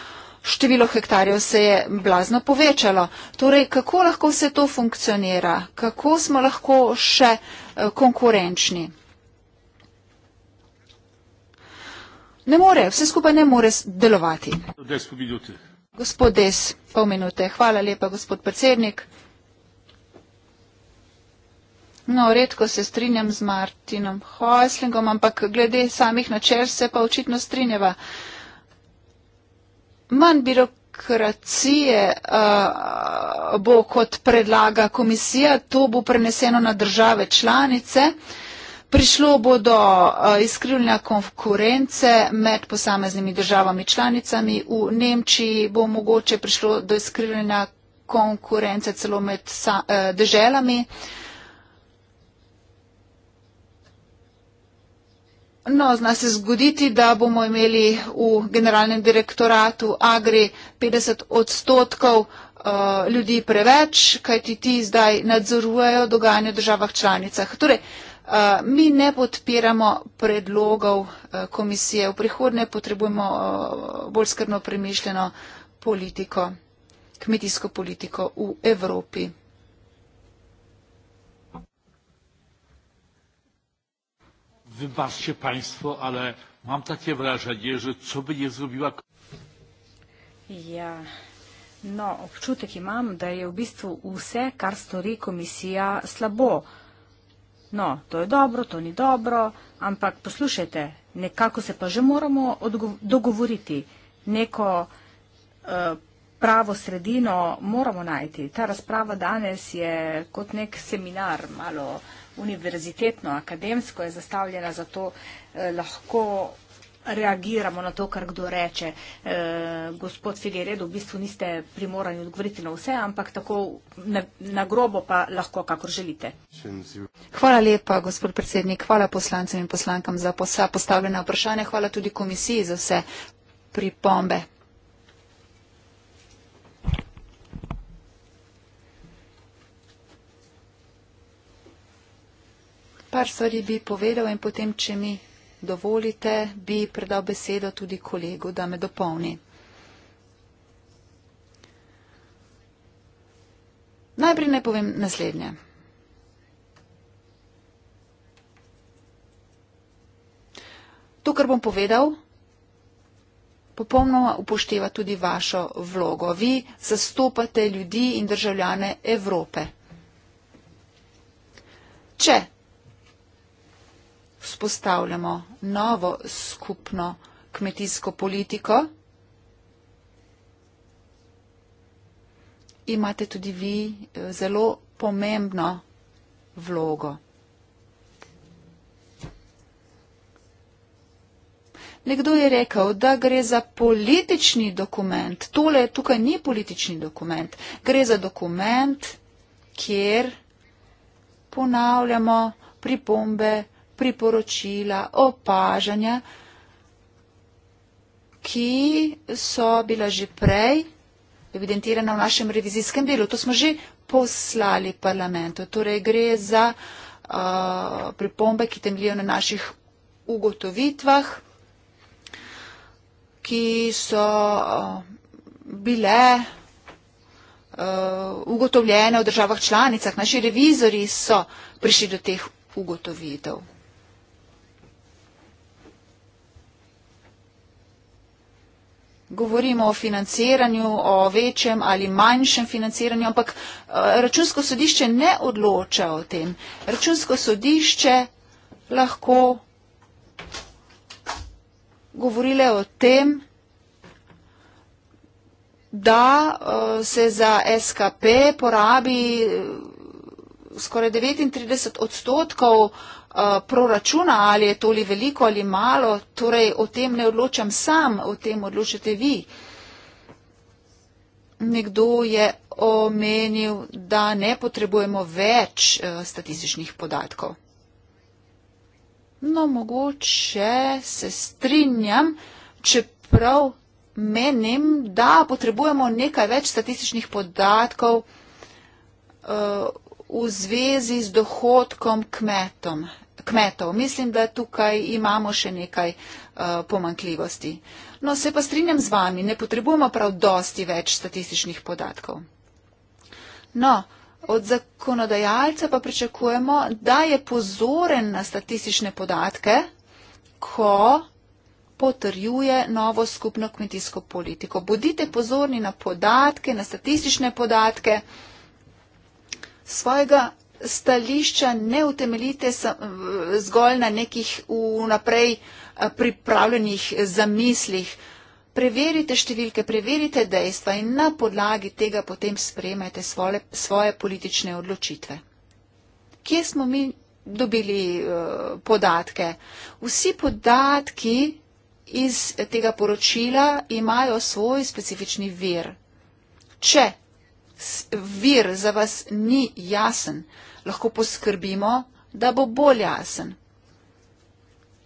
število hektarjev se je blazno povečalo. Torej, kako lahko vse to funkcionira? Kako smo lahko še konkurenčni? Ne more, vse skupaj ne more delovati. Gospod Des, pol minute. Hvala lepa, gospod predsednik. No, redko se strinjam z Martinom Hoslingom, ampak glede samih načel se pa očitno strinjava. Manj birokracije uh, bo, kot predlaga komisija, to bo preneseno na države članice. Uh, Prišlo bo do eh, izkrivljanja konkurence med posameznimi državami članicami. V Nemčiji bo mogoče prišlo do izkrivljanja konkurence celo med eh, deželami. No, zna se zgoditi, da bomo imeli v generalnem direktoratu Agri 50 odstotkov uh, ljudi preveč, kajti ti zdaj nadzorujejo dogajanje v državah članicah. Torej, uh, Eh, mi ne podpiramo predlogov eh, komisije. V prihodnje potrebujemo eh, bolj skrbno premišljeno politiko, kmetijsko politiko v Evropi. Vybašče panjstvo, ale imam takje vražanje, že co bi je zrobila. Ja, no, občutek imam, da je v bistvu vse, kar stori komisija, slabo no, to je dobro, to ni dobro, ampak poslušajte, nekako se pa že moramo dogovoriti, neko eh, pravo sredino moramo najti. Ta razprava danes je kot nek seminar, malo univerzitetno, akademsko je zastavljena, zato eh, lahko reagiramo na to, kar kdo reče. E, gospod Figeredo, v bistvu niste primorani odgovoriti na vse, ampak tako na, na grobo pa lahko, kako želite. Hvala lepa, gospod predsednik. Hvala poslancem in poslankam za posa, postavljena vprašanja. Hvala tudi komisiji za vse pripombe. Par stvari bi povedal in potem, če mi dovolite, bi predal besedo tudi kolegu, da me dopolni. Najprej naj povem naslednje. To, kar bom povedal, popolnoma upošteva tudi vašo vlogo. Vi zastopate ljudi in državljane Evrope. Če vzpostavljamo novo skupno kmetijsko politiko. Imate tudi vi eh, zelo pomembno vlogo. Nekdo je rekel, da gre za politični dokument. Tole tukaj ni politični dokument. Gre za dokument, kjer ponavljamo pripombe priporočila, opažanja, ki so bila že prej evidentirana v našem revizijskem delu. To smo že poslali parlamentu. Torej gre za uh, pripombe, ki temeljijo na naših ugotovitvah, ki so uh, bile uh, ugotovljene v državah članicah. Naši revizori so prišli do teh ugotovitev. govorimo o financiranju, o večjem ali manjšem financiranju, ampak eh, računsko sodišče ne odloča o tem. Računsko sodišče lahko govorile o tem, da eh, se za SKP porabi eh, skoraj 39 odstotkov Eh, proračuna, ali je to li veliko ali malo, torej o tem ne odločam sam, o tem odločite vi. Nekdo je omenil, da ne potrebujemo več eh, statističnih podatkov. No, mogoče se strinjam, čeprav menim, da potrebujemo nekaj več statističnih podatkov uh, v zvezi z dohodkom kmetom kmetov. Mislim, da tukaj imamo še nekaj uh, eh, pomankljivosti. No, se pa strinjam z vami, ne potrebujemo prav dosti več statističnih podatkov. No, od zakonodajalca pa pričakujemo, da je pozoren na statistične podatke, ko potrjuje novo skupno kmetijsko politiko. Bodite pozorni na podatke, na statistične podatke svojega stališča ne utemeljite zgolj na nekih vnaprej eh, pripravljenih zamislih. Preverite številke, preverite dejstva in na podlagi tega potem sprejmajte svoje, svoje politične odločitve. Kje smo mi dobili eh, podatke? Vsi podatki iz tega poročila imajo svoj specifični vir. Če vir za vas ni jasen, lahko poskrbimo, da bo bolj jasen.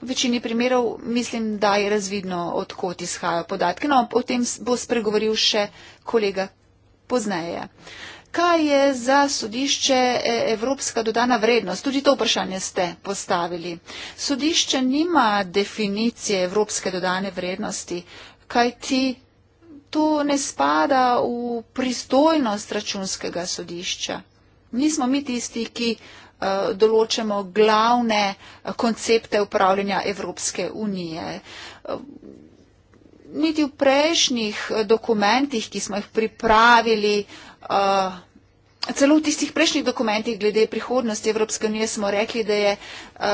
V večini primerov mislim, da je razvidno, odkot izhajajo podatke, no o tem bo spregovoril še kolega pozneje. Kaj je za sodišče e, evropska dodana vrednost? Tudi to vprašanje ste postavili. Sodišče nima definicije evropske dodane vrednosti, kaj ti to ne spada v pristojnost računskega sodišča. Nismo mi tisti, ki eh, določamo glavne eh, koncepte upravljanja Evropske unije. Eh, niti v prejšnjih dokumentih, ki smo jih pripravili Celo v tistih prejšnjih dokumentih glede prihodnosti Evropske unije smo rekli, da je uh,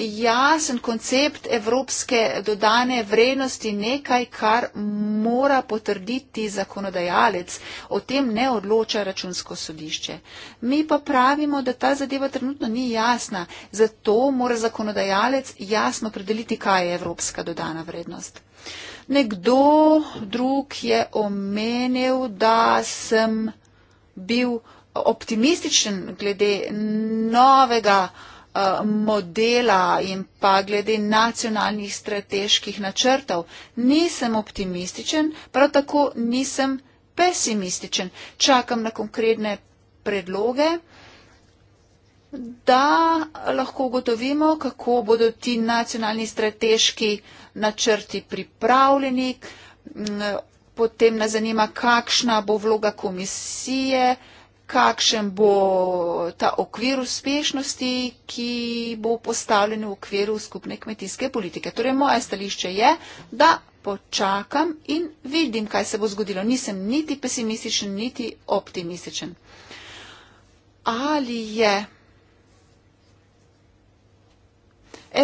jasen koncept evropske dodane vrednosti nekaj, kar mora potrditi zakonodajalec. O tem ne odloča računsko sodišče. Mi pa pravimo, da ta zadeva trenutno ni jasna. Zato mora zakonodajalec jasno predeliti, kaj je evropska dodana vrednost. Nekdo drug je omenil, da sem bil optimističen glede novega uh, modela in pa glede nacionalnih strateških načrtov. Nisem optimističen, prav tako nisem pesimističen. Čakam na konkretne predloge, da lahko ugotovimo, kako bodo ti nacionalni strateški načrti pripravljeni, potem nas zanima, kakšna bo vloga komisije, kakšen bo ta okvir uspešnosti, ki bo postavljen v okviru skupne kmetijske politike. Torej, moje stališče je, da počakam in vidim, kaj se bo zgodilo. Nisem niti pesimističen, niti optimističen. Ali je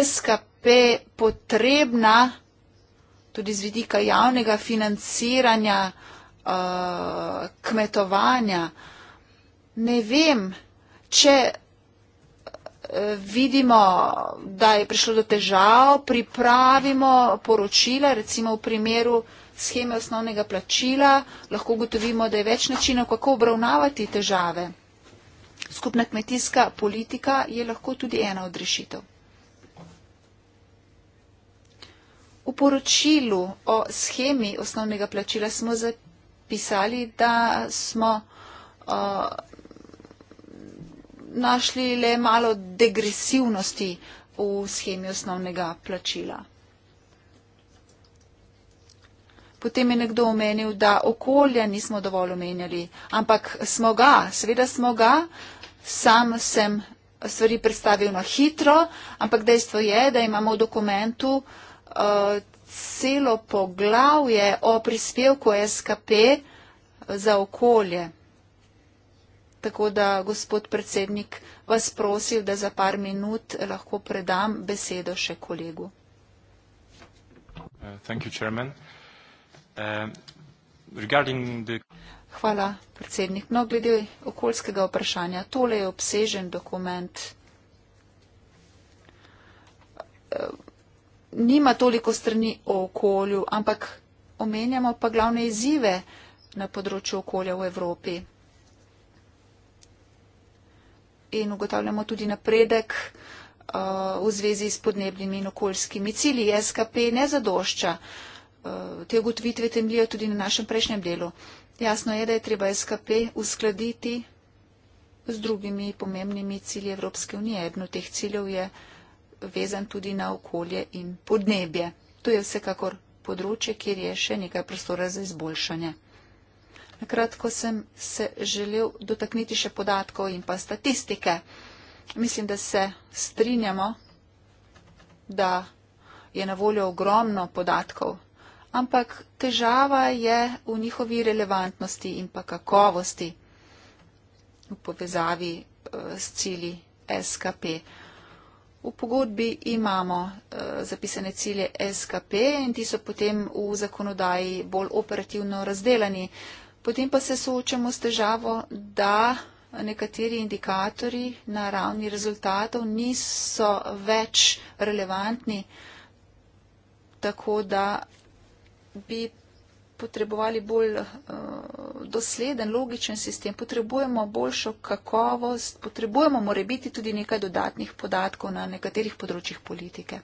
SKP potrebna tudi z vidika javnega financiranja uh, kmetovanja. Ne vem, če eh, vidimo, da je prišlo do težav, pripravimo poročila, recimo v primeru scheme osnovnega plačila, lahko ugotovimo, da je več načinov, kako obravnavati težave. Skupna kmetijska politika je lahko tudi ena od rešitev. V poročilu o schemi osnovnega plačila smo zapisali, da smo uh, našli le malo degresivnosti v schemi osnovnega plačila. Potem je nekdo omenil, da okolja nismo dovolj omenjali, ampak smo ga, seveda smo ga, sam sem stvari predstavil na hitro, ampak dejstvo je, da imamo v dokumentu uh, celo poglavje o prispevku SKP za okolje. Tako da, gospod predsednik, vas prosil, da za par minut lahko predam besedo še kolegu. Uh, um, Hvala, predsednik. No, glede okoljskega vprašanja, tole je obsežen dokument nima toliko strani o okolju, ampak omenjamo pa glavne izzive na področju okolja v Evropi. In ugotavljamo tudi napredek uh, v zvezi s podnebnimi in okoljskimi cilji. SKP ne zadošča. Uh, te ugotovitve temljijo tudi na našem prejšnjem delu. Jasno je, da je treba SKP uskladiti z drugimi pomembnimi cilji Evropske unije. Eden od teh ciljev je. Uh, vezan tudi na okolje in podnebje. To je vsekakor področje, kjer je še nekaj prostora za izboljšanje. Nakratko sem se želel dotakniti še podatkov in pa statistike. Mislim, da se strinjamo, da je na voljo ogromno podatkov, ampak težava je v njihovi relevantnosti in pa kakovosti v povezavi eh, s cili SKP. V pogodbi imamo uh, zapisane cilje SKP in ti so potem v zakonodaji bolj operativno razdelani. Potem pa se soočamo s težavo, da nekateri indikatorji na ravni rezultatov niso več relevantni, tako da bi potrebovali bolj uh, dosleden, logičen sistem, potrebujemo boljšo kakovost, potrebujemo more biti tudi nekaj dodatnih podatkov na nekaterih področjih politike.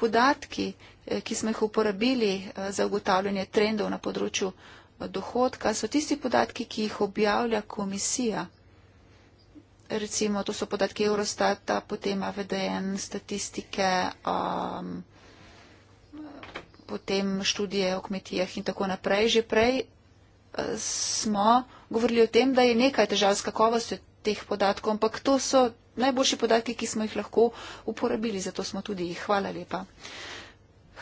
Podatki, eh, ki smo jih uporabili eh, za ugotavljanje trendov na področju dohodka, so tisti podatki, ki jih objavlja komisija. Recimo, to so podatki Eurostata, potem AVDN, statistike. Um, potem študije o kmetijah in tako naprej. Že prej eh, smo govorili o tem, da je nekaj težav s kakovostjo teh podatkov, ampak to so najboljši podatki, ki smo jih lahko uporabili, zato smo tudi jih. Hvala lepa.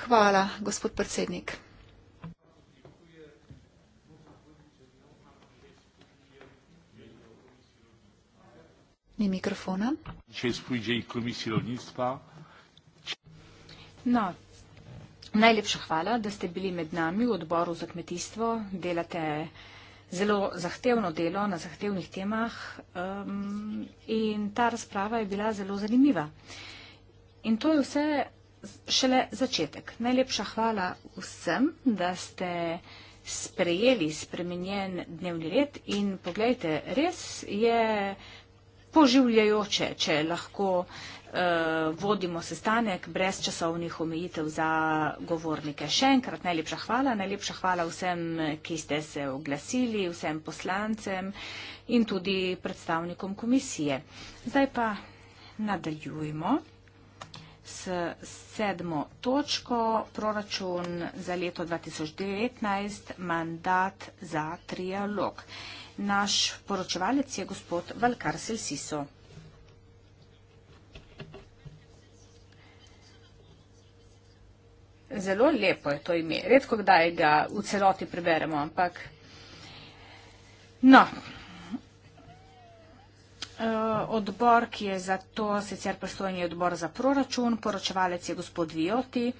Hvala, gospod predsednik. Ni mikrofona. No, Najlepša hvala, da ste bili med nami v odboru za kmetijstvo. Delate zelo zahtevno delo na zahtevnih temah um, in ta razprava je bila zelo zanimiva. In to je vse šele začetek. Najlepša hvala vsem, da ste sprejeli spremenjen dnevni red in pogledajte, res je poživljajoče, če lahko Eh, vodimo sestanek brez časovnih omejitev za govornike. Še enkrat najlepša hvala, najlepša hvala vsem, ki ste se oglasili, vsem poslancem in tudi predstavnikom komisije. Zdaj pa nadaljujemo s sedmo točko proračun za leto 2019, mandat za trialog. Naš poročevalec je gospod Valkar Selsiso. zelo lepo je to ime. Redko kdaj ga v celoti preberemo, ampak. No. E, odbor, ki je za to sicer pristojni odbor za proračun, poročevalec je gospod Vijoti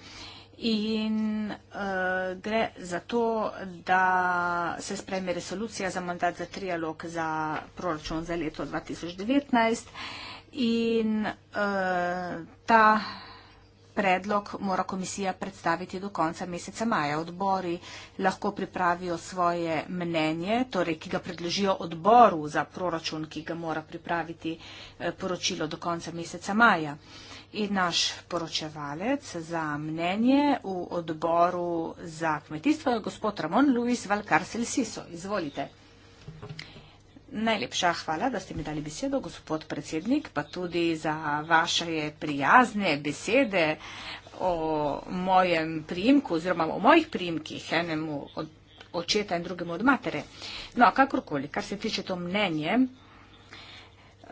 in uh, gre za to, da se spreme resolucija za mandat za trialog za proračun za leto 2019 in uh, ta. Predlog mora komisija predstaviti do konca meseca maja. Odbori lahko pripravijo svoje mnenje, torej, ki ga predložijo odboru za proračun, ki ga mora pripraviti eh, poročilo do konca meseca maja. In naš poročevalec za mnenje v odboru za kmetijstvo je gospod Ramon Luis Valkarsel Siso. Izvolite. Najlepša hvala, da ste mi dali besedo, gospod predsednik, pa tudi za vaše prijazne besede o mojem prijimku oziroma o mojih prijimkih enemu od očeta in drugemu od matere. No, kakorkoli, kar se tiče to mnenje,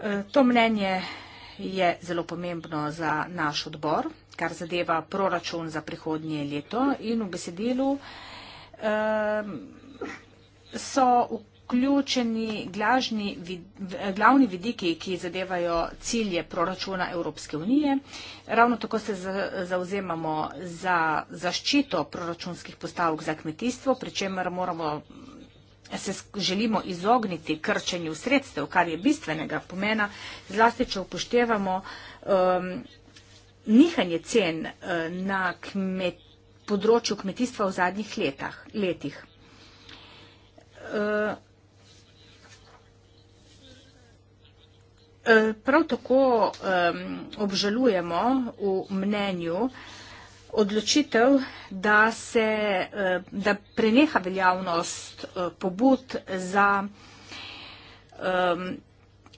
eh, to mnenje je zelo pomembno za naš odbor, kar zadeva proračun za prihodnje leto in v besedilu eh, so ukrepili vključeni glažni, glavni vidiki, ki zadevajo cilje proračuna Evropske unije. Ravno tako se zauzemamo za zaščito proračunskih postavk za kmetijstvo, pri čemer moramo se želimo izogniti krčenju sredstev, kar je bistvenega pomena, zlasti če upoštevamo um, nihanje cen uh, na kmet, področju kmetijstva v zadnjih letah, letih. Uh, E, prav tako um, obžalujemo v mnenju odločitev, da, se, e, da preneha veljavnost e, pobud za um,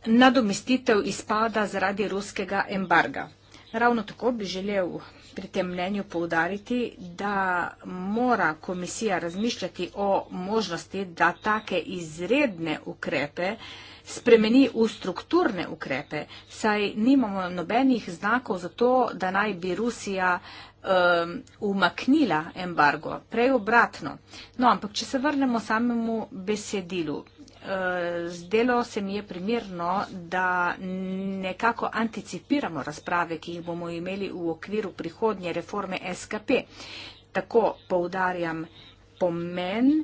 nadomestitev izpada zaradi ruskega embarga. Ravno tako bi želel pri tem mnenju poudariti, da mora komisija razmišljati o možnosti, da take izredne ukrepe uh, spremeni v strukturne ukrepe, saj nimamo nobenih znakov za to, da naj bi Rusija um, umaknila embargo, prej obratno. No, ampak če se vrnemo samemu besedilu. Eh, zdelo se mi je primerno, da nekako anticipiramo razprave, ki jih bomo imeli v okviru prihodnje reforme SKP. Tako poudarjam pomen,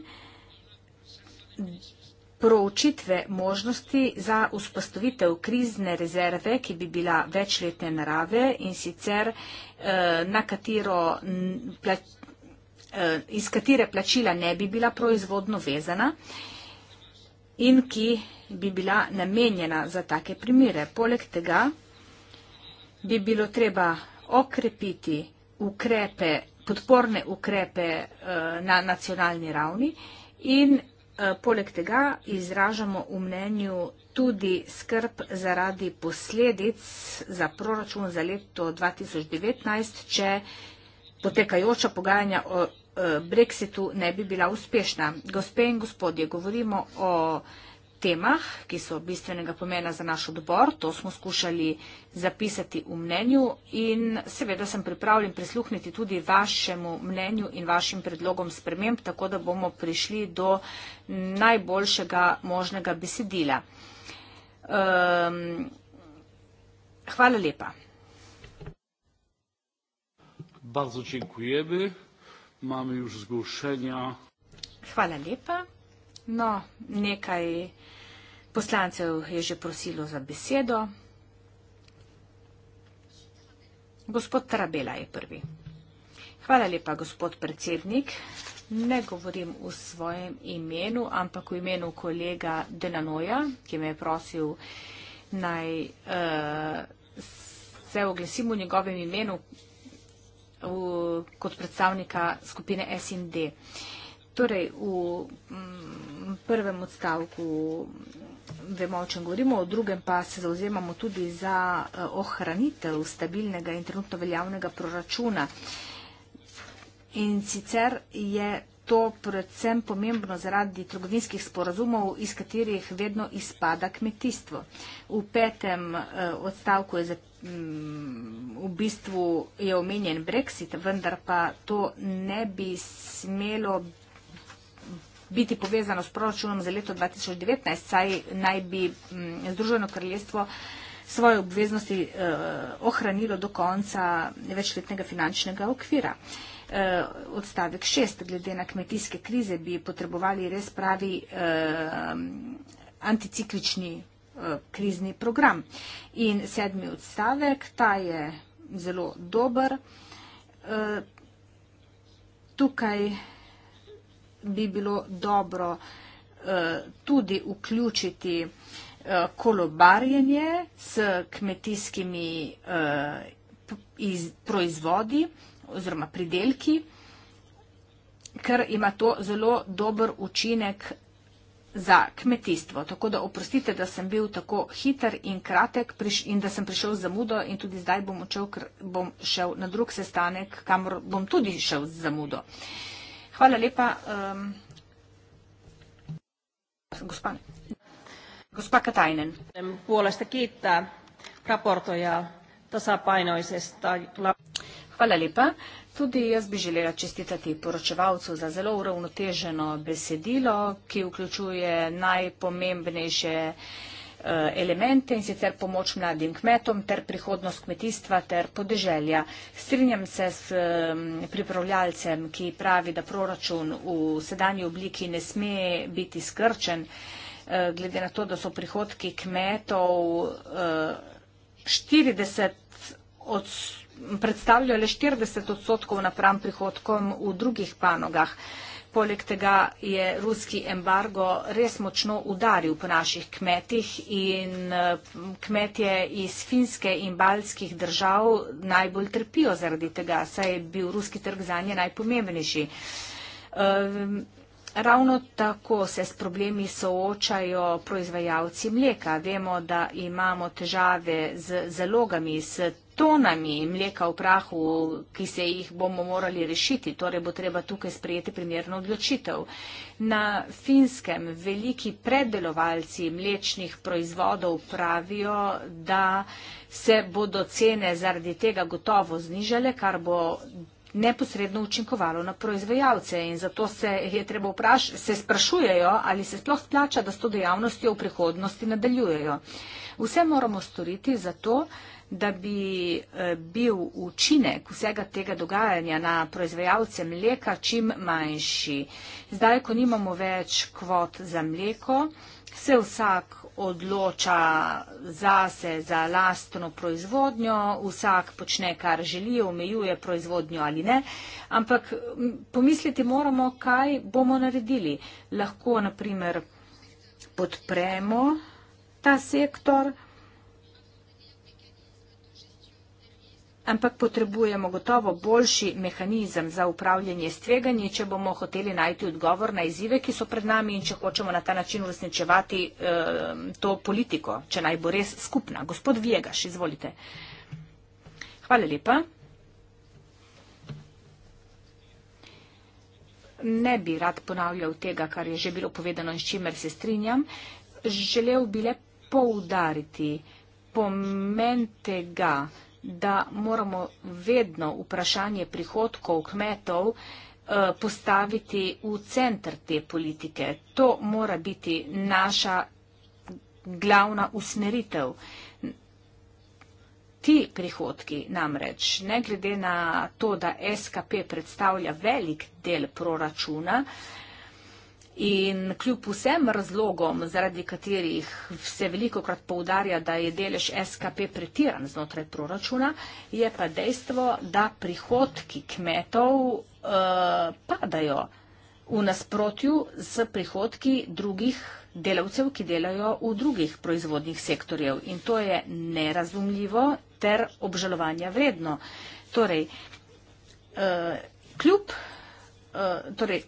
proučitve možnosti za vzpostavitev krizne rezerve, ki bi bila večletne narave in sicer eh, na katero eh, iz katere plačila ne bi bila proizvodno vezana in ki bi bila namenjena za take primere. Poleg tega bi bilo treba okrepiti ukrepe, podporne ukrepe eh, na nacionalni ravni in Eh, poleg tega izražamo v mnenju tudi skrb zaradi posledic za proračun za leto 2019, če potekajoča pogajanja o eh, Brexitu ne bi bila uspešna. Gospe in gospodje, govorimo o temah, ki so bistvenega pomena za naš odbor. To smo skušali zapisati v mnenju in seveda sem pripravljen prisluhniti tudi vašemu mnenju in vašim predlogom sprememb, tako da bomo prišli do najboljšega možnega besedila. Um, hvala lepa. Bardzo dziękujemy. Mamy już zgłoszenia. Hvala lepa. No, nekaj poslancev je že prosilo za besedo. Gospod Trabela je prvi. Hvala lepa, gospod predsednik. Ne govorim v svojem imenu, ampak v imenu kolega Denanoja, ki me je prosil naj uh, se oglesim v njegovem imenu v, kot predstavnika skupine SND. Torej, v m, mm, prvem odstavku vemo, o čem govorimo, o drugem pa se zauzemamo tudi za eh, ohranitev stabilnega in trenutno veljavnega proračuna. In sicer je to predvsem pomembno zaradi trgovinskih sporazumov, iz katerih vedno izpada kmetijstvo. V petem eh, odstavku je zapisano, mm, v bistvu je omenjen Brexit, vendar pa to ne bi smelo biti povezano s proračunom za leto 2019, saj naj bi mm, Združeno kraljestvo svoje obveznosti eh, ohranilo do konca večletnega finančnega okvira. Eh, odstavek šest, glede na kmetijske krize, bi potrebovali res pravi eh, anticiklični eh, krizni program. In sedmi odstavek, ta je zelo dober. Eh, tukaj bi bilo dobro eh, tudi vključiti eh, kolobarjenje s kmetijskimi eh, proizvodi oziroma pridelki, ker ima to zelo dober učinek za kmetijstvo. Tako da oprostite, da sem bil tako hiter in kratek in da sem prišel z zamudo in tudi zdaj bom, očel, bom šel na drug sestanek, kamor bom tudi šel z zamudo. Uh, Hvala lepa. Um, gospa, gospa Katainen. Puolesta kiittää raportoja tasapainoisesta. Hvala lepa. Tudi jaz bi želela čestitati poročevalcu za zelo uravnoteženo besedilo, ki vključuje najpomembnejše Eh, elemente in sicer pomoč mladim kmetom ter prihodnost kmetijstva ter podeželja. Strinjam se s pripravljalcem, ki pravi, da proračun v sedanji obliki ne sme biti skrčen, eh, glede na to, da so prihodki kmetov 40 eh, odstotkov predstavljajo le 40 odstotkov napram prihodkom v drugih panogah. Poleg tega je ruski embargo res močno udaril po naših kmetih in eh, kmetje iz finske in baljskih držav najbolj trpijo zaradi tega, saj je bil ruski trg za nje najpomembnejši. Ehm, ravno tako se s problemi soočajo proizvajalci mleka. Vemo, da imamo težave z zalogami, s tonami mleka v prahu, ki se jih bomo morali rešiti, torej bo treba tukaj sprejeti primerno odločitev. Na finskem veliki predelovalci mlečnih proizvodov pravijo, da se bodo cene zaradi tega gotovo znižale, kar bo neposredno učinkovalo na proizvajalce in zato se, je treba vpraš se sprašujejo, ali se sploh splača, da s to dejavnostjo v prihodnosti nadaljujejo. Vse moramo storiti za to, da bi eh, bil učinek vsega tega dogajanja na proizvajalce mleka čim manjši. Zdaj, ko nimamo več kvot za mleko, se vsak odloča zase za lastno proizvodnjo, vsak počne, kar želi, omejuje proizvodnjo ali ne, ampak pomisliti moramo, kaj bomo naredili. Lahko, na primer, podpremo ta sektor, ampak potrebujemo gotovo boljši mehanizem za upravljanje s tveganji, če bomo hoteli najti odgovor na izzive, ki so pred nami in če hočemo na ta način uresničevati eh, to politiko, če naj bo res skupna. Gospod Vjegaš, izvolite. Hvala lepa. Ne bi rad ponavljal tega, kar je že bilo povedano in s čimer se strinjam. Želel bi le poudariti pomen tega, da moramo vedno vprašanje prihodkov kmetov eh, postaviti v centr te politike. To mora biti naša glavna usmeritev. Ti prihodki namreč, ne glede na to, da SKP predstavlja velik del proračuna, In kljub vsem razlogom, zaradi katerih se veliko krat poudarja, da je delež SKP pretiran znotraj proračuna, je pa dejstvo, da prihodki kmetov uh, padajo v nasprotju z prihodki drugih delavcev, ki delajo v drugih proizvodnih sektorjev. In to je nerazumljivo ter obžalovanja vredno. Torej, uh, kljub, uh, torej,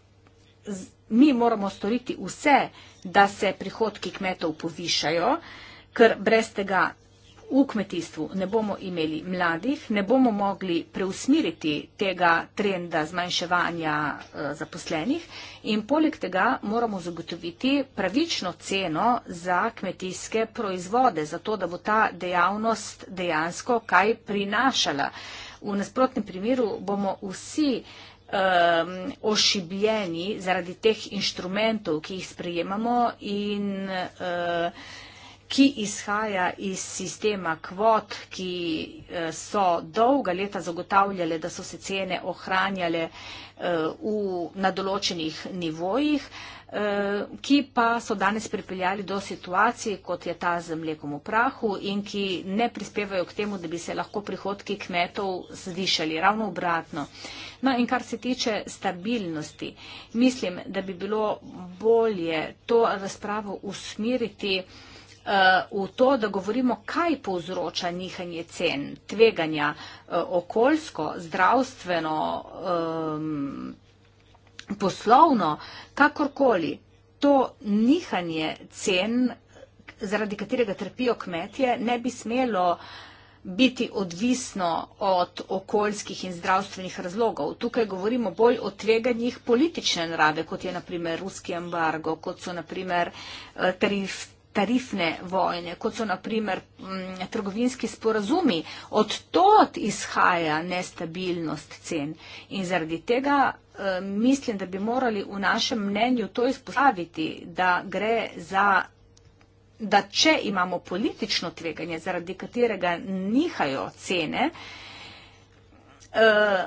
z, mi moramo storiti vse, da se prihodki kmetov povišajo, ker brez tega v kmetijstvu ne bomo imeli mladih, ne bomo mogli preusmiriti tega trenda zmanjševanja eh, zaposlenih in poleg tega moramo zagotoviti pravično ceno za kmetijske proizvode, zato da bo ta dejavnost dejansko kaj prinašala. V nasprotnem primeru bomo vsi proizvodili, um, ošibljeni zaradi teh inštrumentov, ki jih sprejemamo in uh, ki izhaja iz sistema kvot, ki eh, so dolga leta zagotavljale, da so se cene ohranjale eh, v, na določenih nivojih, eh, ki pa so danes pripeljali do situacije, kot je ta z mlekom v prahu in ki ne prispevajo k temu, da bi se lahko prihodki kmetov zvišali. Ravno obratno. No in kar se tiče stabilnosti, mislim, da bi bilo bolje to razpravo usmeriti. Eh, v to, da govorimo, kaj povzroča nihanje cen, tveganja eh, okoljsko, zdravstveno, poslovno, kakorkoli. To nihanje cen, zaradi katerega trpijo kmetje, ne bi smelo biti odvisno od okoljskih in zdravstvenih razlogov. Tukaj govorimo bolj o tveganjih politične narave, kot je naprimer ruski embargo, kot so naprimer eh, tarif, tarifne vojne, kot so naprimer mm, trgovinski sporazumi, od tod izhaja nestabilnost cen. In zaradi tega eh, mislim, da bi morali v našem mnenju to izpostaviti, da gre za da če imamo politično tveganje, zaradi katerega nihajo cene, eh,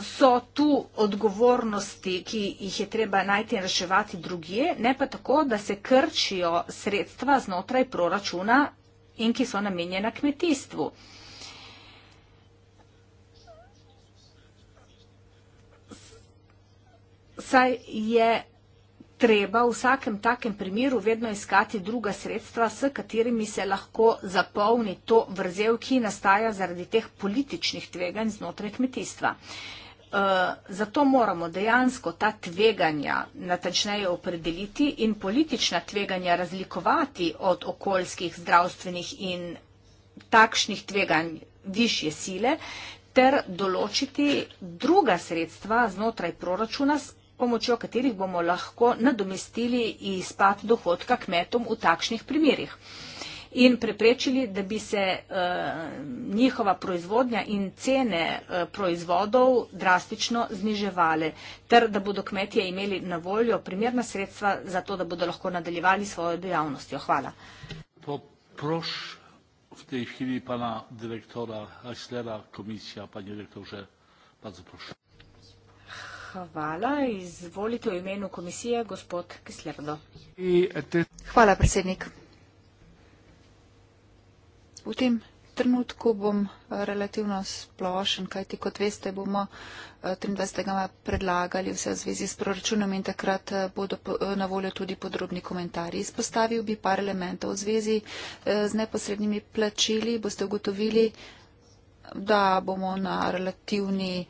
so tu odgovornosti, ki jih je treba najti in reševati drugje, ne pa tako, da se krčijo sredstva znotraj proračuna in ki so namenjena kmetijstvu. Saj je treba v vsakem takem primeru vedno iskati druga sredstva, s katerimi se lahko zapolni to vrzel, ki nastaja zaradi teh političnih tveganj znotraj kmetijstva. Uh, zato moramo dejansko ta tveganja natančneje opredeliti in politična tveganja razlikovati od okoljskih, zdravstvenih in takšnih tveganj višje sile ter določiti druga sredstva znotraj proračuna, s pomočjo katerih bomo lahko nadomestili izpad dohodka kmetom v takšnih primerjih in preprečili, da bi se eh, njihova proizvodnja in cene eh, proizvodov drastično zniževale, ter da bodo kmetje imeli na voljo primerna sredstva za to, da bodo lahko nadaljevali svojo dejavnostjo. Hvala. Poproš v tej hvili pana direktora Aislera, komisija, pa direktor že, pa zaprošam. Hvala. Izvolite v imenu komisije, gospod Kislerdo. Hvala, predsednik. Hvala, predsednik. V tem trenutku bom eh, relativno splošen, kajti kot veste, bomo 23. Eh, maja predlagali vse v zvezi s proračunom in takrat eh, bodo na voljo tudi podrobni komentarji. Izpostavil bi par elementov v zvezi z neposrednimi plačili. Boste ugotovili, da bomo na relativni,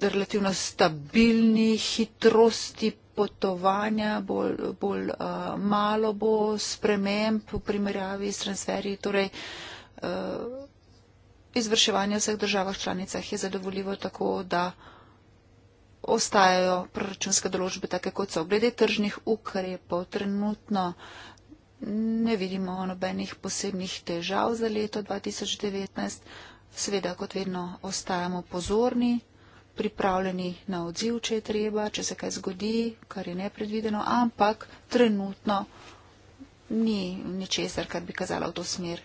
relativno stabilni hitrosti potovanja, bolj, bolj uh, malo bo sprememb v primerjavi s transferji, torej uh, izvrševanje v vseh državah članicah je zadovoljivo tako, da ostajajo proračunske določbe take, kot so. Glede tržnih ukrepov trenutno ne vidimo nobenih posebnih težav za leto 2019. Sveda, kot vedno, ostajamo pozorni pripravljeni na odziv, če je treba, če se kaj zgodi, kar je nepredvideno, ampak trenutno ni ničesar, kar bi kazalo v to smer.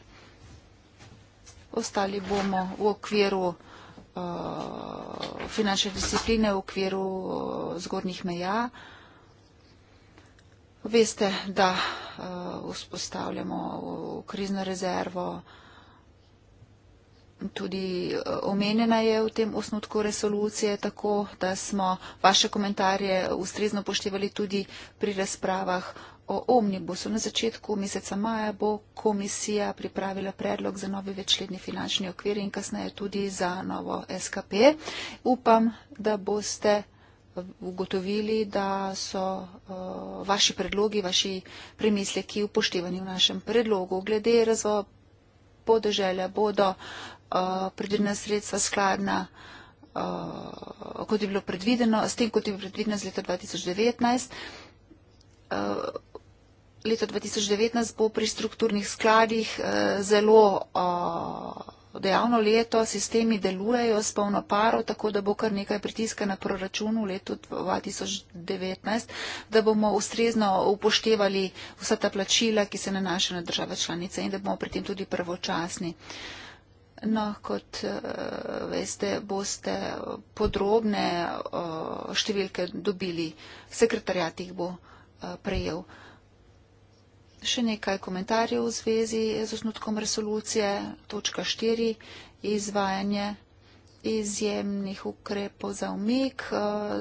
Ostali bomo v okviru uh, finančne discipline, v okviru uh, zgornjih meja. Veste, da uh, vzpostavljamo krizno rezervo. Uh, tudi eh, omenjena je v tem osnutku resolucije, tako da smo vaše komentarje ustrezno poštevali tudi pri razpravah o omnibusu. Na začetku meseca maja bo komisija pripravila predlog za novi večletni finančni okvir in kasneje tudi za novo SKP. Upam, da boste ugotovili, da so uh, vaši predlogi, vaši premisleki upoštevani v našem predlogu. Glede razvoja podeželja bodo uh, Eh, pridelna sredstva skladna, uh, kot je bilo predvideno, s tem, kot je bilo predvideno z leta 2019. Uh, leto 2019 bo pri strukturnih skladih uh, zelo uh, dejavno leto, sistemi delujejo s polno paro, tako da bo kar nekaj pritiska na proračunu v letu 2019, da bomo ustrezno upoštevali vsa ta plačila, ki se nanaša na države članice in da bomo pri tem tudi pravočasni. Uh, No, kot uh, veste, boste podrobne uh, številke dobili, sekretarjat jih bo uh, prejel. Še nekaj komentarjev v zvezi z osnutkom resolucije, točka 4, izvajanje izjemnih ukrepov za umik eh,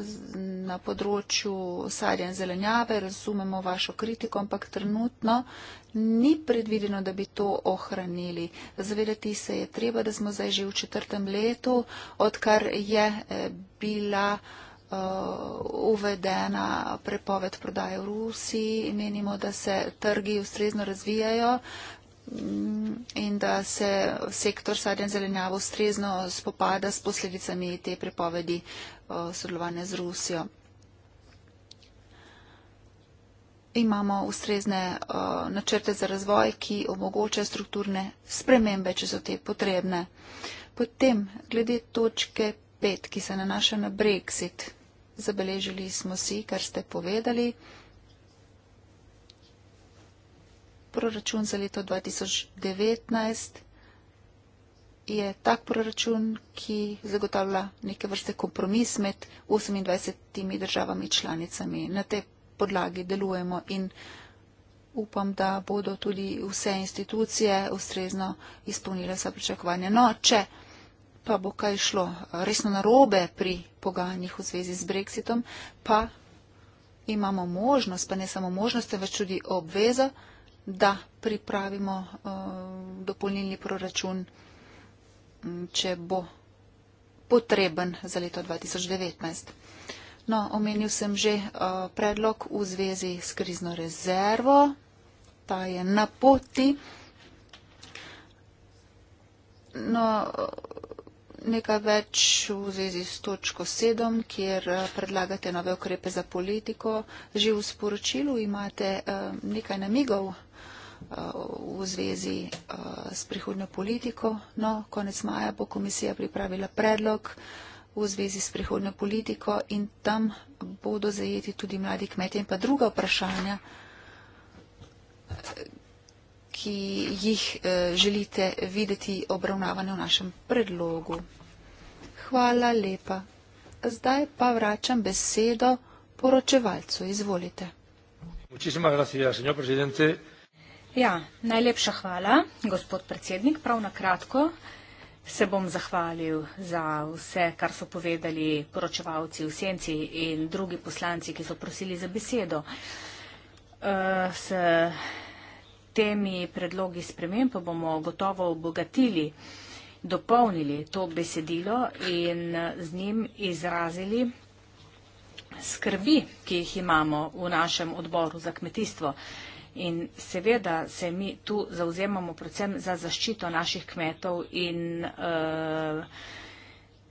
na področju sadja in zelenjave. Razumemo vašo kritiko, ampak trenutno ni predvideno, da bi to ohranili. Zavedati se je treba, da smo zdaj že v četrtem letu, odkar je eh, bila eh, uvedena prepoved prodaje v Rusiji. Menimo, da se trgi ustrezno razvijajo, in da se sektor sadja in zelenjava ustrezno spopada s posledicami te prepovedi sodelovanja z Rusijo. Imamo ustrezne načrte za razvoj, ki omogočajo strukturne spremembe, če so te potrebne. Potem, glede točke 5, ki se nanaša na Brexit, zabeležili smo si, kar ste povedali. proračun za leto 2019 je tak proračun, ki zagotavlja neke vrste kompromis med 28 državami članicami. Na tej podlagi delujemo in upam, da bodo tudi vse institucije ustrezno izpolnile vsa pričakovanja. No, če pa bo kaj šlo resno narobe pri pogajanjih v zvezi z Brexitom, pa imamo možnost, pa ne samo možnost, temveč tudi obveza, da pripravimo uh, dopolnilni proračun, če bo potreben za leto 2019. No, omenil sem že uh, predlog v zvezi s krizno rezervo. Ta je na poti. No, eh, nekaj več v zvezi s točko 7, kjer predlagate nove ukrepe za politiko. Že v sporočilu imate uh, nekaj namigov v zvezi eh, s prihodno politiko. No, konec maja bo komisija pripravila predlog v zvezi s prihodno politiko in tam bodo zajeti tudi mladi kmetje in pa druga vprašanja, ki jih eh, želite videti obravnavane v našem predlogu. Hvala lepa. Zdaj pa vračam besedo poročevalcu. Izvolite. Muchísimas gracias, señor presidente. Ja, najlepša hvala, gospod predsednik. Prav na kratko se bom zahvalil za vse, kar so povedali poročevalci v Senci in drugi poslanci, ki so prosili za besedo. Eh, s temi predlogi sprememb bomo gotovo obogatili, dopolnili to besedilo in z njim izrazili skrbi, ki jih imamo v našem odboru za kmetijstvo. In seveda se mi tu zauzemamo predvsem za zaščito naših kmetov in uh,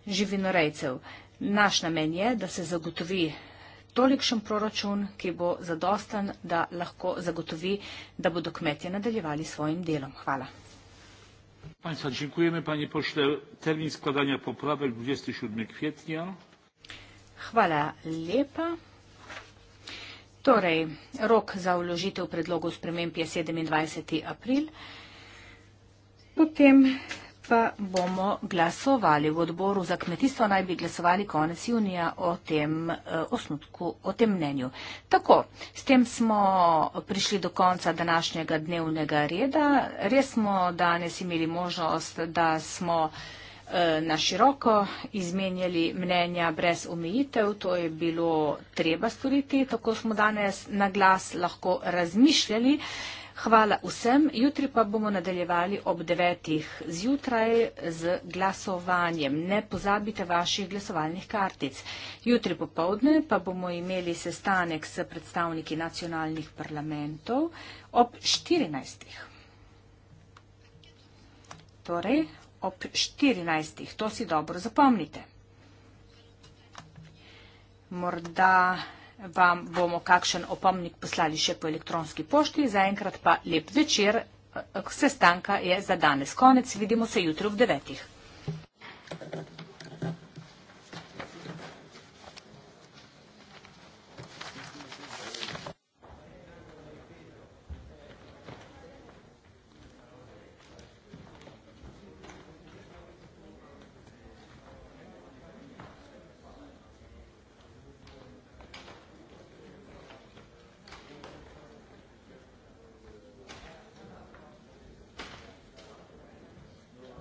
živinorejcev. Naš namen je, da se zagotovi tolikšen proračun, ki bo zadosten, da lahko zagotovi, da bodo kmetje nadaljevali svojim delom. Hvala. Państwa, dziękujemy Panie Pośle. Termin składania poprawek 27 kwietnia. Hvala lepa. Torej, rok za vložitev predlogov sprememb je 27. april. Potem pa bomo glasovali. V odboru za kmetijstvo naj bi glasovali konec junija o tem eh, osnutku, o tem mnenju. Tako, s tem smo prišli do konca današnjega dnevnega reda. Res smo danes imeli možnost, da smo. Eh, na široko izmenjali mnenja brez omejitev, to je bilo treba storiti, tako smo danes na glas lahko razmišljali. Hvala vsem, jutri pa bomo nadaljevali ob devetih zjutraj z glasovanjem. Ne pozabite vaših glasovalnih kartic. Jutri popovdne pa bomo imeli sestanek s predstavniki nacionalnih parlamentov ob 14. Torej, ob 14. To si dobro zapomnite. Morda vam bomo kakšen opomnik poslali še po elektronski pošti. Zaenkrat pa lep večer. Sestanka je za danes konec. Vidimo se jutri ob 9. Thank you.